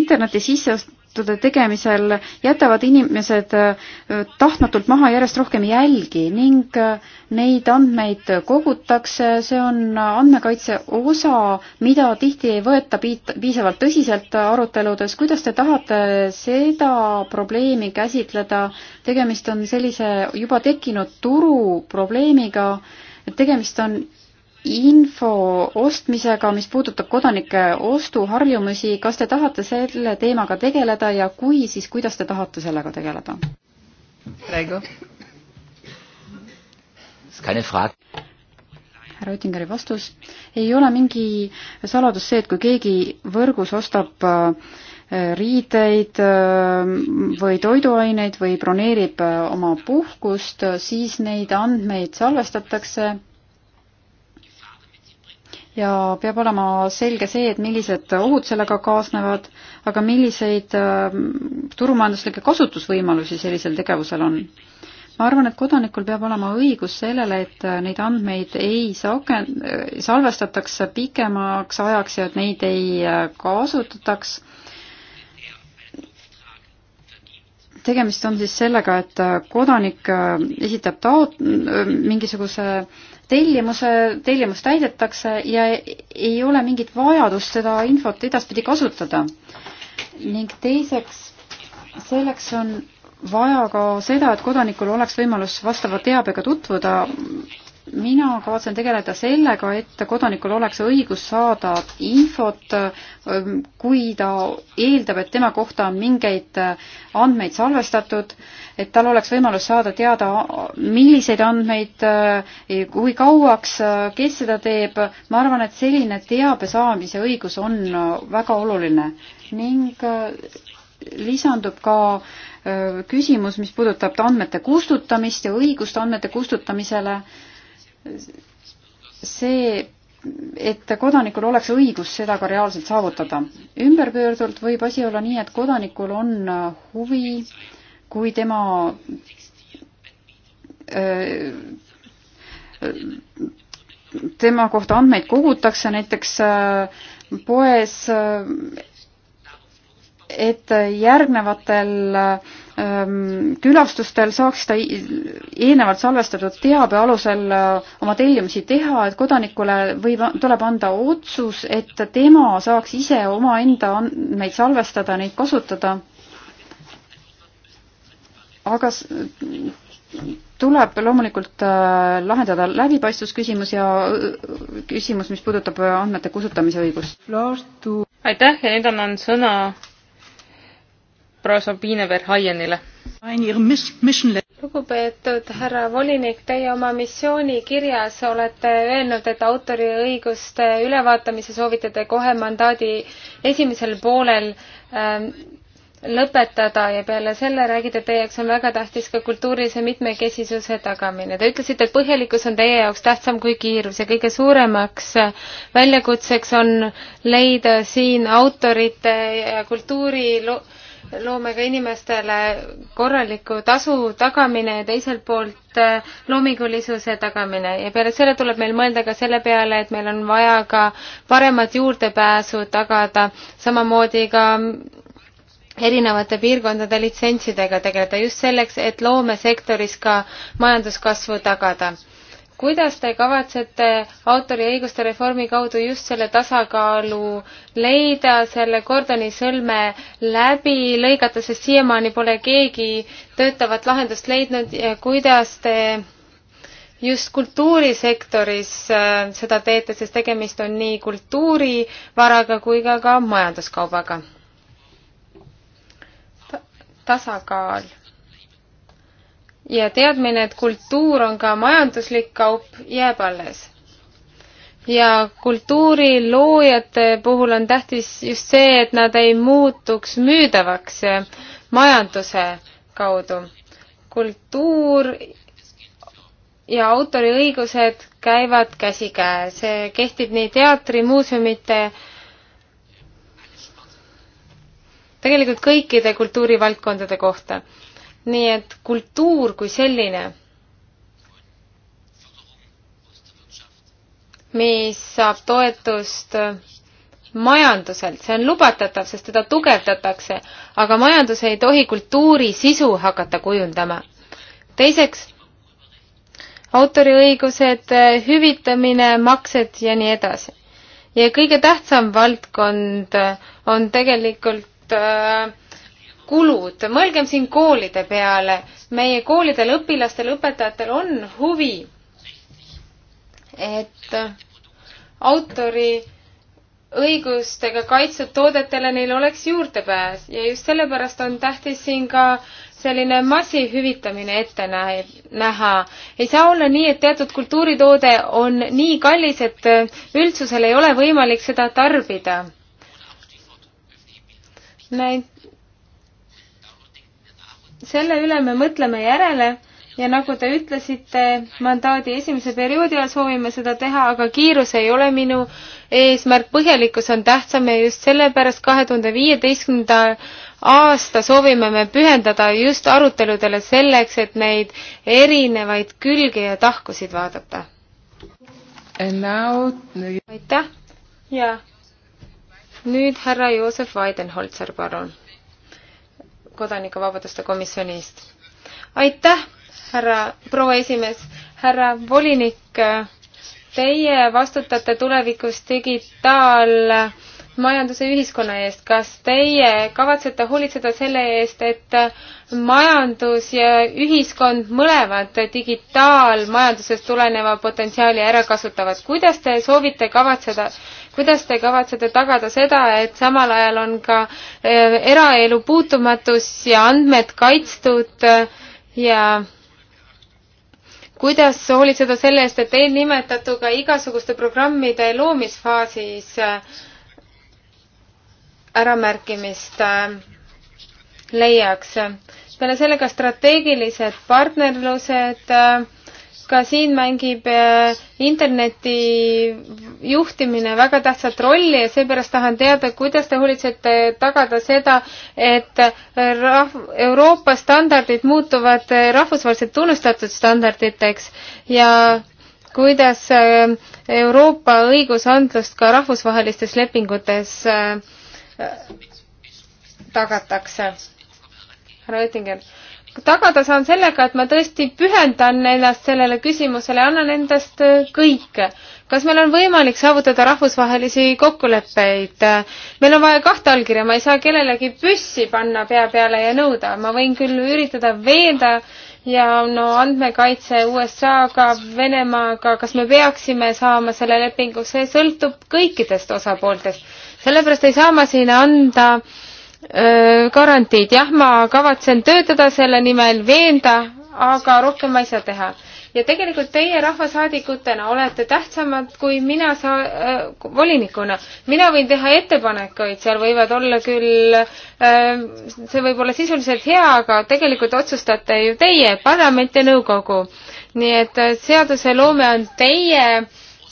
interneti sisseost-, valikute tegemisel jätavad inimesed äh, tahtmatult maha järjest rohkem jälgi ning äh, neid andmeid kogutakse, see on andmekaitse osa, mida tihti ei võeta piisavalt tõsiselt aruteludes. kuidas te tahate seda probleemi käsitleda? tegemist on sellise juba tekkinud turuprobleemiga, et tegemist on info ostmisega, mis puudutab kodanike ostuharjumusi, kas te tahate selle teemaga tegeleda ja kui, siis kuidas te tahate sellega tegeleda? praegu. härra Oettingeri vastus. ei ole mingi saladus see, et kui keegi võrgus ostab äh, riideid äh, või toiduaineid või broneerib äh, oma puhkust, siis neid andmeid salvestatakse ja peab olema selge see, et millised ohud sellega kaasnevad, aga milliseid ähm, turumajanduslikke kasutusvõimalusi sellisel tegevusel on. ma arvan, et kodanikul peab olema õigus sellele, et äh, neid andmeid ei saage-, äh, salvestataks pikemaks ajaks ja et neid ei äh, kasutataks. tegemist on siis sellega, et kodanik esitab taot-, mingisuguse äh, tellimuse, tellimus täidetakse ja ei ole mingit vajadust seda infot edaspidi kasutada. ning teiseks, selleks on vaja ka seda, et kodanikul oleks võimalus vastava teabega tutvuda mina kavatsen tegeleda sellega, et kodanikul oleks õigus saada infot, ähm, kui ta eeldab, et tema kohta on mingeid äh, andmeid salvestatud, et tal oleks võimalus saada teada, milliseid andmeid, äh, kui kauaks, äh, kes seda teeb. ma arvan, et selline teabe saamise õigus on väga oluline ning lisandub ka küsimus, mis puudutab andmete kustutamist ja õigust andmete kustutamisele see, et kodanikul oleks õigus seda ka reaalselt saavutada. ümberpöördult võib asi olla nii, et kodanikul on huvi, kui tema äh, tema kohta andmeid kogutakse näiteks äh, poes äh, et järgnevatel ähm, külastustel saaks ta eelnevalt salvestatud teabe alusel äh, oma tellimusi teha, et kodanikule võib, tuleb anda otsus, et tema saaks ise omaenda andmeid salvestada, neid kasutada. aga tuleb loomulikult äh, lahendada läbipaistvusküsimus ja äh, küsimus, mis puudutab andmete kustutamise õigust. aitäh ja nüüd annan sõna proua Sabine Verhaienile. lugupeetud härra volinik, teie oma missioonikirjas olete öelnud, et autoriõiguste ülevaatamise soovite te kohe mandaadi esimesel poolel ähm, lõpetada ja peale selle räägite, teie jaoks on väga tähtis ka kultuurilise mitmekesisuse tagamine. Te ütlesite, et põhjalikkus on teie jaoks tähtsam kui kiirus ja kõige suuremaks äh, väljakutseks on leida siin autorite ja kultuuri loomega inimestele korraliku tasu tagamine ja teiselt poolt äh, loomingulisuse tagamine ja peale selle tuleb meil mõelda ka selle peale, et meil on vaja ka paremat juurdepääsu tagada, samamoodi ka erinevate piirkondade litsentsidega tegeleda just selleks, et loomesektoris ka majanduskasvu tagada kuidas te kavatsete autoriõiguste reformi kaudu just selle tasakaalu leida, selle Gordoni sõlme läbi lõigata, sest siiamaani pole keegi töötavat lahendust leidnud ja kuidas te just kultuurisektoris äh, seda teete, sest tegemist on nii kultuurivaraga kui ka ka majanduskaubaga Ta. tasakaal ja teadmine, et kultuur on ka majanduslik kaup, jääb alles. ja kultuuri loojate puhul on tähtis just see, et nad ei muutuks müüdavaks majanduse kaudu. kultuur ja autoriõigused käivad käsikäes, see kehtib nii teatri, muuseumite, tegelikult kõikide kultuurivaldkondade kohta nii et kultuur kui selline, mis saab toetust majanduselt, see on lubatatav, sest teda tugevdatakse, aga majandus ei tohi kultuuri sisu hakata kujundama. teiseks, autoriõigused, hüvitamine, maksed ja nii edasi. ja kõige tähtsam valdkond on tegelikult äh, kulud, mõelgem siin koolide peale, meie koolidel, õpilastel, õpetajatel on huvi, et autori õigustega kaitstud toodetele neil oleks juurdepääs ja just sellepärast on tähtis siin ka selline massihüvitamine ette näe, näha. ei saa olla nii, et teatud kultuuritoode on nii kallis, et üldsusel ei ole võimalik seda tarbida. näit-, selle üle me mõtleme järele ja nagu te ütlesite, mandaadi esimese perioodi ajal soovime seda teha, aga kiirus ei ole minu eesmärk, põhjalikkus on tähtsam ja just sellepärast kahe tuhande viieteistkümnenda aasta soovime me pühendada just aruteludele selleks, et neid erinevaid külgi ja tahkusid vaadata. Now... aitäh ja nüüd härra Joosep Weidenholzer, palun kodanikuvabaduste komisjonist. aitäh, härra proua esimees, härra volinik, teie vastutate tulevikus digitaal majanduse ühiskonna eest, kas teie kavatsete hoolitseda selle eest, et majandus ja ühiskond mõlemad digitaalmajandusest tuleneva potentsiaali ära kasutavad, kuidas te soovite kavatseda kuidas te kavatsete tagada seda, et samal ajal on ka eh, eraelu puutumatus ja andmed kaitstud eh, ja kuidas hoolitseda selle eest, et eelnimetatuga igasuguste programmide loomisfaasis eh, äramärkimist leiaks? peale selle ka strateegilised partnerlused äh, ka siin mängib äh, interneti juhtimine väga tähtsat rolli ja seepärast tahan teada, kuidas te hoolitsete tagada seda, et rahv-, Euroopa standardid muutuvad rahvusvaheliselt tunnustatud standarditeks ja kuidas äh, Euroopa õigusandlust ka rahvusvahelistes lepingutes äh, tagatakse. härra Oettinger tagada saan sellega, et ma tõesti pühendan ennast sellele küsimusele, annan endast kõike. kas meil on võimalik saavutada rahvusvahelisi kokkuleppeid? meil on vaja kahte allkirja, ma ei saa kellelegi püssi panna pea peale ja nõuda, ma võin küll üritada veenda ja no andmekaitse USA-ga, Venemaaga, kas me peaksime saama selle lepingu, see sõltub kõikidest osapooltest. sellepärast ei saa ma siin anda äh, garantiid, jah, ma kavatsen töötada selle nimel, veenda, aga rohkem ma ei saa teha. ja tegelikult teie rahvasaadikutena olete tähtsamad kui mina saa- äh,, volinikuna. mina võin teha ettepanekuid, seal võivad olla küll äh,, see võib olla sisuliselt hea, aga tegelikult otsustate ju teie, parlament ja nõukogu. nii et äh, seaduseloome on teie äh,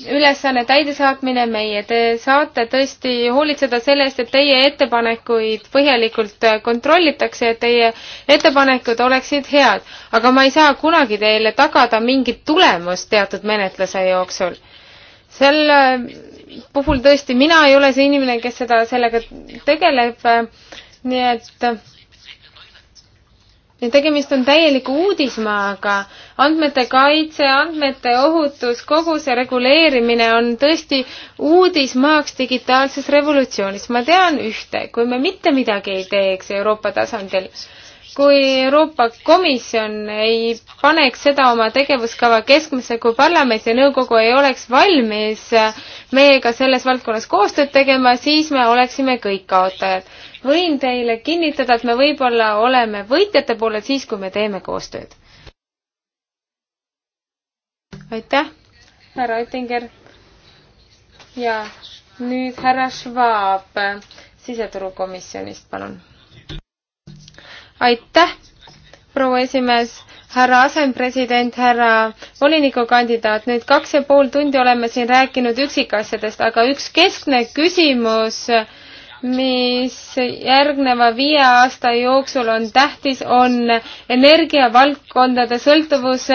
ülesanne täidesaatmine, meie te saate tõesti hoolitseda selle eest, et teie ettepanekuid põhjalikult äh, kontrollitakse, et teie ettepanekud oleksid head. aga ma ei saa kunagi teile tagada mingit tulemust teatud menetluse jooksul. selle äh, puhul tõesti, mina ei ole see inimene, kes seda, sellega tegeleb, äh, nii et ja tegemist on täieliku uudismaaga. andmete kaitse, andmete ohutus, kogu see reguleerimine on tõesti uudismaaks digitaalses revolutsioonis. ma tean ühte, kui me mitte midagi ei teeks Euroopa tasandil, kui Euroopa Komisjon ei paneks seda oma tegevuskava keskmesse, kui parlament ja nõukogu ei oleks valmis meiega selles valdkonnas koostööd tegema, siis me oleksime kõik kaotajad. võin teile kinnitada, et me võib-olla oleme võitjate poolel siis, kui me teeme koostööd. aitäh, härra Oettinger. ja nüüd härra Schwab siseturukomisjonist, palun aitäh, proua esimees, härra asempresident, härra volinikukandidaat, nüüd kaks ja pool tundi oleme siin rääkinud üksikasjadest, aga üks keskne küsimus, mis järgneva viie aasta jooksul on tähtis, on energiavaldkondade sõltuvus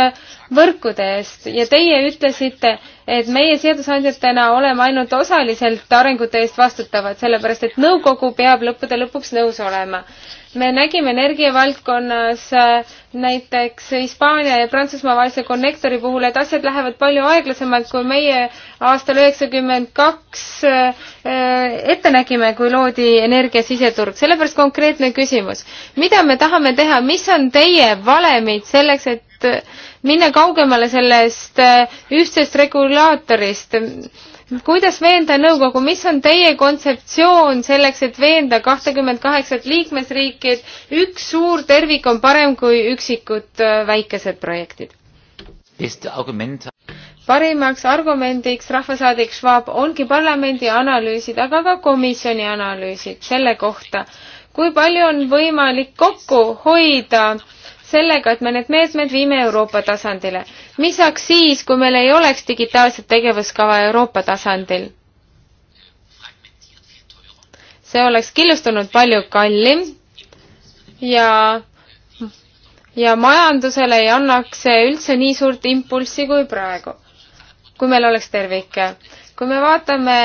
võrkude eest ja teie ütlesite, et meie seadusandjatena oleme ainult osaliselt arengute eest vastutavad, sellepärast et nõukogu peab lõppude lõpuks nõus olema. me nägime energiavaldkonnas äh, näiteks Hispaania ja Prantsusmaa vahelise konnektori puhul, et asjad lähevad palju aeglasemalt, kui meie aastal üheksakümmend kaks äh, ette nägime, kui loodi energia siseturg. sellepärast konkreetne küsimus, mida me tahame teha, mis on teie valemid selleks, et et minna kaugemale sellest eh, ühtsest regulaatorist. kuidas veenda nõukogu, mis on teie kontseptsioon selleks, et veenda kahtekümmet kaheksat liikmesriiki, et üks suur tervik on parem kui üksikud eh, väikesed projektid? parimaks argumendiks rahvasaadik Schwab ongi parlamendi analüüsid, aga ka komisjoni analüüsid selle kohta, kui palju on võimalik kokku hoida sellega, et me need meetmed viime Euroopa tasandile. mis saaks siis, kui meil ei oleks digitaalset tegevuskava Euroopa tasandil? see oleks killustunud palju kallim ja, ja majandusele ei annaks see üldse nii suurt impulssi kui praegu, kui meil oleks tervik. kui me vaatame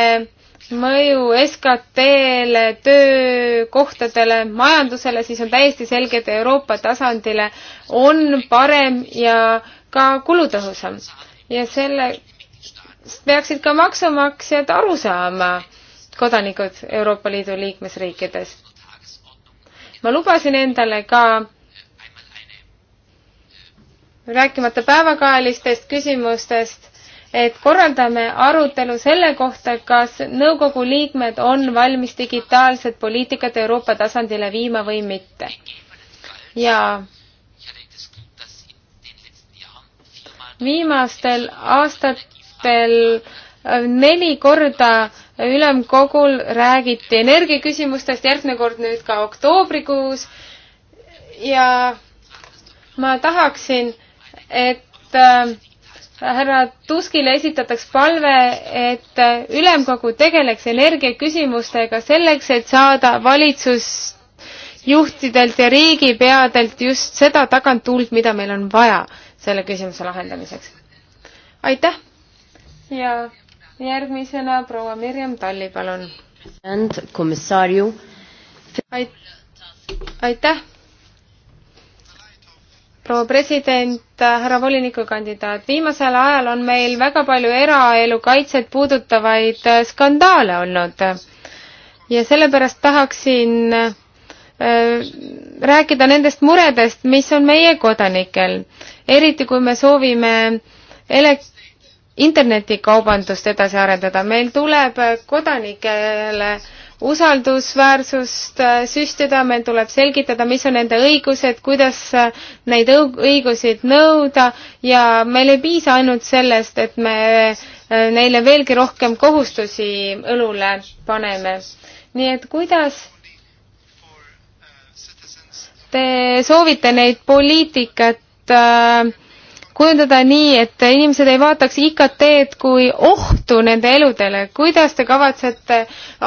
mõju SKT-le, töökohtadele, majandusele, siis on täiesti selge, et Euroopa tasandile on parem ja ka kulutõhusam. ja sellest peaksid ka maksumaksjad aru saama, kodanikud Euroopa Liidu liikmesriikides. ma lubasin endale ka rääkimata päevakajalistest küsimustest et korraldame arutelu selle kohta, kas nõukogu liikmed on valmis digitaalset poliitikat Euroopa tasandile viima või mitte. ja viimastel aastatel äh, neli korda ülemkogul räägiti energiaküsimustest, järgmine kord nüüd ka oktoobrikuus ja ma tahaksin, et äh, härra Tuskile esitataks palve, et ülemkogu tegeleks energiaküsimustega selleks, et saada valitsusjuhtidelt ja riigipeadelt just seda taganttuult, mida meil on vaja selle küsimuse lahendamiseks. aitäh ja järgmisena proua Mirjam Talli, palun. aitäh proua president, härra volinikukandidaat, viimasel ajal on meil väga palju eraelu kaitset puudutavaid skandaale olnud ja sellepärast tahaksin äh, rääkida nendest muredest, mis on meie kodanikel, eriti kui me soovime elek-, internetikaubandust edasi arendada, meil tuleb kodanikele äh, usaldusväärsust äh, süstida, meil tuleb selgitada, mis on nende õigused, kuidas äh, neid õigusid nõuda ja meil ei piisa ainult sellest, et me äh, neile veelgi rohkem kohustusi õlule paneme. nii et kuidas te soovite neid poliitikat äh, kujundada nii, et inimesed ei vaataks IKT-d kui ohtu nende eludele. kuidas te kavatsete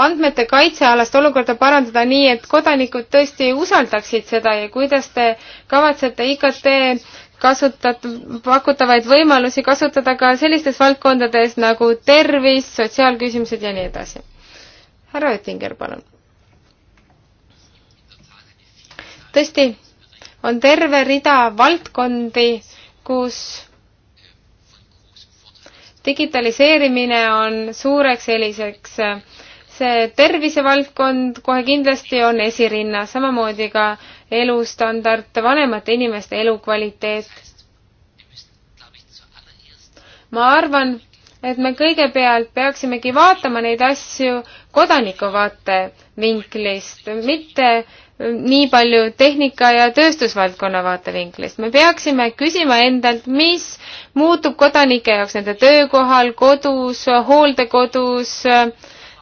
andmete kaitsealast olukorda parandada nii, et kodanikud tõesti usaldaksid seda ja kuidas te kavatsete IKT kasutat-, pakutavaid võimalusi kasutada ka sellistes valdkondades nagu tervis, sotsiaalküsimused ja nii edasi. härra Oettinger, palun. tõesti, on terve rida valdkondi, kus digitaliseerimine on suureks selliseks äh, see tervisevaldkond kohe kindlasti on esirinnas, samamoodi ka elustandard, vanemate inimeste elukvaliteet. ma arvan, et me kõigepealt peaksimegi vaatama neid asju kodanikuvaate vinklist, mitte nii palju tehnika- ja tööstusvaldkonna vaatevinklist. me peaksime küsima endalt, mis muutub kodanike jaoks nende töökohal, kodus, hooldekodus,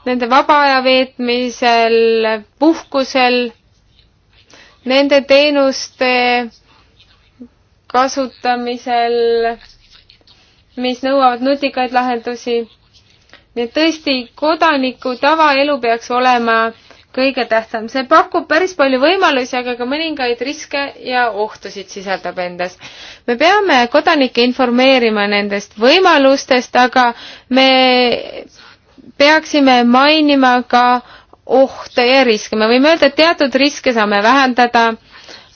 nende vaba aja veetmisel, puhkusel, nende teenuste kasutamisel, mis nõuavad nutikaid lahendusi. nii et tõesti, kodaniku tavaelu peaks olema kõige tähtsam. see pakub päris palju võimalusi, aga ka mõningaid riske ja ohtusid sisaldab endas. me peame kodanikke informeerima nendest võimalustest, aga me peaksime mainima ka ohte ja riske. me võime öelda, et teatud riske saame vähendada,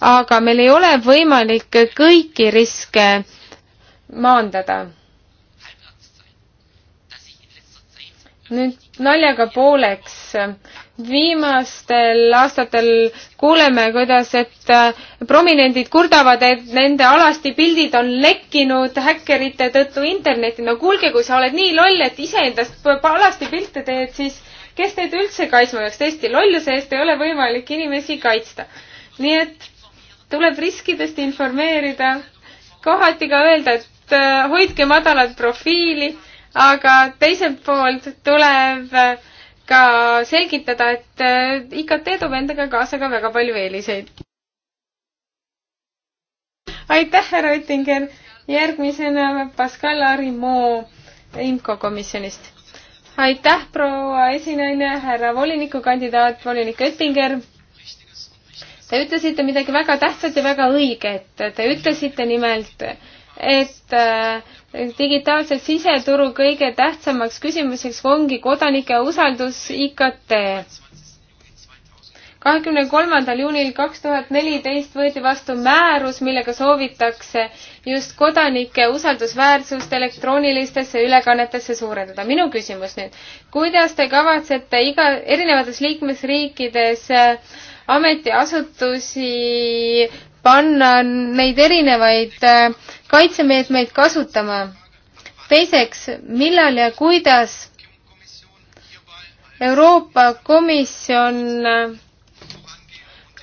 aga meil ei ole võimalik kõiki riske maandada. nüüd naljaga pooleks. viimastel aastatel kuuleme, kuidas, et äh, prominendid kurdavad, et nende alasti pildid on lekkinud häkkerite tõttu internetti. no kuulge, kui sa oled nii loll, et iseendast alasti pilte teed, siis kes teid üldse kaitsma peaks? tõesti, lolluse eest ei ole võimalik inimesi kaitsta. nii et tuleb riskidest informeerida, kohati ka öelda, et äh, hoidke madalat profiili aga teiselt poolt tuleb ka selgitada, et äh, IKT toob endaga kaasa ka väga palju eeliseid. aitäh, härra Oettinger. järgmisena Pascal Arimo IMCO komisjonist. aitäh, proua esinaine, härra volinikukandidaat, volinik Oettinger Te ütlesite midagi väga tähtsat ja väga õiget. Te ütlesite nimelt, et äh, digitaalse siseturu kõige tähtsamaks küsimuseks ongi kodanike usaldus IKT. kahekümne kolmandal juunil kaks tuhat neliteist võeti vastu määrus, millega soovitakse just kodanike usaldusväärsust elektroonilistesse ülekannetesse suurendada. minu küsimus nüüd, kuidas te kavatsete iga, erinevates liikmesriikides äh, ametiasutusi panna neid erinevaid äh, kaitsemeetmeid kasutama. teiseks, millal ja kuidas Euroopa Komisjon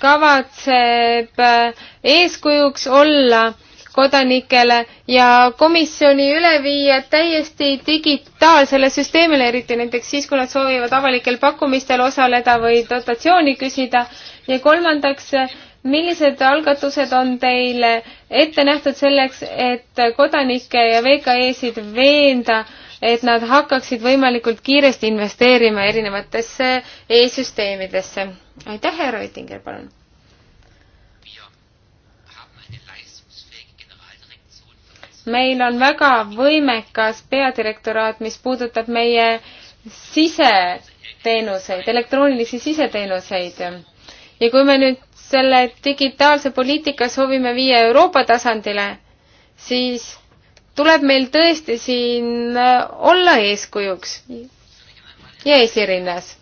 kavatseb eeskujuks olla kodanikele ja komisjoni üle viia täiesti digitaalsele süsteemile, eriti näiteks siis, kui nad soovivad avalikel pakkumistel osaleda või dotatsiooni küsida. ja kolmandaks, millised algatused on teile ette nähtud selleks, et kodanikke ja VKE-sid veenda, et nad hakkaksid võimalikult kiiresti investeerima erinevatesse e-süsteemidesse? aitäh, härra Oettinger, palun. meil on väga võimekas peadirektoraat, mis puudutab meie siseteenuseid, elektroonilisi siseteenuseid. ja kui me nüüd selle digitaalse poliitika soovime viia Euroopa tasandile, siis tuleb meil tõesti siin äh, olla eeskujuks ja esirinnas.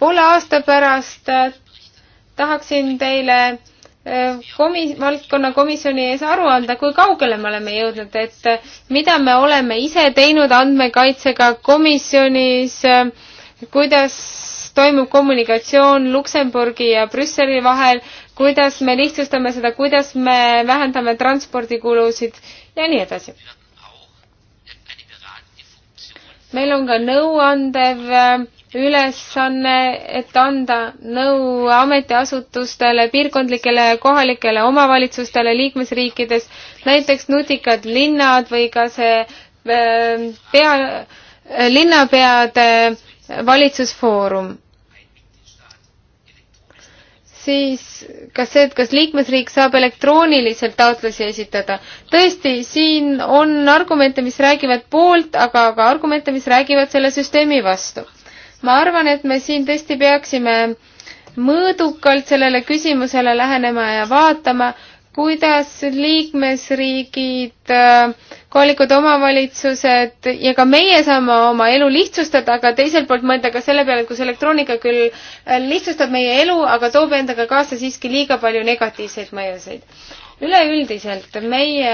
poole aasta pärast äh, tahaksin teile äh, komi-, valdkonna komisjoni ees aru anda, kui kaugele me oleme jõudnud, et mida me oleme ise teinud andmekaitsega komisjonis, kuidas toimub kommunikatsioon Luksemburgi ja Brüsseli vahel, kuidas me lihtsustame seda, kuidas me vähendame transpordikulusid ja nii edasi. meil on ka nõuandev äh, ülesanne, et anda nõu ametiasutustele, piirkondlikele ja kohalikele omavalitsustele liikmesriikides, näiteks nutikad linnad või ka see äh, pea, äh, linnapeade valitsusfoorum siis kas see, et kas liikmesriik saab elektrooniliselt taotlusi esitada. tõesti, siin on argumente, mis räägivad poolt, aga ka argumente, mis räägivad selle süsteemi vastu. ma arvan, et me siin tõesti peaksime mõõdukalt sellele küsimusele lähenema ja vaatama, kuidas liikmesriigid äh, kohalikud omavalitsused ja ka meie saame oma elu lihtsustada, aga teiselt poolt mõelda ka selle peale, et kus elektroonika küll äh, lihtsustab meie elu, aga toob endaga kaasa siiski liiga palju negatiivseid mõjusid. üleüldiselt meie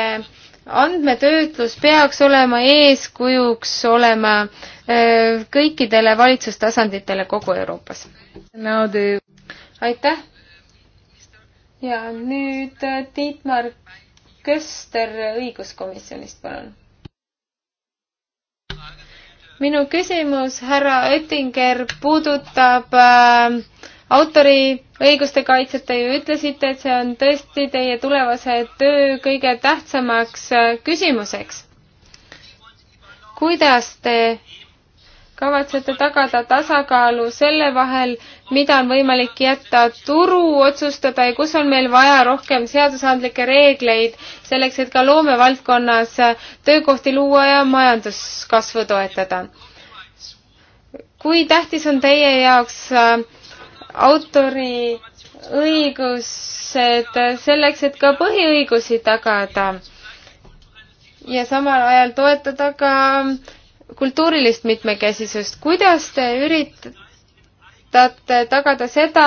andmetöötlus peaks olema eeskujuks olema äh, kõikidele valitsustasanditele kogu Euroopas. aitäh! ja nüüd äh, Tiit Mark Köster õiguskomisjonist, palun. minu küsimus, härra Oettinger, puudutab äh, autoriõiguste kaitset. Te ju ütlesite, et see on tõesti teie tulevase töö kõige tähtsamaks äh, küsimuseks. kuidas te kavatsete tagada tasakaalu selle vahel, mida on võimalik jätta turu otsustada ja kus on meil vaja rohkem seadusandlikke reegleid selleks, et ka loomevaldkonnas töökohti luua ja majanduskasvu toetada. kui tähtis on teie jaoks äh, autori õigused selleks, et ka põhiõigusi tagada ja samal ajal toetada ka kultuurilist mitmekesisust, kuidas te üritate tagada seda,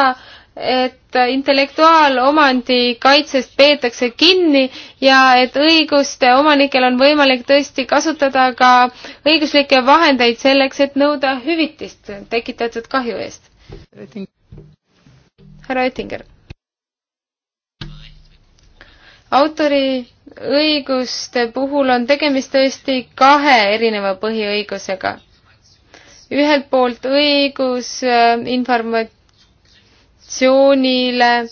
et intellektuaalomandi kaitsest peetakse kinni ja et õiguste omanikel on võimalik tõesti kasutada ka õiguslikke vahendeid selleks, et nõuda hüvitist tekitatud kahju eest. härra Oettinger. autori põhiõiguste puhul on tegemist tõesti kahe erineva põhiõigusega. ühelt poolt õigus äh, informatsioonile,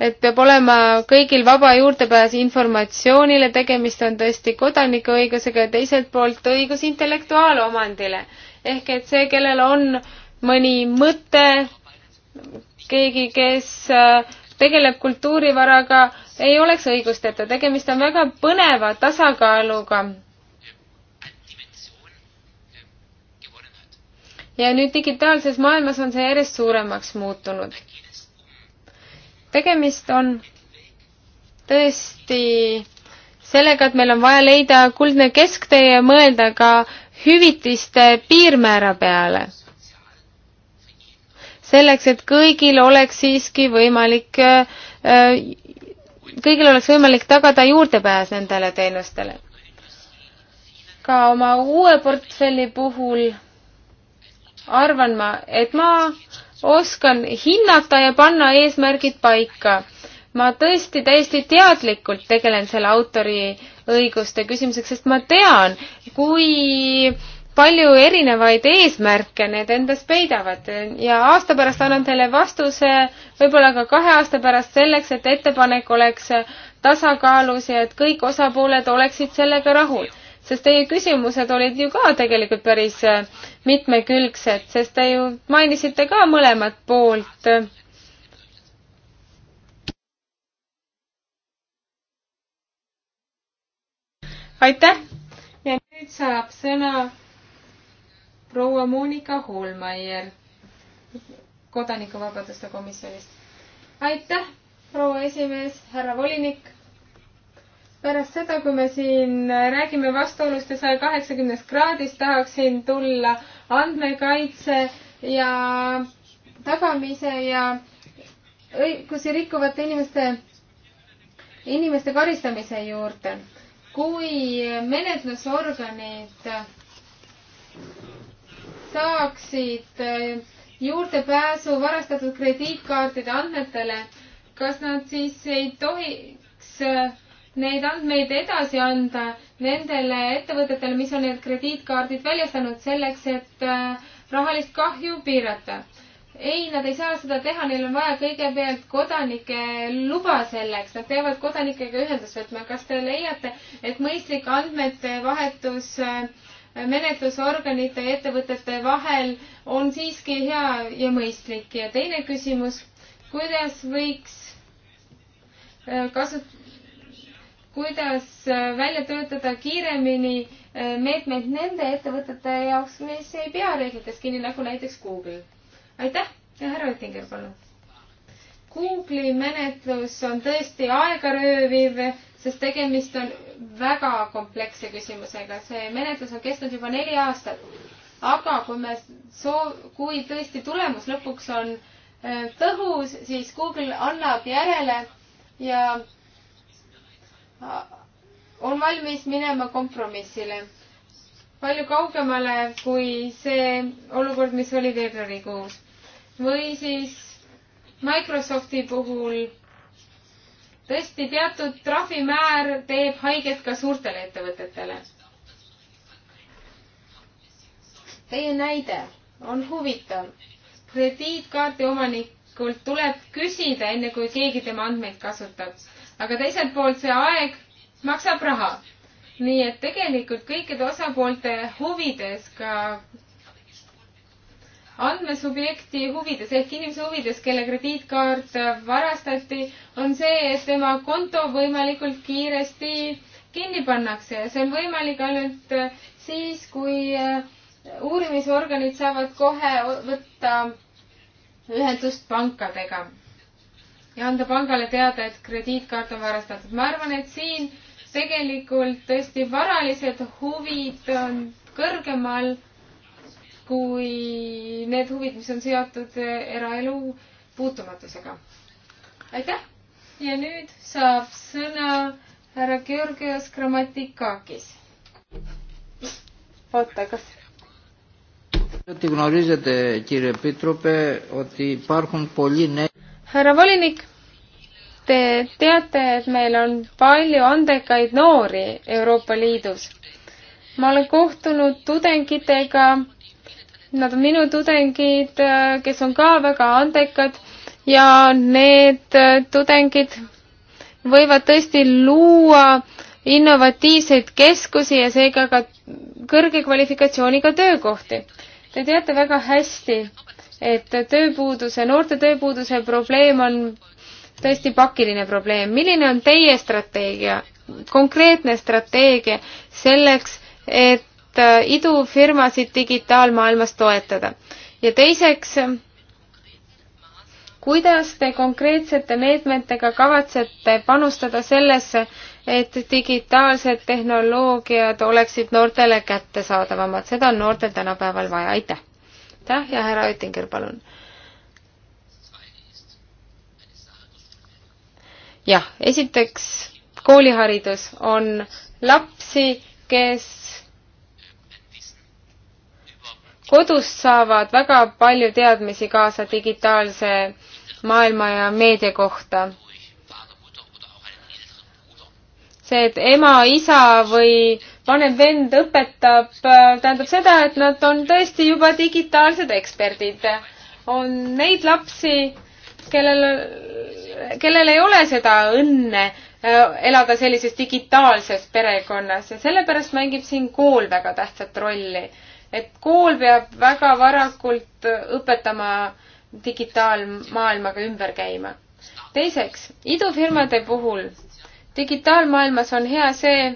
et peab olema kõigil vaba juurdepääs informatsioonile, tegemist on tõesti kodanikuõigusega ja teiselt poolt õigus intellektuaalomandile. ehk et see, kellel on mõni mõte, keegi, kes äh, tegeleb kultuurivaraga, ei oleks õigusteta. tegemist on väga põneva tasakaaluga. ja nüüd digitaalses maailmas on see järjest suuremaks muutunud. tegemist on tõesti sellega, et meil on vaja leida kuldne kesktee ja mõelda ka hüvitiste piirmäära peale selleks, et kõigil oleks siiski võimalik, äh, kõigil oleks võimalik tagada juurdepääs nendele teenustele. ka oma uue portfelli puhul arvan ma, et ma oskan hinnata ja panna eesmärgid paika. ma tõesti täiesti teadlikult tegelen selle autoriõiguste küsimusega, sest ma tean, kui äh, palju erinevaid eesmärke need endas peidavad ja aasta pärast annan teile vastuse, võib-olla ka kahe aasta pärast selleks, et ettepanek oleks tasakaalus ja et kõik osapooled oleksid sellega rahul. sest teie küsimused olid ju ka tegelikult päris mitmekülgsed, sest te ju mainisite ka mõlemat poolt aitäh! ja nüüd saab sõna proua Monika Holmeier kodanikuvabaduste komisjonist. aitäh, proua esimees, härra volinik. pärast seda, kui me siin räägime vastuolust ja saja kaheksakümnest kraadist, tahaksin tulla andmekaitse ja tagamise ja õigusi rikkuvate inimeste, inimeste karistamise juurde. kui menetlusorganid saaksid eh, juurdepääsu varastatud krediitkaartide andmetele, kas nad siis ei tohiks eh, neid andmeid edasi anda nendele ettevõtetele, mis on need krediitkaardid väljastanud selleks, et eh, rahalist kahju piirata? ei, nad ei saa seda teha, neil on vaja kõigepealt kodanike luba selleks, nad peavad kodanikega ühendust võtma. kas te leiate, et mõistlik andmete vahetus äh, menetlusorganite ja ettevõtete vahel on siiski hea ja mõistlik. ja teine küsimus, kuidas võiks äh, kasut-, kuidas äh, välja töötada kiiremini äh, meetmeid nende ettevõtete jaoks, mis ei pea reeglitest kinni, nagu näiteks Google. aitäh ja härra Oettinger, palun. Google'i menetlus on tõesti aegarööviv, sest tegemist on väga kompleksse küsimusega. see menetlus on kestnud juba neli aastat. aga kui me soov, kui tõesti tulemus lõpuks on äh, tõhus, siis Google annab järele ja äh, on valmis minema kompromissile palju kaugemale kui see olukord, mis oli veebruarikuus. või siis Microsofti puhul tõesti, teatud trahvimäär teeb haiget ka suurtele ettevõtetele. Teie näide on huvitav. krediitkaardi omanikult tuleb küsida, enne kui keegi tema andmeid kasutab. aga teiselt poolt see aeg maksab raha. nii et tegelikult kõikide osapoolte huvides ka andmesubjekti huvides ehk inimese huvides, kelle krediitkaart varastati, on see, et tema konto võimalikult kiiresti kinni pannakse ja see on võimalik ainult äh, siis, kui äh, uurimisorganid saavad kohe võtta ühendust pankadega ja anda pangale teada, et krediitkaart on varastatud. ma arvan, et siin tegelikult tõesti varalised huvid on kõrgemal kui need huvid, mis on seotud eh, eraelu puutumatusega. aitäh ja nüüd saab sõna härra Georgios Grammatikakis. oota, kas? Ότι γνωρίζετε κύριε Επίτροπε ότι υπάρχουν πολλοί νέοι. Härra Volinik, te teate, et meil on palju andekaid noori Euroopa Liidus. ma olen kohtunud tudengitega Nad on minu tudengid, kes on ka väga andekad ja need tudengid võivad tõesti luua innovatiivseid keskusi ja seega ka kõrge kvalifikatsiooniga töökohti. Te teate väga hästi, et tööpuuduse, noorte tööpuuduse probleem on tõesti pakiline probleem. milline on teie strateegia, konkreetne strateegia selleks, et et äh, idufirmasid digitaalmaailmas toetada? ja teiseks, kuidas te konkreetsete meetmetega kavatsete panustada sellesse, et digitaalsed tehnoloogiad oleksid noortele kättesaadavamad, seda on noortel tänapäeval vaja, aitäh! aitäh ja härra Oettinger, palun! jah, esiteks kooliharidus on lapsi, kes kodust saavad väga palju teadmisi kaasa digitaalse maailma ja meedia kohta. see, et ema, isa või vanem vend õpetab, tähendab seda, et nad on tõesti juba digitaalsed eksperdid. on neid lapsi, kellel, kellel ei ole seda õnne äh, elada sellises digitaalses perekonnas ja sellepärast mängib siin kool väga tähtsat rolli et kool peab väga varakult õpetama digitaalmaailmaga ümber käima. teiseks, idufirmade puhul digitaalmaailmas on hea see,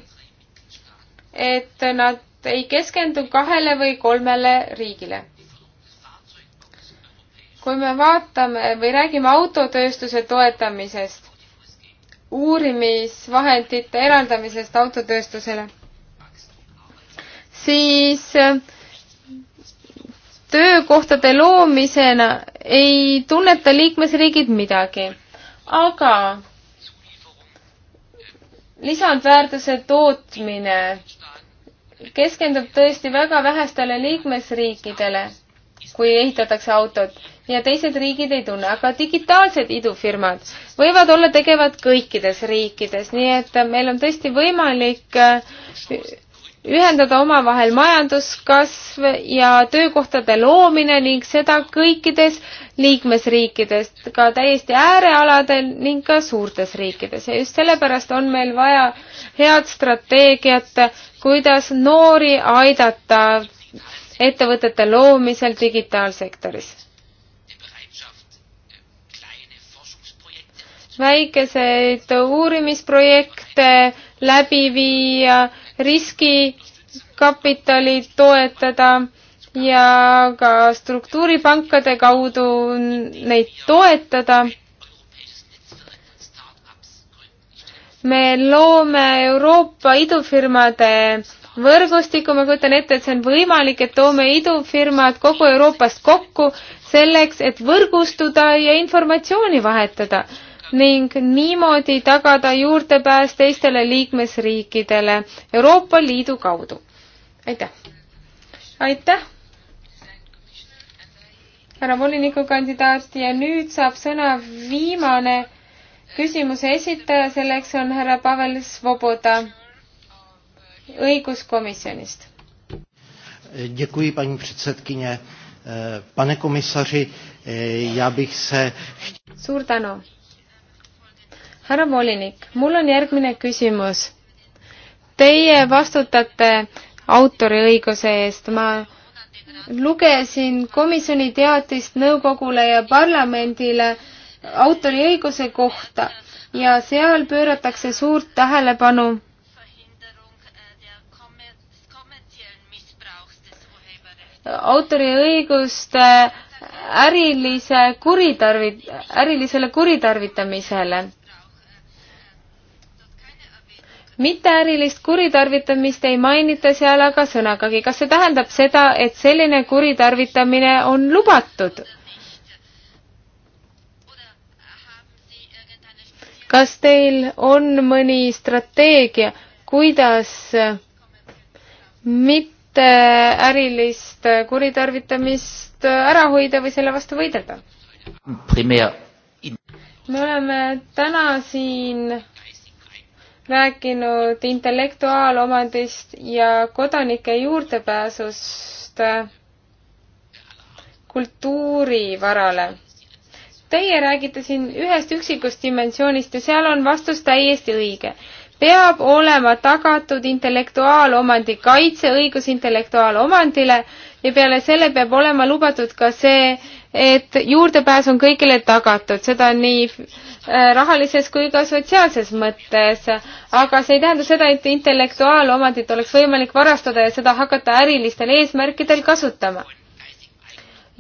et nad ei keskendu kahele või kolmele riigile. kui me vaatame või räägime autotööstuse toetamisest, uurimisvahendite eraldamisest autotööstusele, siis töökohtade loomisena ei tunneta liikmesriigid midagi, aga lisandväärtuse tootmine keskendub tõesti väga vähestele liikmesriikidele, kui ehitatakse autot ja teised riigid ei tunne, aga digitaalsed idufirmad võivad olla tegevad kõikides riikides, nii et meil on tõesti võimalik ühendada omavahel majanduskasv ja töökohtade loomine ning seda kõikides liikmesriikidest, ka täiesti äärealadel ning ka suurtes riikides ja just sellepärast on meil vaja head strateegiat, kuidas noori aidata ettevõtete loomisel digitaalsektoris. väikeseid uurimisprojekte läbi viia riskikapitali toetada ja ka struktuuripankade kaudu neid toetada. me loome Euroopa idufirmade võrgustiku, ma kujutan ette, et see on võimalik, et toome idufirmad kogu Euroopast kokku selleks, et võrgustuda ja informatsiooni vahetada ning niimoodi tagada juurdepääs teistele liikmesriikidele Euroopa Liidu kaudu. aitäh! aitäh! härra volinikukandidaat ja nüüd saab sõna viimane küsimuse esitaja, selleks on härra Pavel Svoboda õiguskomisjonist. Děkuji, paní předsedkyně. Pane komisaři, já bych se... Suur tänu härra volinik, mul on järgmine küsimus. Teie vastutate autoriõiguse eest, ma lugesin komisjoni teatist nõukogule ja parlamendile autoriõiguse kohta ja seal pööratakse suurt tähelepanu autoriõiguste ärilise kuritarvi-, ärilisele kuritarvitamisele mitteärilist kuritarvitamist ei mainita seal aga sõnagagi. kas see tähendab seda, et selline kuritarvitamine on lubatud? kas teil on mõni strateegia, kuidas mitteärilist kuritarvitamist ära hoida või selle vastu võidelda? me oleme täna siin rääkinud intellektuaalomandist ja kodanike juurdepääsust kultuurivarale. Teie räägite siin ühest üksikust dimensioonist ja seal on vastus täiesti õige. peab olema tagatud intellektuaalomandi kaitse, õigus intellektuaalomandile ja peale selle peab olema lubatud ka see, et juurdepääs on kõigile tagatud, seda nii Äh, rahalises kui ka sotsiaalses mõttes, aga see ei tähenda seda, et intellektuaalomandit oleks võimalik varastada ja seda hakata ärilistel eesmärkidel kasutama.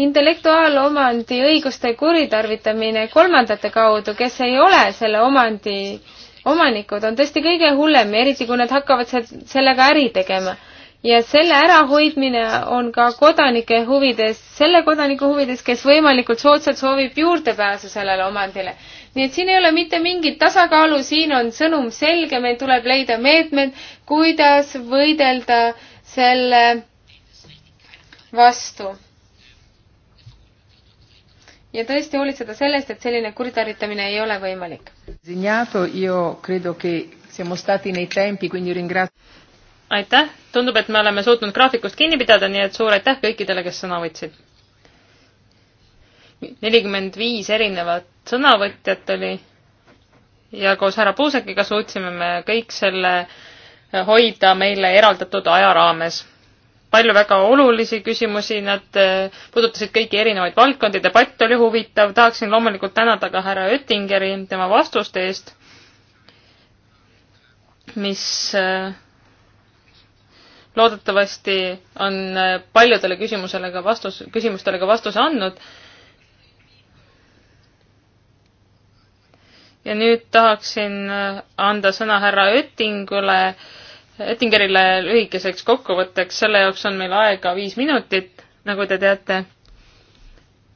intellektuaalomandi õiguste kuritarvitamine kolmandate kaudu, kes ei ole selle omandi omanikud, on tõesti kõige hullem, eriti kui nad hakkavad sellega äri tegema ja selle ärahoidmine on ka kodanike huvides, selle kodaniku huvides, kes võimalikult soodsalt soovib juurdepääsu sellele omandile nii et siin ei ole mitte mingit tasakaalu, siin on sõnum selge, meil tuleb leida meetmed, kuidas võidelda selle vastu. ja tõesti hoolitseda sellest, et selline kuritarvitamine ei ole võimalik. aitäh, tundub, et me oleme suutnud graafikust kinni pidada, nii et suur aitäh kõikidele, kes sõna võtsid nelikümmend viis erinevat sõnavõtjat oli ja koos härra Puusekiga suutsime me kõik selle hoida meile eraldatud aja raames. palju väga olulisi küsimusi, nad äh, puudutasid kõiki erinevaid valdkondi, debatt oli huvitav, tahaksin loomulikult tänada ka härra Oettingeri tema vastuste eest, mis äh, loodetavasti on äh, paljudele küsimusele ka vastus, küsimustele ka vastuse andnud ja nüüd tahaksin äh, anda sõna härra Oettingule, Oettingerile lühikeseks kokkuvõtteks, selle jaoks on meil aega viis minutit, nagu te teate.